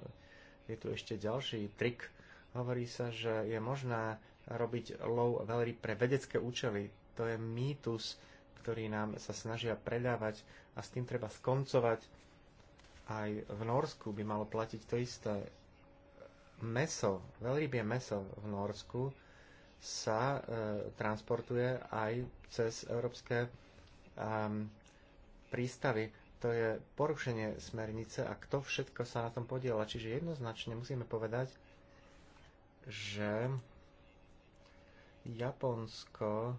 S4: je tu ešte ďalší trik. Hovorí sa, že je možné robiť low valery pre vedecké účely. To je mýtus, ktorý nám sa snažia predávať a s tým treba skoncovať. Aj v Norsku by malo platiť to isté. Meso, veľrybie meso v Norsku sa e, transportuje aj cez európske e, prístavy to je porušenie smernice a kto všetko sa na tom podiela. Čiže jednoznačne musíme povedať, že Japonsko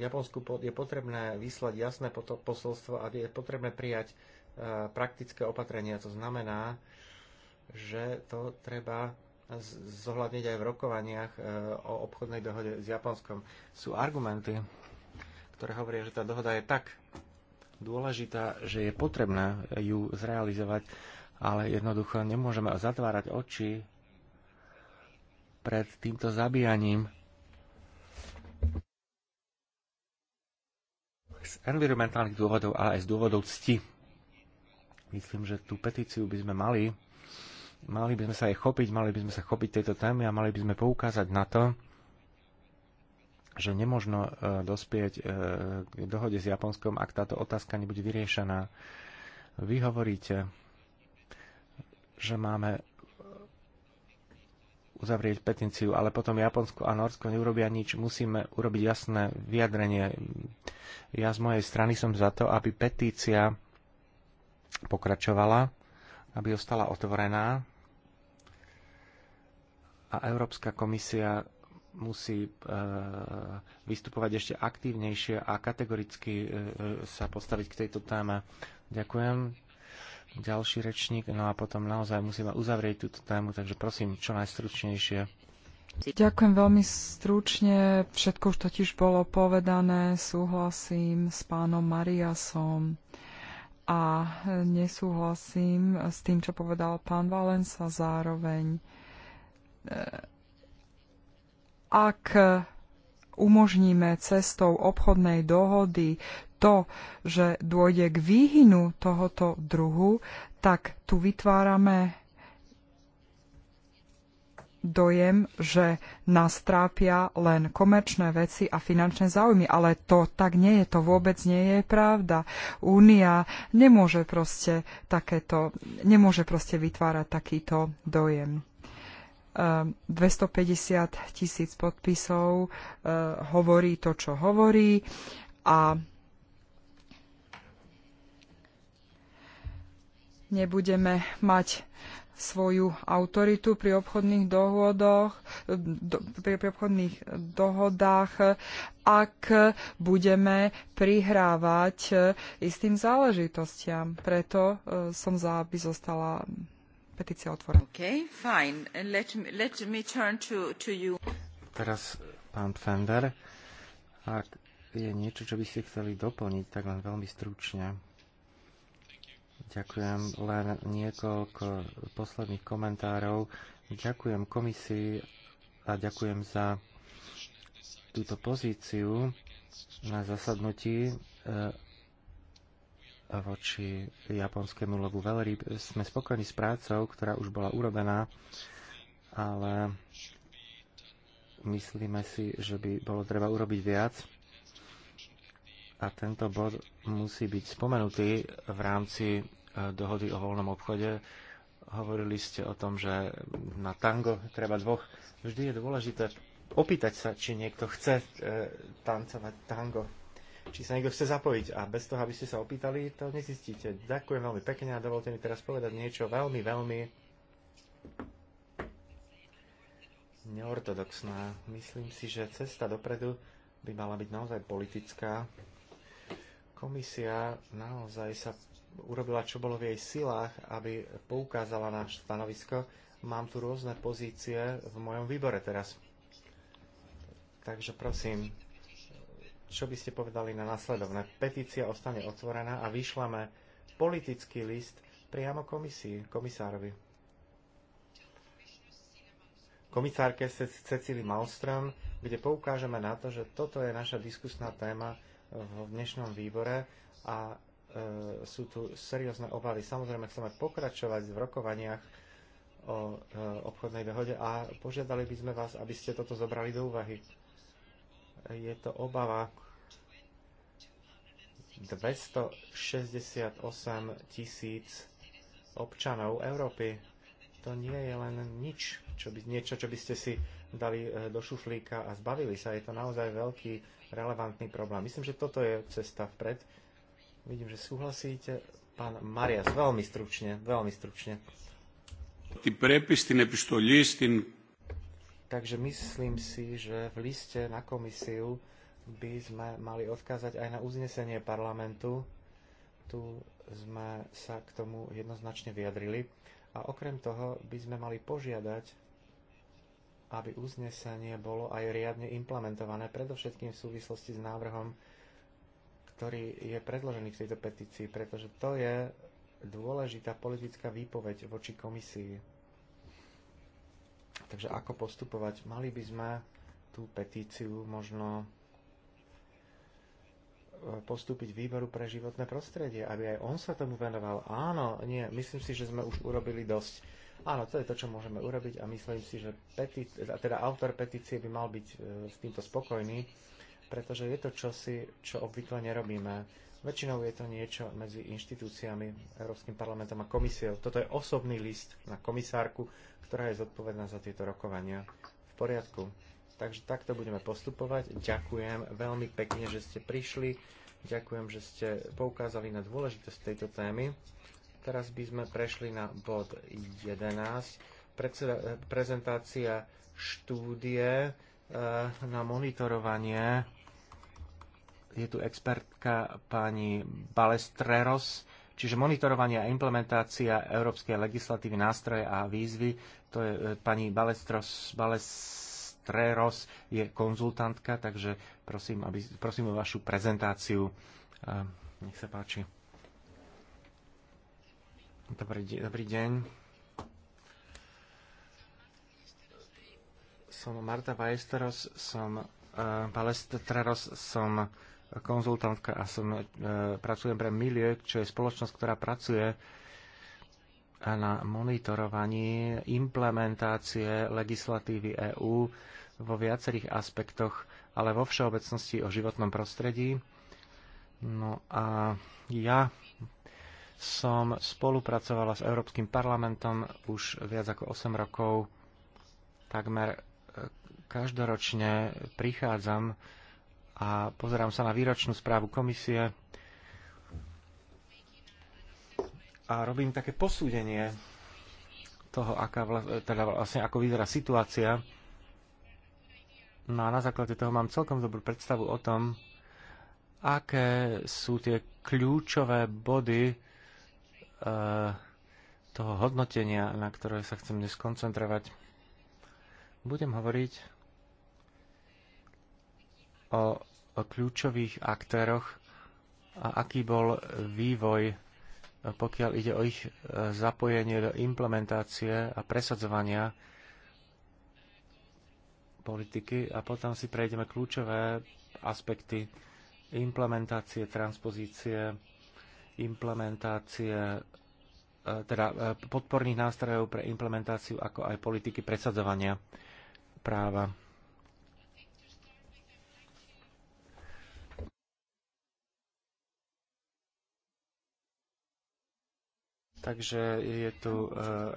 S4: Japonsku je potrebné vyslať jasné posolstvo a je potrebné prijať praktické opatrenia. To znamená, že to treba zohľadniť aj v rokovaniach e, o obchodnej dohode s Japonskom. Sú argumenty, ktoré hovoria, že tá dohoda je tak dôležitá, že je potrebné ju zrealizovať, ale jednoducho nemôžeme zatvárať oči pred týmto zabíjaním. Z environmentálnych dôvodov, ale aj z dôvodov cti. Myslím, že tú petíciu by sme mali, mali by sme sa aj chopiť, mali by sme sa chopiť tejto témy a mali by sme poukázať na to, že nemožno e, dospieť e, k dohode s Japonskom, ak táto otázka nebude vyriešená. Vy hovoríte, že máme uzavrieť petíciu, ale potom Japonsko a Norsko neurobia nič. Musíme urobiť jasné vyjadrenie. Ja z mojej strany som za to, aby petícia pokračovala, aby ostala otvorená a Európska komisia musí e, vystupovať ešte aktívnejšie a kategoricky e, sa postaviť k tejto téme. Ďakujem. Ďalší rečník, no a potom naozaj musíme uzavrieť túto tému, takže prosím, čo najstručnejšie.
S1: Ďakujem veľmi stručne. Všetko už totiž bolo povedané. Súhlasím s pánom Mariasom a nesúhlasím s tým, čo povedal pán Valensa zároveň. E, ak umožníme cestou obchodnej dohody to, že dôjde k výhinu tohoto druhu, tak tu vytvárame dojem, že nás trápia len komerčné veci a finančné záujmy, ale to tak nie je, to vôbec nie je pravda. Únia nemôže proste, takéto, nemôže proste vytvárať takýto dojem. 250 tisíc podpisov e, hovorí to, čo hovorí a nebudeme mať svoju autoritu pri obchodných dohodoch, do, pri, pri obchodných dohodách, ak budeme prihrávať e, istým záležitostiam. Preto e, som za, aby zostala petícia otvorená. fine. Let, let me turn to, to you. Teraz pán Fender,
S4: ak je niečo, čo by ste chceli doplniť, tak len veľmi stručne. Ďakujem len niekoľko posledných komentárov. Ďakujem komisii a ďakujem za túto pozíciu na zasadnutí eh, voči japonskému logu Valery. Sme spokojní s prácou, ktorá už bola urobená, ale myslíme si, že by bolo treba urobiť viac. A tento bod musí byť spomenutý v rámci e, dohody o voľnom obchode. Hovorili ste o tom, že na tango treba dvoch. Vždy je dôležité opýtať sa, či niekto chce e, tancovať tango či sa niekto chce zapojiť. A bez toho, aby ste sa opýtali, to nezistíte. Ďakujem veľmi pekne a dovolte mi teraz povedať niečo veľmi, veľmi neortodoxná. Myslím si, že cesta dopredu by mala byť naozaj politická. Komisia naozaj sa urobila, čo bolo v jej silách, aby poukázala na stanovisko. Mám tu rôzne pozície v mojom výbore teraz. Takže prosím, čo by ste povedali na následovné? Petícia ostane otvorená a vyšlame politický list priamo komisii, komisárovi. Komisárke Cecily Malmström, kde poukážeme na to, že toto je naša diskusná téma v dnešnom výbore a e, sú tu seriózne obavy. Samozrejme, chceme pokračovať v rokovaniach o e, obchodnej dohode a požiadali by sme vás, aby ste toto zobrali do úvahy je to obava 268 tisíc občanov Európy. To nie je len nič, čo by, niečo, čo by ste si dali e, do šuflíka a zbavili sa. Je to naozaj veľký, relevantný problém. Myslím, že toto je cesta vpred. Vidím, že súhlasíte. Pán Marias, veľmi stručne, veľmi stručne.
S3: Ty prepis, ty nepistolí, ty
S4: Takže myslím si, že v liste na komisiu by sme mali odkázať aj na uznesenie parlamentu. Tu sme sa k tomu jednoznačne vyjadrili. A okrem toho by sme mali požiadať, aby uznesenie bolo aj riadne implementované, predovšetkým v súvislosti s návrhom, ktorý je predložený v tejto petícii, pretože to je dôležitá politická výpoveď voči komisii. Takže ako postupovať? Mali by sme tú petíciu možno e, postúpiť výboru pre životné prostredie, aby aj on sa tomu venoval. Áno, nie, myslím si, že sme už urobili dosť. Áno, to je to, čo môžeme urobiť a myslím si, že petic, teda autor petície by mal byť e, s týmto spokojný, pretože je to čosi, čo obvykle nerobíme Väčšinou je to niečo medzi inštitúciami, Európskym parlamentom a komisiou. Toto je osobný list na komisárku, ktorá je zodpovedná za tieto rokovania. V poriadku. Takže takto budeme postupovať. Ďakujem veľmi pekne, že ste prišli. Ďakujem, že ste poukázali na dôležitosť tejto témy. Teraz by sme prešli na bod 11. Predseda, eh, prezentácia štúdie eh, na monitorovanie je tu expertka pani Balestreros, čiže monitorovanie a implementácia európskej legislatívy, nástroje a výzvy. To je e, pani Balestros, Balestreros je konzultantka, takže prosím, aby, prosím o vašu prezentáciu. E, nech sa páči. Dobrý, de- dobrý deň. Som Marta Bajesteros, som uh, Balestreros, som e, konzultantka a som, e, pracujem pre Miliek, čo je spoločnosť, ktorá pracuje na monitorovaní implementácie legislatívy EÚ vo viacerých aspektoch, ale vo všeobecnosti o životnom prostredí. No a ja som spolupracovala s Európskym parlamentom už viac ako 8 rokov. Takmer e, každoročne prichádzam a pozerám sa na výročnú správu komisie a robím také posúdenie toho, aká vla, teda vlastne ako vyzerá situácia. No a na základe toho mám celkom dobrú predstavu o tom, aké sú tie kľúčové body e, toho hodnotenia, na ktoré sa chcem dnes koncentrovať. Budem hovoriť o kľúčových aktéroch a aký bol vývoj, pokiaľ ide o ich e, zapojenie do implementácie a presadzovania politiky a potom si prejdeme kľúčové aspekty implementácie, transpozície, implementácie e, teda e, podporných nástrojov pre implementáciu, ako aj politiky presadzovania práva. Takže je tu e,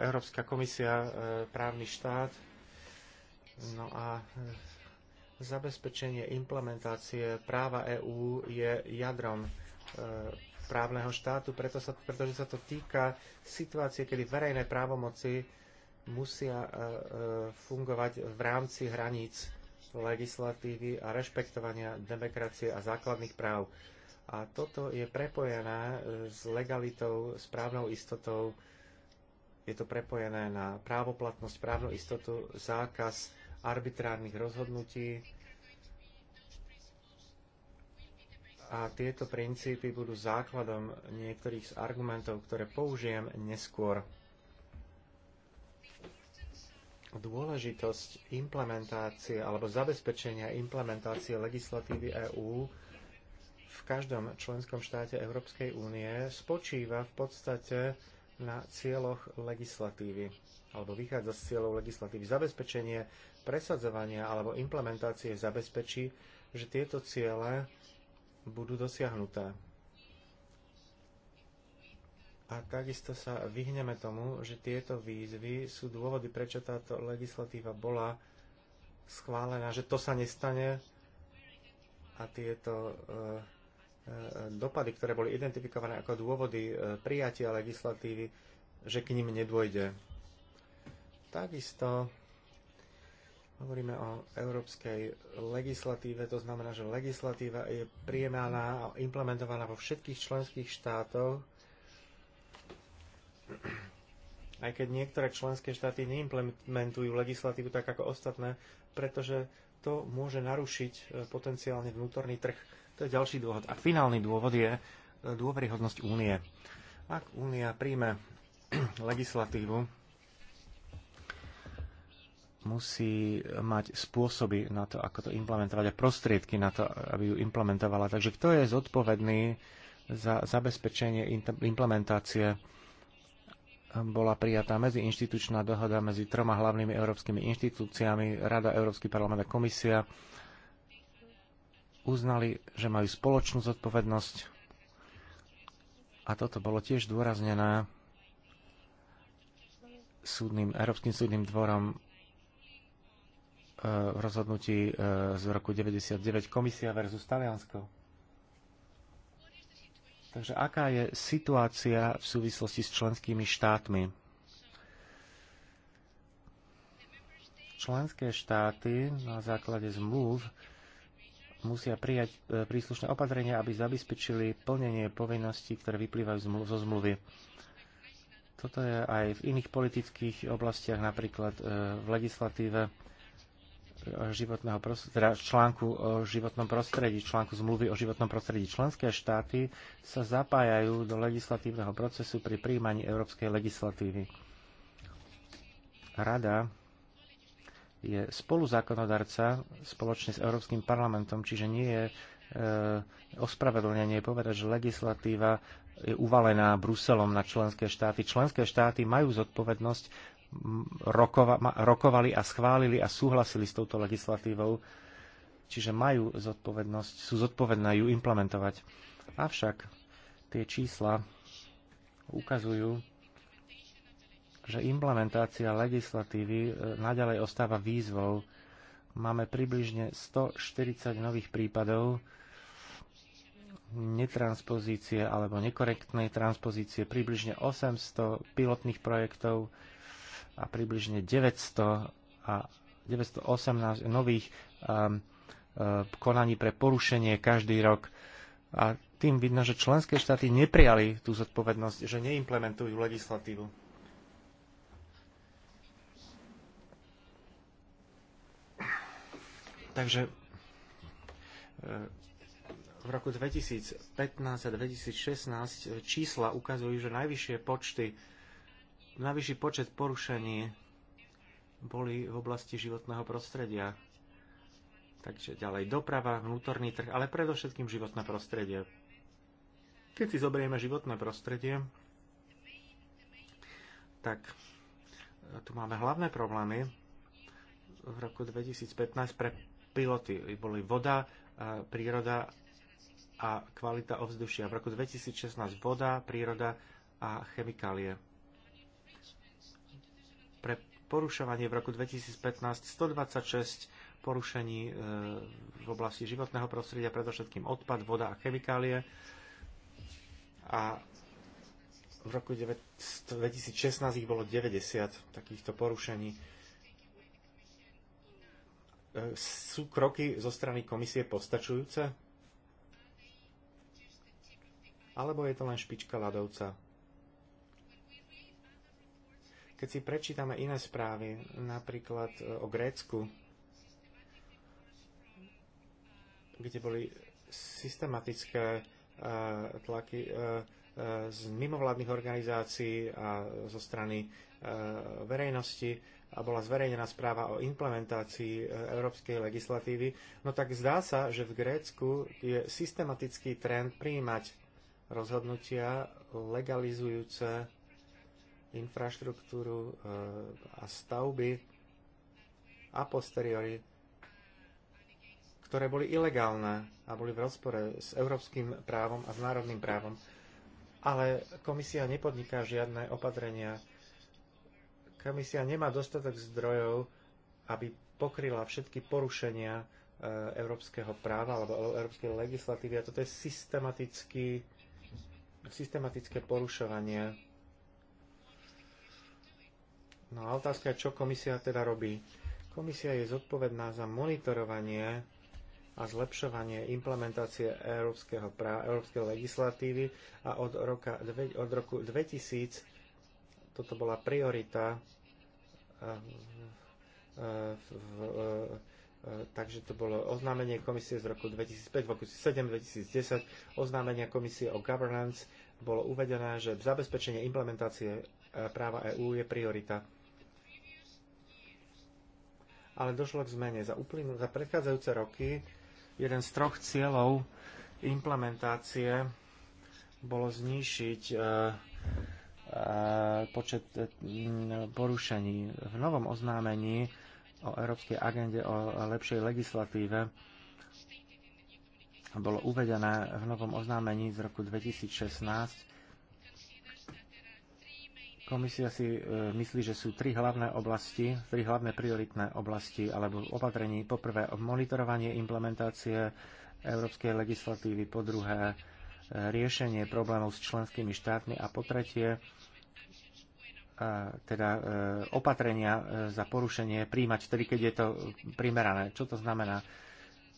S4: Európska komisia, e, právny štát, no a e, zabezpečenie implementácie práva EÚ je jadrom právneho štátu, preto sa, pretože sa to týka situácie, kedy verejné právomoci musia fungovať v rámci hraníc legislatívy a rešpektovania demokracie a základných práv. A toto je prepojené e, s legalitou, s právnou istotou, je to prepojené na právoplatnosť, právnu istotu, zákaz arbitrárnych rozhodnutí. A tieto princípy budú základom niektorých z argumentov, ktoré použijem neskôr. Dôležitosť implementácie alebo zabezpečenia implementácie legislatívy EÚ v každom členskom štáte Európskej únie spočíva v podstate na cieľoch legislatívy alebo vychádza z cieľov legislatívy. Zabezpečenie presadzovania alebo implementácie zabezpečí, že tieto ciele budú dosiahnuté. A takisto sa vyhneme tomu, že tieto výzvy sú dôvody, prečo táto legislatíva bola schválená, že to sa nestane a tieto e, E, dopady, ktoré boli identifikované ako dôvody e, prijatia legislatívy, že k ním nedôjde. Takisto hovoríme o európskej legislatíve, to znamená, že legislatíva je prijemaná a implementovaná vo všetkých členských štátoch, aj keď niektoré členské štáty neimplementujú legislatívu tak ako ostatné, pretože to môže narušiť e, potenciálne vnútorný trh. To je ďalší dôvod. A finálny dôvod je e, dôveryhodnosť únie. Ak únia príjme legislatívu, musí mať spôsoby na to, ako to implementovať a prostriedky na to, aby ju implementovala. Takže kto je zodpovedný za zabezpečenie implementácie bola prijatá medziinštitučná dohoda medzi troma hlavnými európskymi inštitúciami, Rada, Európsky parlament a Komisia. Uznali, že majú spoločnú zodpovednosť a toto bolo tiež dôraznené súdnym, Európskym súdnym dvorom e, v rozhodnutí e, z roku 99 Komisia versus Taliansko. Takže aká je situácia v súvislosti s členskými štátmi? Členské štáty na základe zmluv musia prijať e, príslušné opatrenia, aby zabezpečili plnenie povinností, ktoré vyplývajú zo zmluvy. Toto je aj v iných politických oblastiach, napríklad e, v legislatíve životného teda článku o životnom prostredí, článku zmluvy o životnom prostredí. Členské štáty sa zapájajú do legislatívneho procesu pri príjmaní európskej legislatívy. Rada je spoluzákonodarca spoločne s Európskym parlamentom, čiže nie je e, ospravedlnenie povedať, že legislatíva je uvalená Bruselom na členské štáty. Členské štáty majú zodpovednosť rokova, rokovali a schválili a súhlasili s touto legislatívou, čiže majú zodpovednosť, sú zodpovedné ju implementovať. Avšak tie čísla ukazujú, že implementácia legislatívy e, naďalej ostáva výzvou. Máme približne 140 nových prípadov netranspozície alebo nekorektnej transpozície, približne 800 pilotných projektov, a približne 900 a 918 nových um, um, konaní pre porušenie každý rok. A tým vidno, že členské štáty neprijali tú zodpovednosť, že neimplementujú legislatívu. Takže uh, v roku 2015 a 2016 uh, čísla ukazujú, že najvyššie počty Najvyšší počet porušení boli v oblasti životného prostredia. Takže ďalej doprava, vnútorný trh, ale predovšetkým životné prostredie. Keď si zoberieme životné prostredie, tak e, tu máme hlavné problémy. V roku 2015 pre piloty boli voda, e, príroda a kvalita ovzdušia. V roku 2016 voda, príroda a chemikálie pre porušovanie v roku 2015 126 porušení e, v oblasti životného prostredia, predovšetkým odpad, voda a chemikálie. A v roku 2016 ich bolo 90 takýchto porušení. E, sú kroky zo strany komisie postačujúce? Alebo je to len špička ľadovca? Keď si prečítame iné správy, napríklad e, o Grécku, kde boli systematické e, tlaky e, z mimovládnych organizácií a zo strany verejnosti a bola zverejnená správa o implementácii európskej legislatívy, no tak zdá sa, že v Grécku je systematický trend prijímať rozhodnutia legalizujúce infraštruktúru e, a stavby a posteriori, ktoré boli ilegálne a boli v rozpore s európskym právom a s národným právom. Ale komisia nepodniká žiadne opatrenia. Komisia nemá dostatok zdrojov, aby pokryla všetky porušenia e, európskeho práva alebo európskej legislatívy. A toto je systematické porušovanie No a otázka je, čo komisia teda robí. Komisia je zodpovedná za monitorovanie a zlepšovanie implementácie európskeho práva, európskej legislatívy a od, roka, od roku 2000 toto bola priorita eh, v, eh, v, eh, takže to bolo oznámenie komisie z roku 2005, v roku 2007, 2010, oznámenia komisie o governance, bolo uvedené, že zabezpečenie implementácie práva EÚ je priorita ale došlo k zmene. Za, uplynu, za predchádzajúce roky jeden z troch cieľov implementácie bolo znišiť e, e, počet e, porušení. V novom oznámení o Európskej agende o lepšej legislatíve bolo uvedené v novom oznámení z roku 2016, Komisia si e, myslí, že sú tri hlavné oblasti, tri hlavné prioritné oblasti alebo opatrení. Po prvé, monitorovanie implementácie európskej legislatívy, po druhé, e, riešenie problémov s členskými štátmi a po tretie, e, teda opatrenia za porušenie príjmať vtedy, keď je to primerané. Čo to znamená?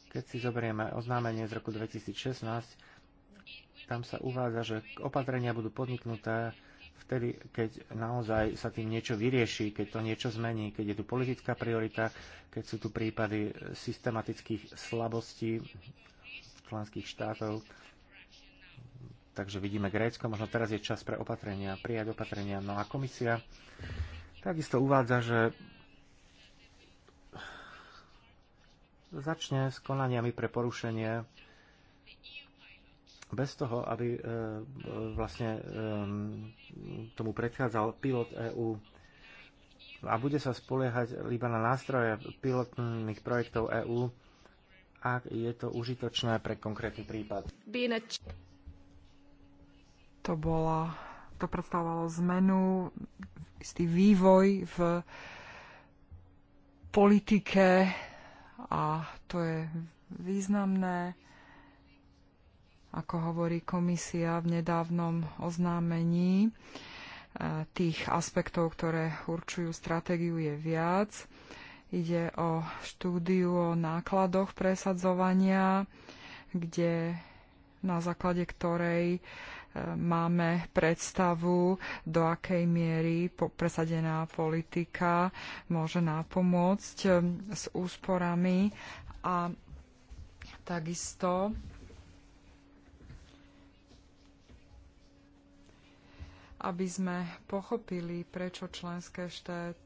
S4: Keď si zoberieme oznámenie z roku 2016, tam sa uvádza, že opatrenia budú podniknuté vtedy, keď naozaj sa tým niečo vyrieši, keď to niečo zmení, keď je tu politická priorita, keď sú tu prípady systematických slabostí členských štátov. Takže vidíme Grécko, možno teraz je čas pre opatrenia, prijať opatrenia. No a komisia takisto uvádza, že začne s konaniami pre porušenie bez toho, aby e, vlastne e, tomu predchádzal pilot EÚ a bude sa spoliehať iba na nástroje pilotných projektov EÚ, ak je to užitočné pre konkrétny
S1: prípad. To bola, to predstavovalo zmenu, istý vývoj v politike a to je významné ako hovorí komisia v nedávnom oznámení. E, tých aspektov, ktoré určujú stratégiu, je viac. Ide o štúdiu o nákladoch presadzovania, kde na základe ktorej e, máme predstavu, do akej miery presadená politika môže napomôcť e, s úsporami a takisto aby sme pochopili, prečo členské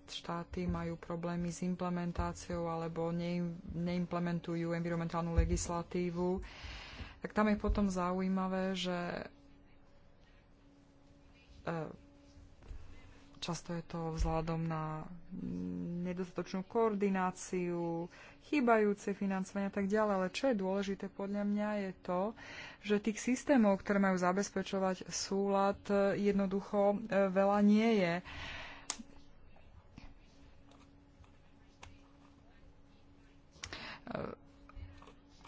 S1: štáty majú problémy s implementáciou alebo neimplementujú environmentálnu legislatívu, tak tam je potom zaujímavé, že e, Často je to vzhľadom na nedostatočnú koordináciu, chýbajúce financovanie a tak ďalej. Ale čo je dôležité podľa mňa je to, že tých systémov, ktoré majú zabezpečovať súlad, jednoducho e, veľa nie je. Uh,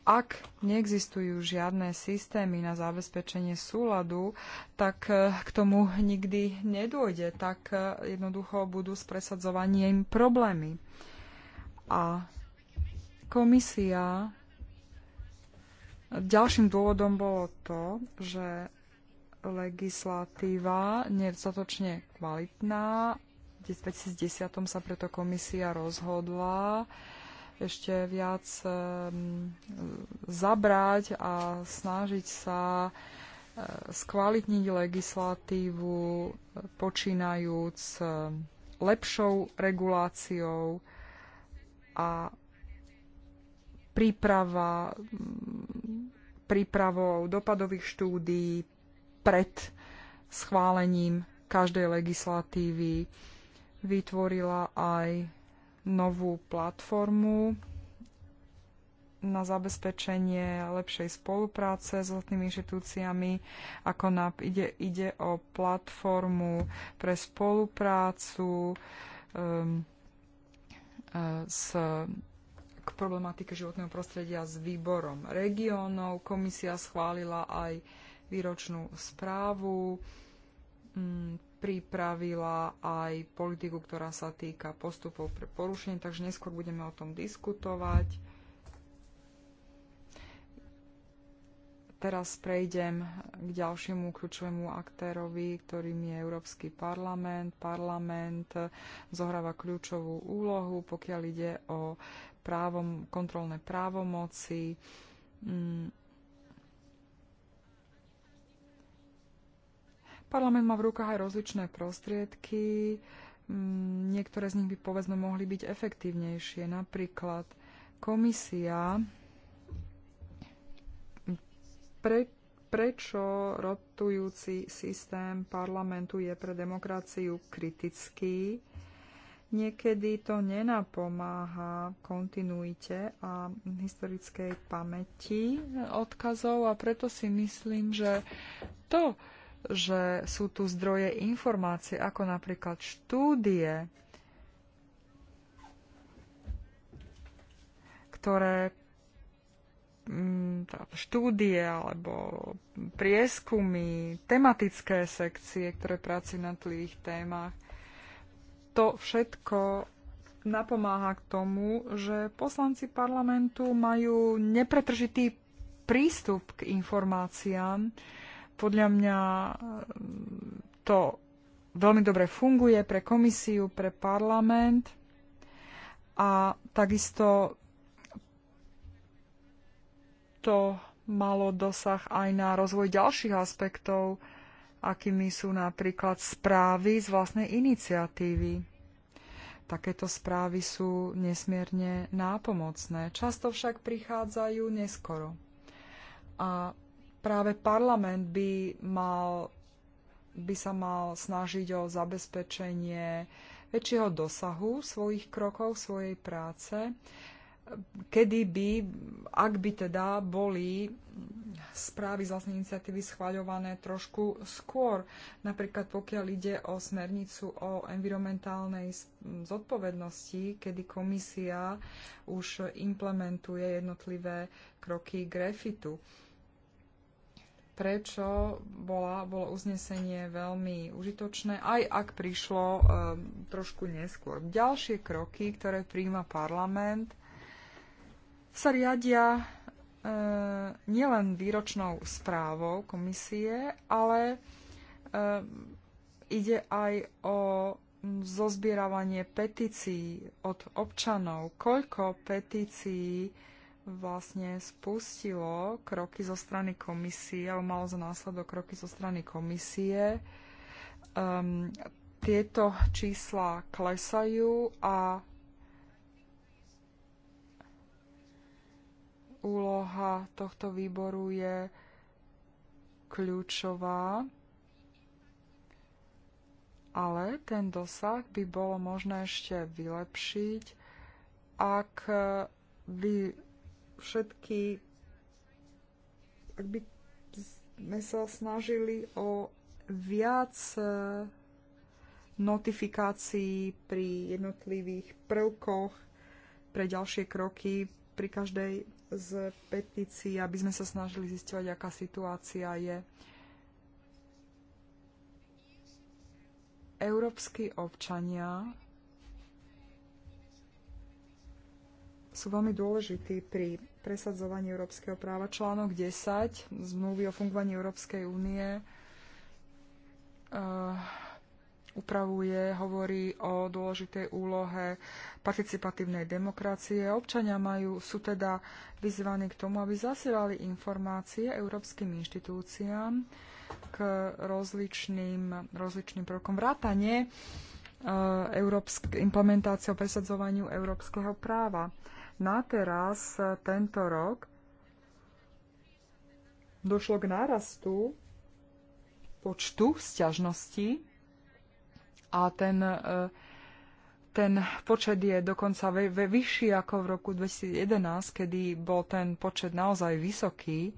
S1: ak neexistujú žiadne systémy na zabezpečenie súladu, tak e, k tomu nikdy nedôjde, tak e, jednoducho budú s presadzovaním problémy. A komisia Ďalším dôvodom bolo to, že legislatíva nedostatočne kvalitná. V 2010 sa preto komisia rozhodla ešte viac ehm, zabrať a snažiť sa e, skvalitniť legislatívu, počínajúc e, lepšou reguláciou a príprava, prípravou dopadových štúdií pred schválením každej legislatívy vytvorila aj novú platformu na zabezpečenie lepšej spolupráce s ostatnými inštitúciami, ako na, ide, ide o platformu pre spoluprácu um, uh, s, k problematike životného prostredia s výborom regiónov. Komisia schválila aj výročnú správu. Um, pripravila aj politiku, ktorá sa týka postupov pre porušenie, takže neskôr budeme o tom diskutovať. Teraz prejdem k ďalšiemu kľúčovému aktérovi, ktorým je Európsky parlament. Parlament zohráva kľúčovú úlohu, pokiaľ ide o právom, kontrolné právomoci. Mm, Parlament má v rukách aj rozličné prostriedky, mm, niektoré z nich by povedzme mohli byť efektívnejšie. Napríklad komisia pre, prečo rotujúci systém parlamentu je pre demokraciu kritický. Niekedy to nenapomáha kontinuite a historickej pamäti odkazov a preto si myslím, že to, že sú tu zdroje informácie, ako napríklad štúdie, ktoré mm, teda štúdie alebo prieskumy, tematické sekcie, ktoré pracujú na tlých témach. To všetko napomáha k tomu, že poslanci parlamentu majú nepretržitý prístup k informáciám, podľa mňa eh, to veľmi dobre funguje pre komisiu, pre parlament a takisto to malo dosah aj na rozvoj ďalších aspektov, akými sú napríklad správy z vlastnej iniciatívy. Takéto správy sú nesmierne nápomocné. Často však prichádzajú neskoro. A práve parlament by, mal, by sa mal snažiť o zabezpečenie väčšieho dosahu svojich krokov, svojej práce, kedy by, ak by teda boli správy z vlastnej iniciatívy schvaľované trošku skôr, napríklad pokiaľ ide o smernicu o environmentálnej zodpovednosti, kedy komisia už implementuje jednotlivé kroky grefitu prečo bola, bolo uznesenie veľmi užitočné, aj ak prišlo um, trošku neskôr. Ďalšie kroky, ktoré príjma parlament, sa riadia e, nielen výročnou správou komisie, ale e, ide aj o zozbieravanie petícií od občanov. Koľko petícií vlastne spustilo kroky zo strany komisie, alebo malo za následok kroky zo strany komisie. Um, tieto čísla klesajú a úloha tohto výboru je kľúčová, ale ten dosah by bolo možné ešte vylepšiť, ak by všetky, ak by sme sa snažili o viac e, notifikácií pri jednotlivých prvkoch pre ďalšie kroky pri každej z petícií, aby sme sa snažili zistovať, aká situácia je. Európsky občania sú veľmi dôležití pri presadzovaní európskeho práva. Článok 10 zmluvy o fungovaní Európskej únie uh, upravuje, hovorí o dôležitej úlohe participatívnej demokracie. Občania majú, sú teda vyzvaní k tomu, aby zasielali informácie európskym inštitúciám k rozličným, rozličným prvkom vrátane eh, uh, implementáciou presadzovaniu európskeho práva na teraz e, tento rok došlo k nárastu počtu sťažností a ten, e, ten počet je dokonca vyšší ako v roku 2011, kedy bol ten počet naozaj vysoký.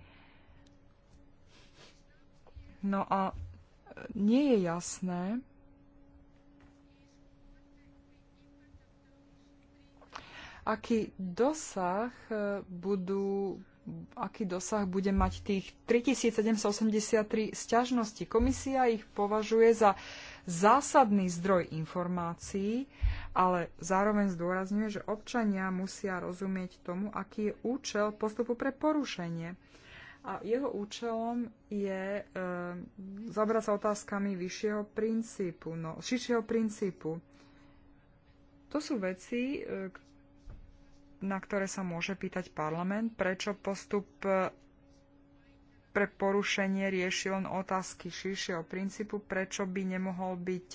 S1: No a e, nie je jasné, aký dosah e, budú aký dosah bude mať tých 3783 sťažností. Komisia ich považuje za zásadný zdroj informácií, ale zároveň zdôrazňuje, že občania musia rozumieť tomu, aký je účel postupu pre porušenie. A jeho účelom je e, zabrať sa otázkami vyššieho princípu, no, širšieho princípu. To sú veci, e, na ktoré sa môže pýtať parlament, prečo postup e, pre porušenie rieši len otázky širšieho princípu, prečo by nemohol byť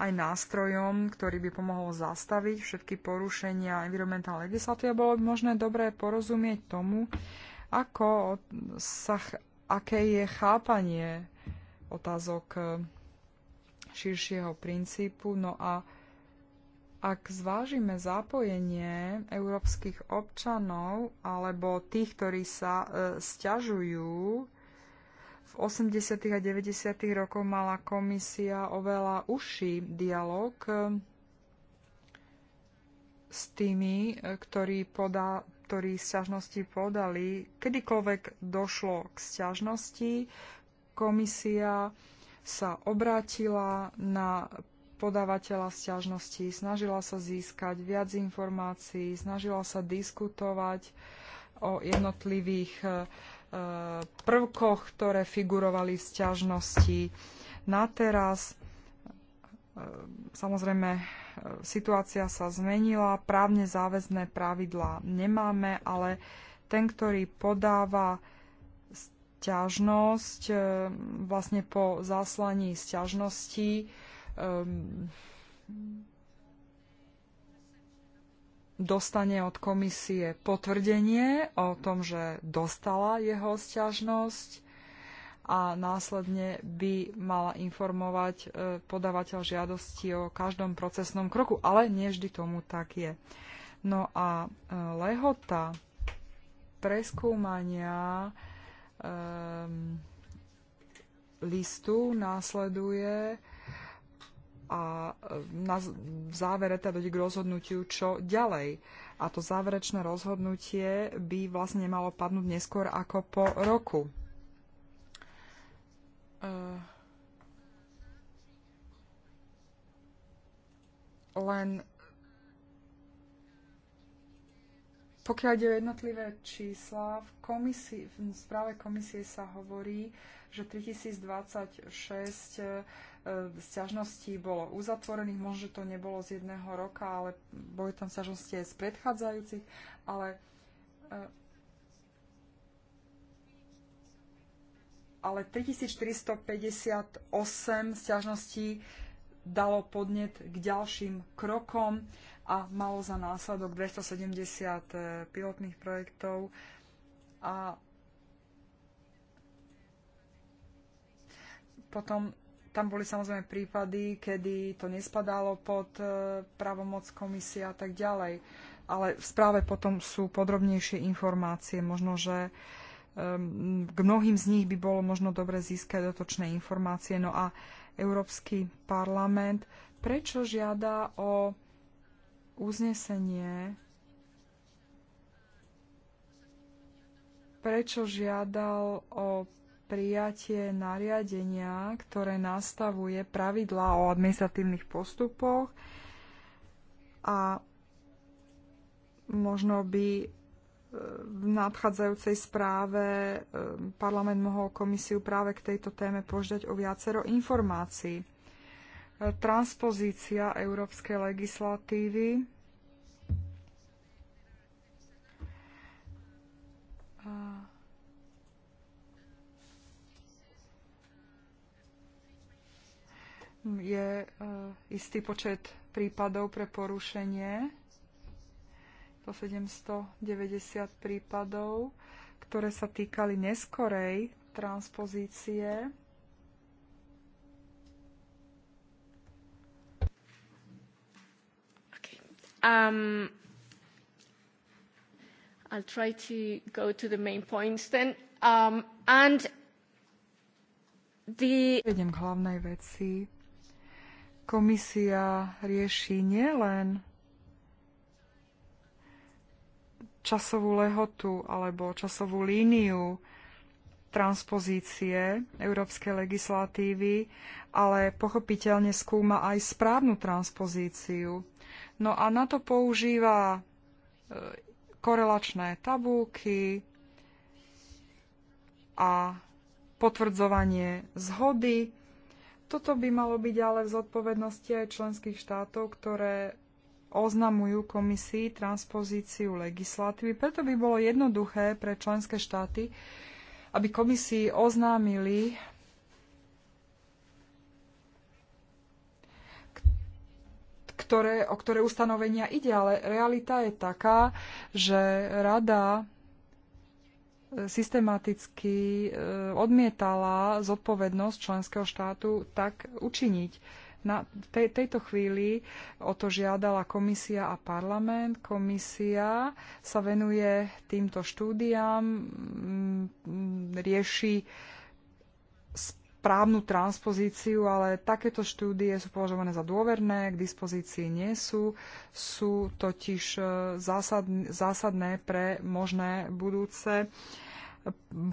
S1: aj nástrojom, ktorý by pomohol zastaviť všetky porušenia environmentálnej legislatívy. Bolo by možné dobre porozumieť tomu, ako sa, aké je chápanie otázok e, širšieho princípu. No a ak zvážime zapojenie európskych občanov alebo tých, ktorí sa e, sťažujú, v 80. a 90. rokoch mala komisia oveľa užší dialog e, s tými, e, ktorí, poda, ktorí sťažnosti podali. Kedykoľvek došlo k sťažnosti, komisia sa obrátila na podávateľa sťažnosti, snažila sa získať viac informácií, snažila sa diskutovať o jednotlivých e, e, prvkoch, ktoré figurovali v sťažnosti. Na teraz e, Samozrejme, situácia sa zmenila, právne záväzné pravidlá nemáme, ale ten, ktorý podáva sťažnosť vlastne po zaslaní sťažnosti, um, dostane od komisie potvrdenie o tom, že dostala jeho sťažnosť a následne by mala informovať e, podávateľ žiadosti o každom procesnom kroku, ale nie vždy tomu tak je. No a e, lehota preskúmania um, listu následuje a e, na závere teda dojde k rozhodnutiu, čo ďalej. A to záverečné rozhodnutie by vlastne nemalo padnúť neskôr ako po roku. E, len pokiaľ ide o jednotlivé čísla, v, komisii, v správe komisie sa hovorí, že 3026 sťažností bolo uzatvorených, možno to nebolo z jedného roka, ale boli tam sťažnosti aj z predchádzajúcich, ale e, ale 3458 sťažností dalo podnet k ďalším krokom a malo za následok 270 e, pilotných projektov a potom tam boli samozrejme prípady, kedy to nespadalo pod e, právomoc komisie a tak ďalej. Ale v správe potom sú podrobnejšie informácie. Možno, že k mnohým z nich by bolo možno dobre získať dotočné informácie. No a Európsky parlament prečo žiada o uznesenie prečo žiadal o prijatie nariadenia, ktoré nastavuje pravidlá o administratívnych postupoch a možno by e, v nadchádzajúcej správe e, parlament mohol komisiu práve k tejto téme požiadať o viacero informácií. E, Transpozícia európskej legislatívy je eh, istý počet prípadov pre porušenie, to 790 prípadov, ktoré sa týkali neskorej transpozície.
S3: Um, I'll try to go to the main points then. Um, and
S1: the... Prejdem k hlavnej veci. Komisia rieši nielen časovú lehotu alebo časovú líniu transpozície európskej legislatívy, ale pochopiteľne skúma aj správnu transpozíciu. No a na to používa e, korelačné tabúky a potvrdzovanie zhody toto by malo byť ale v zodpovednosti aj členských štátov, ktoré oznamujú komisii transpozíciu legislatívy. Preto by bolo jednoduché pre členské štáty, aby komisii oznámili, ktoré, o ktoré ustanovenia ide, ale realita je taká, že rada systematicky eh, odmietala zodpovednosť členského štátu tak učiniť. Na tej, tejto chvíli o to žiadala komisia a parlament. Komisia sa venuje týmto štúdiám, mm, rieši právnu transpozíciu, ale takéto štúdie sú považované za dôverné, k dispozícii nie sú, sú totiž eh, zásadné pre možné budúce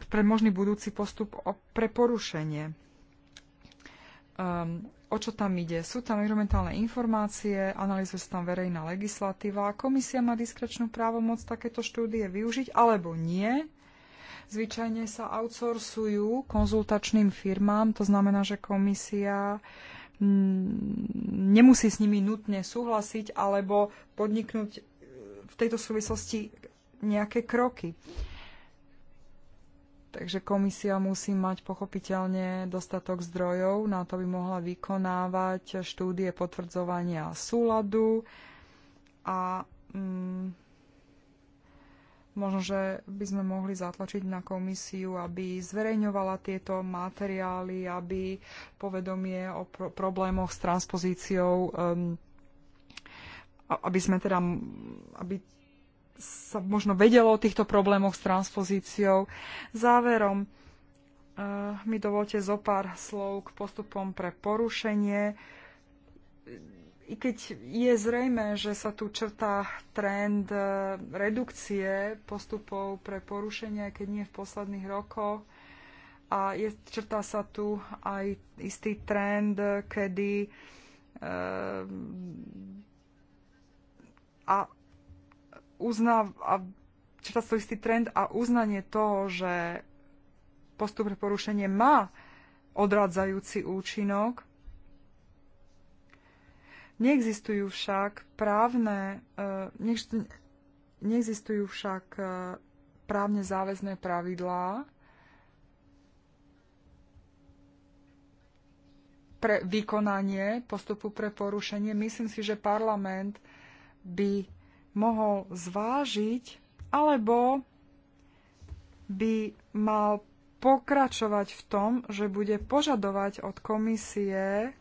S1: pre možný budúci postup o, pre porušenie. Um, o čo tam ide? Sú tam environmentálne informácie, analýzuje sa tam verejná legislatíva, komisia má diskrečnú právomoc takéto štúdie využiť alebo nie. Zvyčajne sa outsourcujú konzultačným firmám, to znamená, že komisia mm, nemusí s nimi nutne súhlasiť alebo podniknúť e, v tejto súvislosti nejaké kroky. Uh, Takže komisia musí mať pochopiteľne dostatok zdrojov na to, by mohla vykonávať štúdie potvrdzovania súladu a mm, možno, že by sme mohli zatlačiť na komisiu, aby zverejňovala tieto materiály, aby povedomie o pro- problémoch s transpozíciou, um, aby sme teda, aby sa možno vedelo o týchto problémoch s transpozíciou. Záverom eh, mi dovolte zo pár slov k postupom pre porušenie. I keď je zrejme, že sa tu črtá trend eh, redukcie postupov pre porušenie, keď nie v posledných rokoch, a je, črtá sa tu aj istý trend, kedy e, a uzná, a to istý trend a uznanie toho, že postup pre porušenie má odradzajúci účinok. Neexistujú však právne, e, neexistujú však e, právne záväzné pravidlá pre vykonanie postupu pre porušenie. Myslím si, že parlament by mohol zvážiť, alebo by mal pokračovať v tom, že bude požadovať od komisie,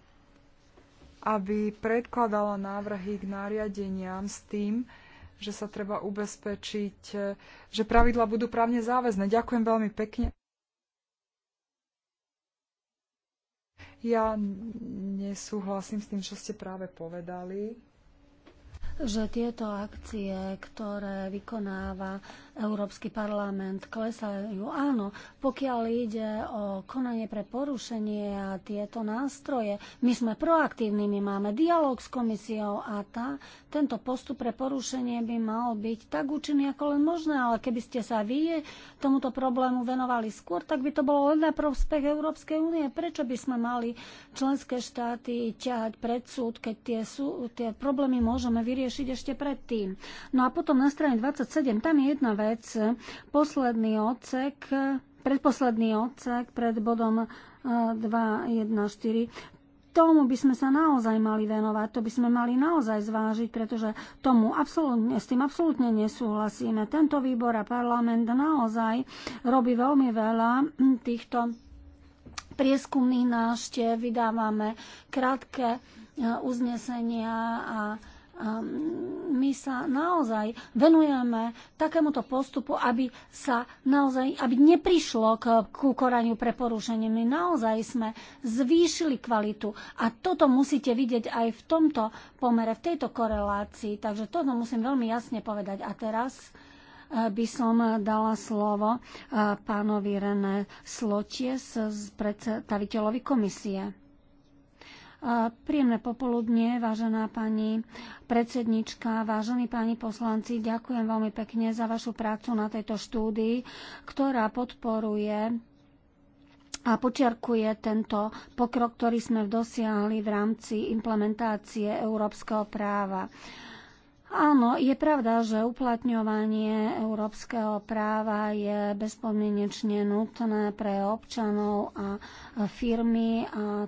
S1: aby predkladala návrhy k nariadeniam s tým, že sa treba ubezpečiť, že pravidla budú právne záväzné. Ďakujem veľmi pekne. Ja nesúhlasím s tým, čo ste práve povedali
S3: že tieto akcie, ktoré vykonáva Európsky parlament, klesajú. Áno, pokiaľ ide o konanie pre porušenie a tieto nástroje, my sme proaktívni, my máme dialog s komisiou a tá, tento postup pre porušenie by mal byť tak účinný, ako len možné, ale keby ste sa vy tomuto problému venovali skôr, tak by to bolo len na prospech Európskej únie. Prečo by sme mali členské štáty ťahať pred súd, keď tie, sú, tie problémy môžeme vyriešiť riešiť ešte predtým. No a potom na strane 27, tam je jedna vec, posledný odsek, predposledný odsek pred bodom 2.1.4 e, tomu by sme sa naozaj mali venovať, to by sme mali naozaj zvážiť, pretože tomu absolútne, s tým absolútne nesúhlasíme. Tento výbor a parlament naozaj robí veľmi veľa týchto prieskumných návštev, vydávame krátke e, uznesenia a Ehm, my sa naozaj venujeme takémuto postupu, aby sa naozaj, aby neprišlo k, k koraniu pre porušenie. My naozaj sme zvýšili kvalitu a toto musíte vidieť aj v tomto pomere, v tejto korelácii. Takže toto musím veľmi jasne povedať. A teraz eh, by som dala slovo eh, pánovi René z predstaviteľovi komisie. Príjemné popoludne, vážená pani predsednička, vážení páni poslanci, ďakujem veľmi pekne za vašu prácu na tejto štúdii, ktorá podporuje a počiarkuje tento pokrok, ktorý sme dosiahli v rámci implementácie európskeho práva. Áno, je pravda, že uplatňovanie európskeho práva je bezpodmienečne nutné pre občanov a firmy a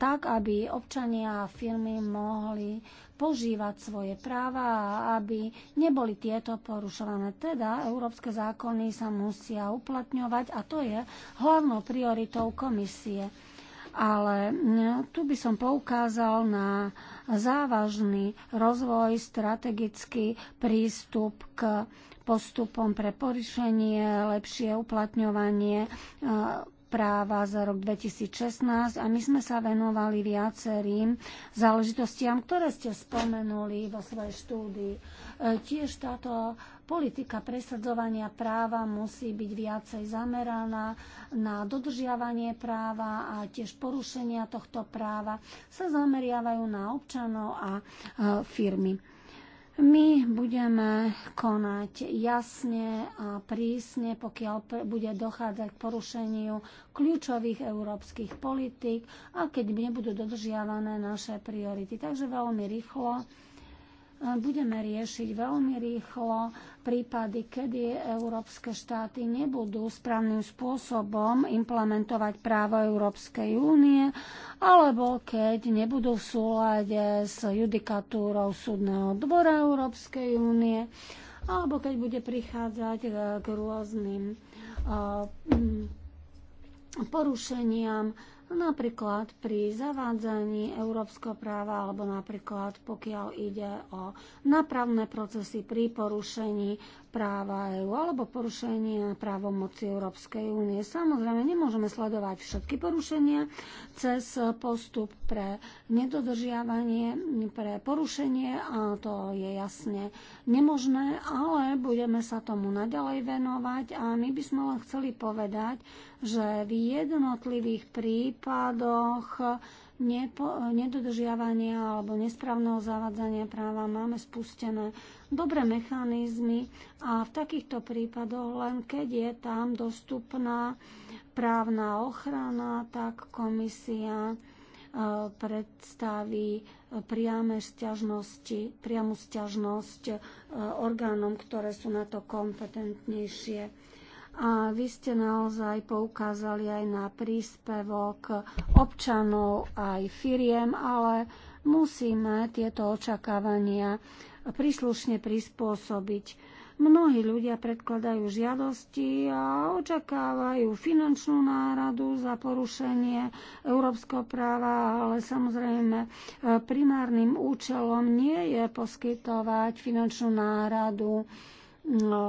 S3: tak, aby občania a firmy mohli požívať svoje práva a aby neboli tieto porušované. Teda európske zákony sa musia uplatňovať a to je hlavnou prioritou komisie. Ale no, tu by som poukázal na závažný rozvoj, strategický prístup k postupom pre porušenie, lepšie uplatňovanie práva za rok 2016 a my sme sa venovali viacerým záležitostiam, ktoré ste spomenuli vo svojej štúdii. E, tiež táto politika presadzovania práva musí byť viacej zameraná na dodržiavanie práva a tiež porušenia tohto práva sa zameriavajú na občanov a firmy. My budeme konať jasne a prísne, pokiaľ bude dochádzať k porušeniu kľúčových európskych politík a keď nebudú dodržiavané naše priority. Takže veľmi rýchlo budeme riešiť veľmi rýchlo prípady, kedy európske štáty nebudú správnym spôsobom implementovať právo Európskej únie, alebo keď nebudú v súlade s judikatúrou Súdneho dvora Európskej únie, alebo keď bude prichádzať e, k rôznym e, porušeniam napríklad pri zavádzaní európskeho práva alebo napríklad pokiaľ ide o napravné procesy pri porušení práva EÚ alebo porušenia právomoci Európskej únie. Samozrejme, nemôžeme sledovať všetky porušenia cez postup pre nedodržiavanie, pre porušenie a to je jasne nemožné, ale budeme sa tomu naďalej venovať a my by sme len chceli povedať, že v jednotlivých prípadoch nepo, nedodržiavania alebo nesprávneho zavadzania práva máme spustené dobré mechanizmy a v takýchto prípadoch len keď je tam dostupná právna ochrana, tak komisia e, predstaví priame sťažnosti, priamu sťažnosť e, orgánom, ktoré sú na to kompetentnejšie. A vy ste naozaj poukázali aj na príspevok občanov, aj firiem, ale musíme tieto očakávania príslušne prispôsobiť. Mnohí ľudia predkladajú žiadosti a očakávajú finančnú náradu za porušenie európskeho práva, ale samozrejme e, primárnym účelom nie je poskytovať finančnú náradu no,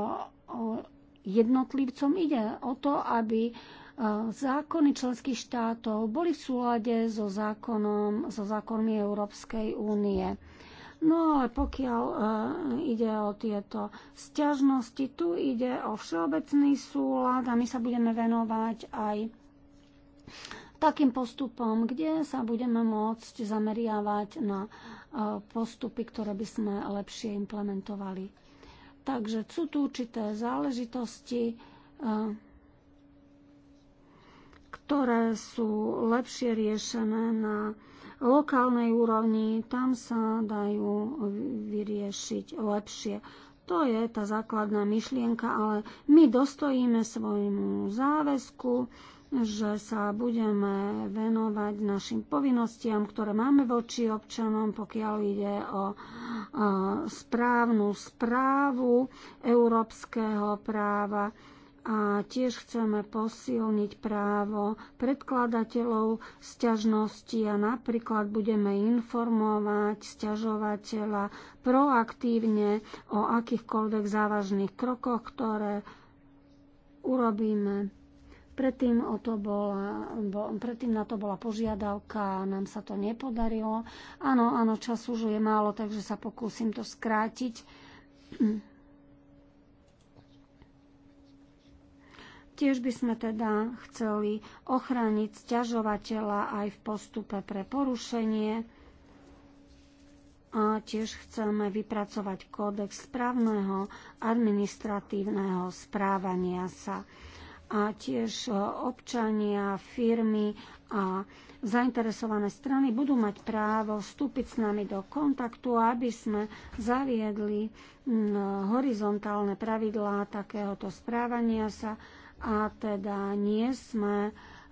S3: jednotlivcom. Ide o to, aby e, zákony členských štátov boli v súlade so, zákonom, so zákonmi Európskej únie. No ale pokiaľ e, ide o tieto sťažnosti, tu ide o všeobecný súlad a my sa budeme venovať aj takým postupom, kde sa budeme môcť zameriavať na e, postupy, ktoré by sme lepšie implementovali. Takže sú tu určité záležitosti, e, ktoré sú lepšie riešené na lokálnej úrovni, tam sa dajú vyriešiť lepšie. To je tá základná myšlienka, ale my dostojíme svojmu záväzku že sa budeme venovať našim povinnostiam, ktoré máme voči občanom, pokiaľ ide o správnu správu európskeho práva a tiež chceme posilniť právo predkladateľov sťažnosti a napríklad budeme informovať sťažovateľa proaktívne o akýchkoľvek závažných krokoch, ktoré urobíme Predtým, o to bola, bo, predtým na to bola požiadavka a nám sa to nepodarilo. Áno, áno, čas už je málo, takže sa pokúsim to skrátiť. Tiež by sme teda chceli ochrániť sťažovateľa aj v postupe pre porušenie a tiež chceme vypracovať kódex správneho administratívneho správania sa a tiež e, občania, firmy a zainteresované strany budú mať právo vstúpiť s nami do kontaktu, aby sme zaviedli horizontálne pravidlá takéhoto správania sa a teda nie sme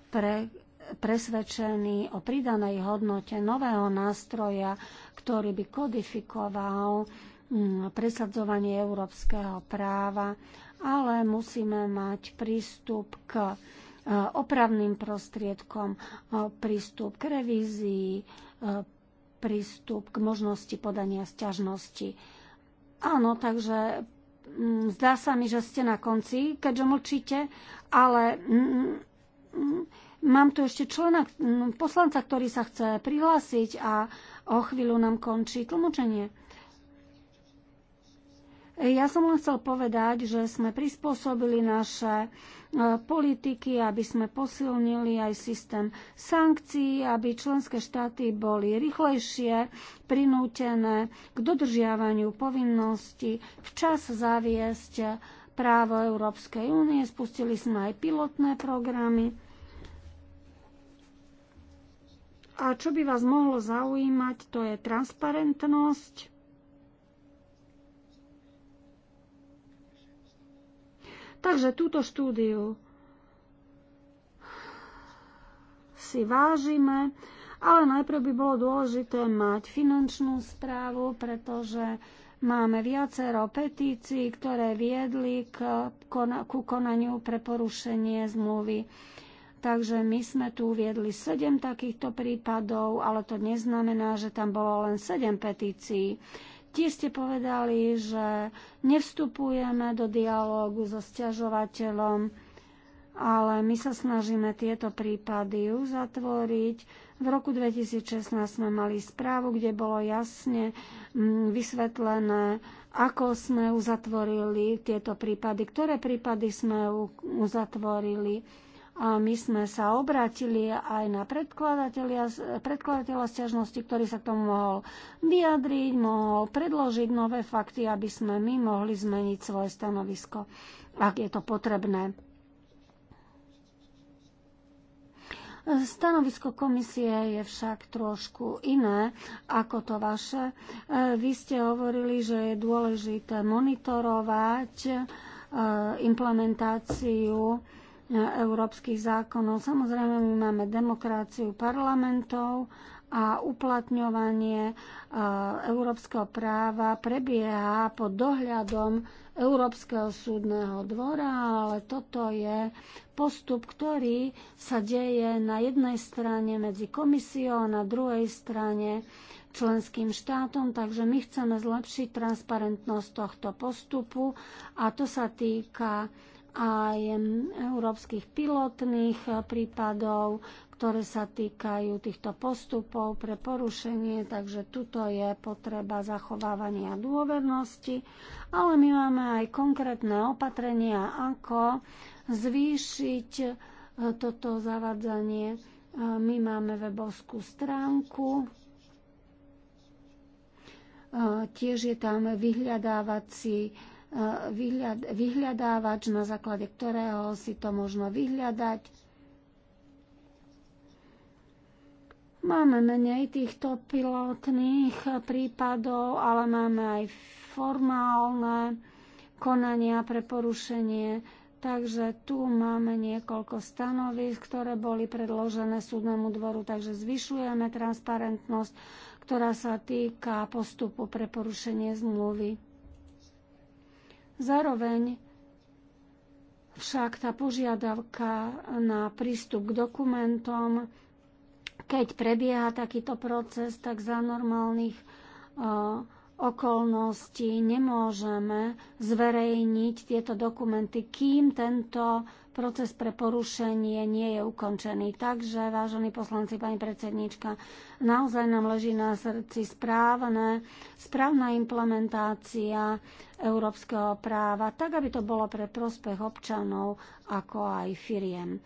S3: pre presvedčení o pridanej hodnote nového nástroja, ktorý by kodifikoval presadzovanie európskeho práva ale musíme mať prístup k e, opravným prostriedkom, e, prístup k revízii, e, prístup k možnosti podania sťažnosti. Áno, takže mm, zdá sa mi, že ste na konci, keďže mlčíte, ale mm, mm, mám tu ešte člena, poslanca, ktorý sa chce prihlásiť a o chvíľu nám končí tlmočenie. Ja som len chcel povedať, že sme prispôsobili naše e, politiky, aby sme posilnili aj systém sankcií, aby členské štáty boli rýchlejšie prinútené k dodržiavaniu povinnosti včas zaviesť právo Európskej únie. Spustili sme aj pilotné programy. A čo by vás mohlo zaujímať, to je transparentnosť Takže túto štúdiu si vážime, ale najprv by bolo dôležité mať finančnú správu, pretože máme viacero petícií, ktoré viedli k, ku konaniu pre porušenie zmluvy. Takže my sme tu uviedli 7 takýchto prípadov, ale to neznamená, že tam bolo len 7 petícií. Tiež ste povedali, že nevstupujeme do dialógu so stiažovateľom, ale my sa snažíme tieto prípady uzatvoriť. V roku 2016 sme mali správu, kde bolo jasne mm, vysvetlené, ako sme uzatvorili tieto prípady, ktoré prípady sme uzatvorili a my sme sa obratili aj na predkladateľa stiažnosti, ktorý sa k tomu mohol vyjadriť, mohol predložiť nové fakty, aby sme my mohli zmeniť svoje stanovisko, ak je to potrebné. Stanovisko komisie je však trošku iné ako to vaše. E, vy ste hovorili, že je dôležité monitorovať e, implementáciu E, európskych zákonov. Samozrejme, my máme demokraciu parlamentov a uplatňovanie e, európskeho práva prebieha pod dohľadom Európskeho súdneho dvora, ale toto je postup, ktorý sa deje na jednej strane medzi komisiou a na druhej strane členským štátom, takže my chceme zlepšiť transparentnosť tohto postupu a to sa týka aj európskych pilotných eh, prípadov, ktoré sa týkajú týchto postupov pre porušenie, takže tuto je potreba zachovávania dôvernosti, ale my máme aj konkrétne opatrenia, ako zvýšiť eh, toto zavadzanie. Eh, my máme webovskú stránku, tiež je tam vyhľadávací vyhľadávač, na základe ktorého si to možno vyhľadať. Máme menej týchto pilotných prípadov, ale máme aj formálne konania pre porušenie. Takže tu máme niekoľko stanovisk, ktoré boli predložené súdnemu dvoru, takže zvyšujeme transparentnosť, ktorá sa týka postupu pre porušenie zmluvy. Zároveň však tá požiadavka na prístup k dokumentom, keď prebieha takýto proces, tak za normálnych uh, okolnosti nemôžeme zverejniť tieto dokumenty, kým tento proces pre porušenie nie je ukončený. Takže, vážení poslanci, pani predsednička, naozaj nám leží na srdci správne, správna implementácia európskeho práva, tak aby to bolo pre prospech občanov ako aj firiem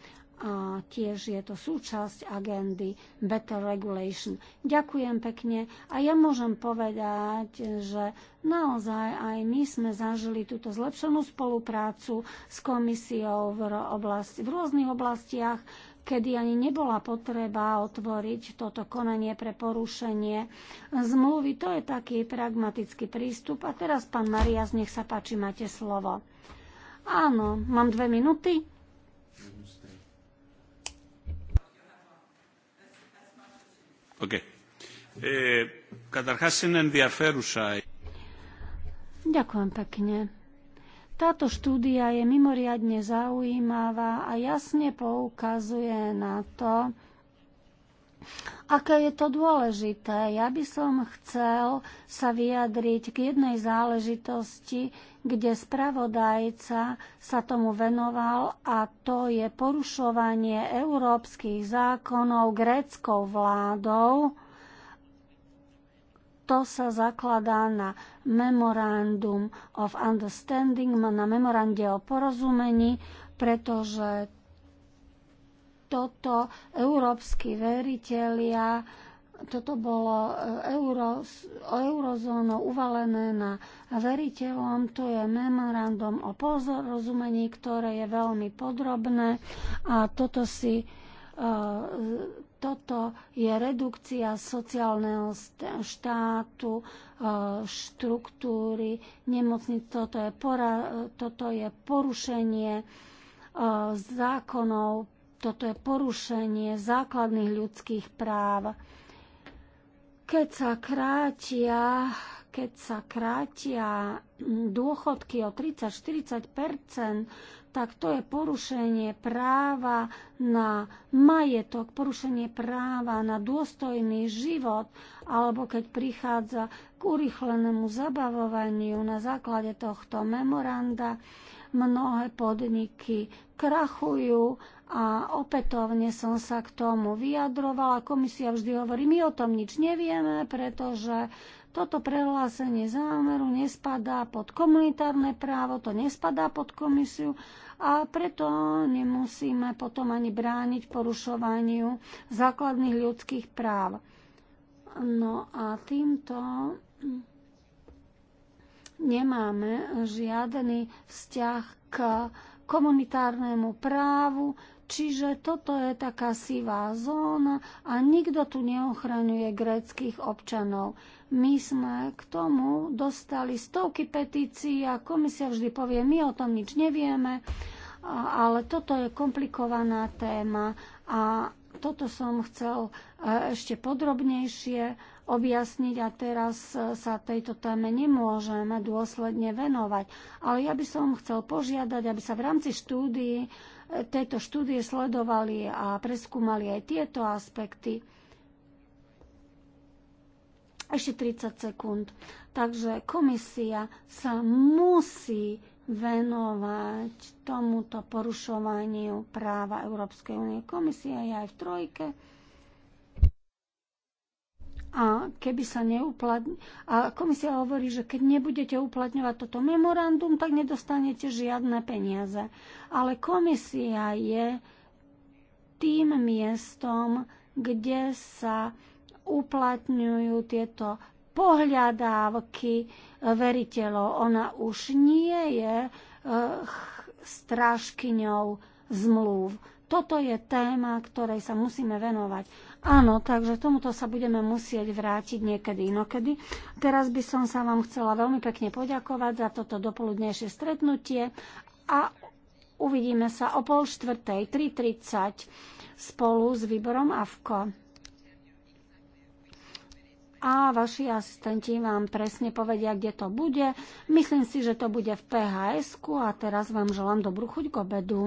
S3: a tiež je to súčasť agendy Better Regulation. Ďakujem pekne a ja môžem povedať, že naozaj aj my sme zažili túto zlepšenú spoluprácu s komisiou v, oblasti, v rôznych oblastiach, kedy ani nebola potreba otvoriť toto konanie pre porušenie zmluvy. To je taký pragmatický prístup. A teraz, pán Marias, nech sa páči, máte slovo. Áno, mám dve minúty.
S1: Eh,
S3: Ďakujem pekne. Táto štúdia je mimoriadne zaujímavá a jasne poukazuje na to, že... Aké je to dôležité? Ja by som chcel sa vyjadriť k jednej záležitosti, kde spravodajca sa tomu venoval a to je porušovanie európskych zákonov gréckou vládou. To sa zakladá na memorandum of understanding, na memorande o porozumení, pretože toto európsky veriteľia toto bolo eh, euro, eurozónou uvalené na veriteľom. to je memorandum o porozumení, ktoré je veľmi podrobné a toto si eh, toto je redukcia sociálneho štátu, eh, štruktúry nemocnic. Toto je, pora, toto je porušenie zákonov toto je porušenie základných ľudských práv. Keď sa krátia, keď sa krátia dôchodky o 30-40 tak to je porušenie práva na majetok, porušenie práva na dôstojný život, alebo keď prichádza k urychlenému zabavovaniu na základe tohto memoranda, mnohé podniky krachujú a opätovne som sa k tomu vyjadrovala. Komisia vždy hovorí, my o tom nič nevieme, pretože toto prehlásenie zámeru nespadá pod komunitárne právo, to nespadá pod komisiu a preto nemusíme potom ani brániť porušovaniu základných ľudských práv. No a týmto nemáme žiadny vzťah k komunitárnemu právu, Čiže toto je taká sivá zóna a nikto tu neochraňuje gréckých občanov. My sme k tomu dostali stovky petícií a komisia vždy povie, my o tom nič nevieme, ale toto je komplikovaná téma a toto som chcel e, ešte podrobnejšie objasniť a teraz e, sa tejto téme nemôžeme dôsledne venovať. Ale ja by som chcel požiadať, aby sa v rámci štúdii tejto štúdie sledovali a preskúmali aj tieto aspekty. Ešte 30 sekúnd. Takže komisia sa musí venovať tomuto porušovaniu práva Európskej únie. Komisia je aj v trojke a keby sa neuplatni... A komisia hovorí, že keď nebudete uplatňovať toto memorandum, tak nedostanete žiadne peniaze. Ale komisia je tým miestom, kde sa uplatňujú tieto pohľadávky veriteľov. Ona už nie je e, strážkyňou zmluv. Toto je téma, ktorej sa musíme venovať. Áno, takže tomuto sa budeme musieť vrátiť niekedy inokedy. Teraz by som sa vám chcela veľmi pekne poďakovať za toto dopoludnejšie stretnutie a uvidíme sa o pol štvrtej, 3.30 spolu s výborom AVKO. A vaši asistenti vám presne povedia, kde to bude. Myslím si, že to bude v PHS-ku a teraz vám želám dobrú chuť k obedu.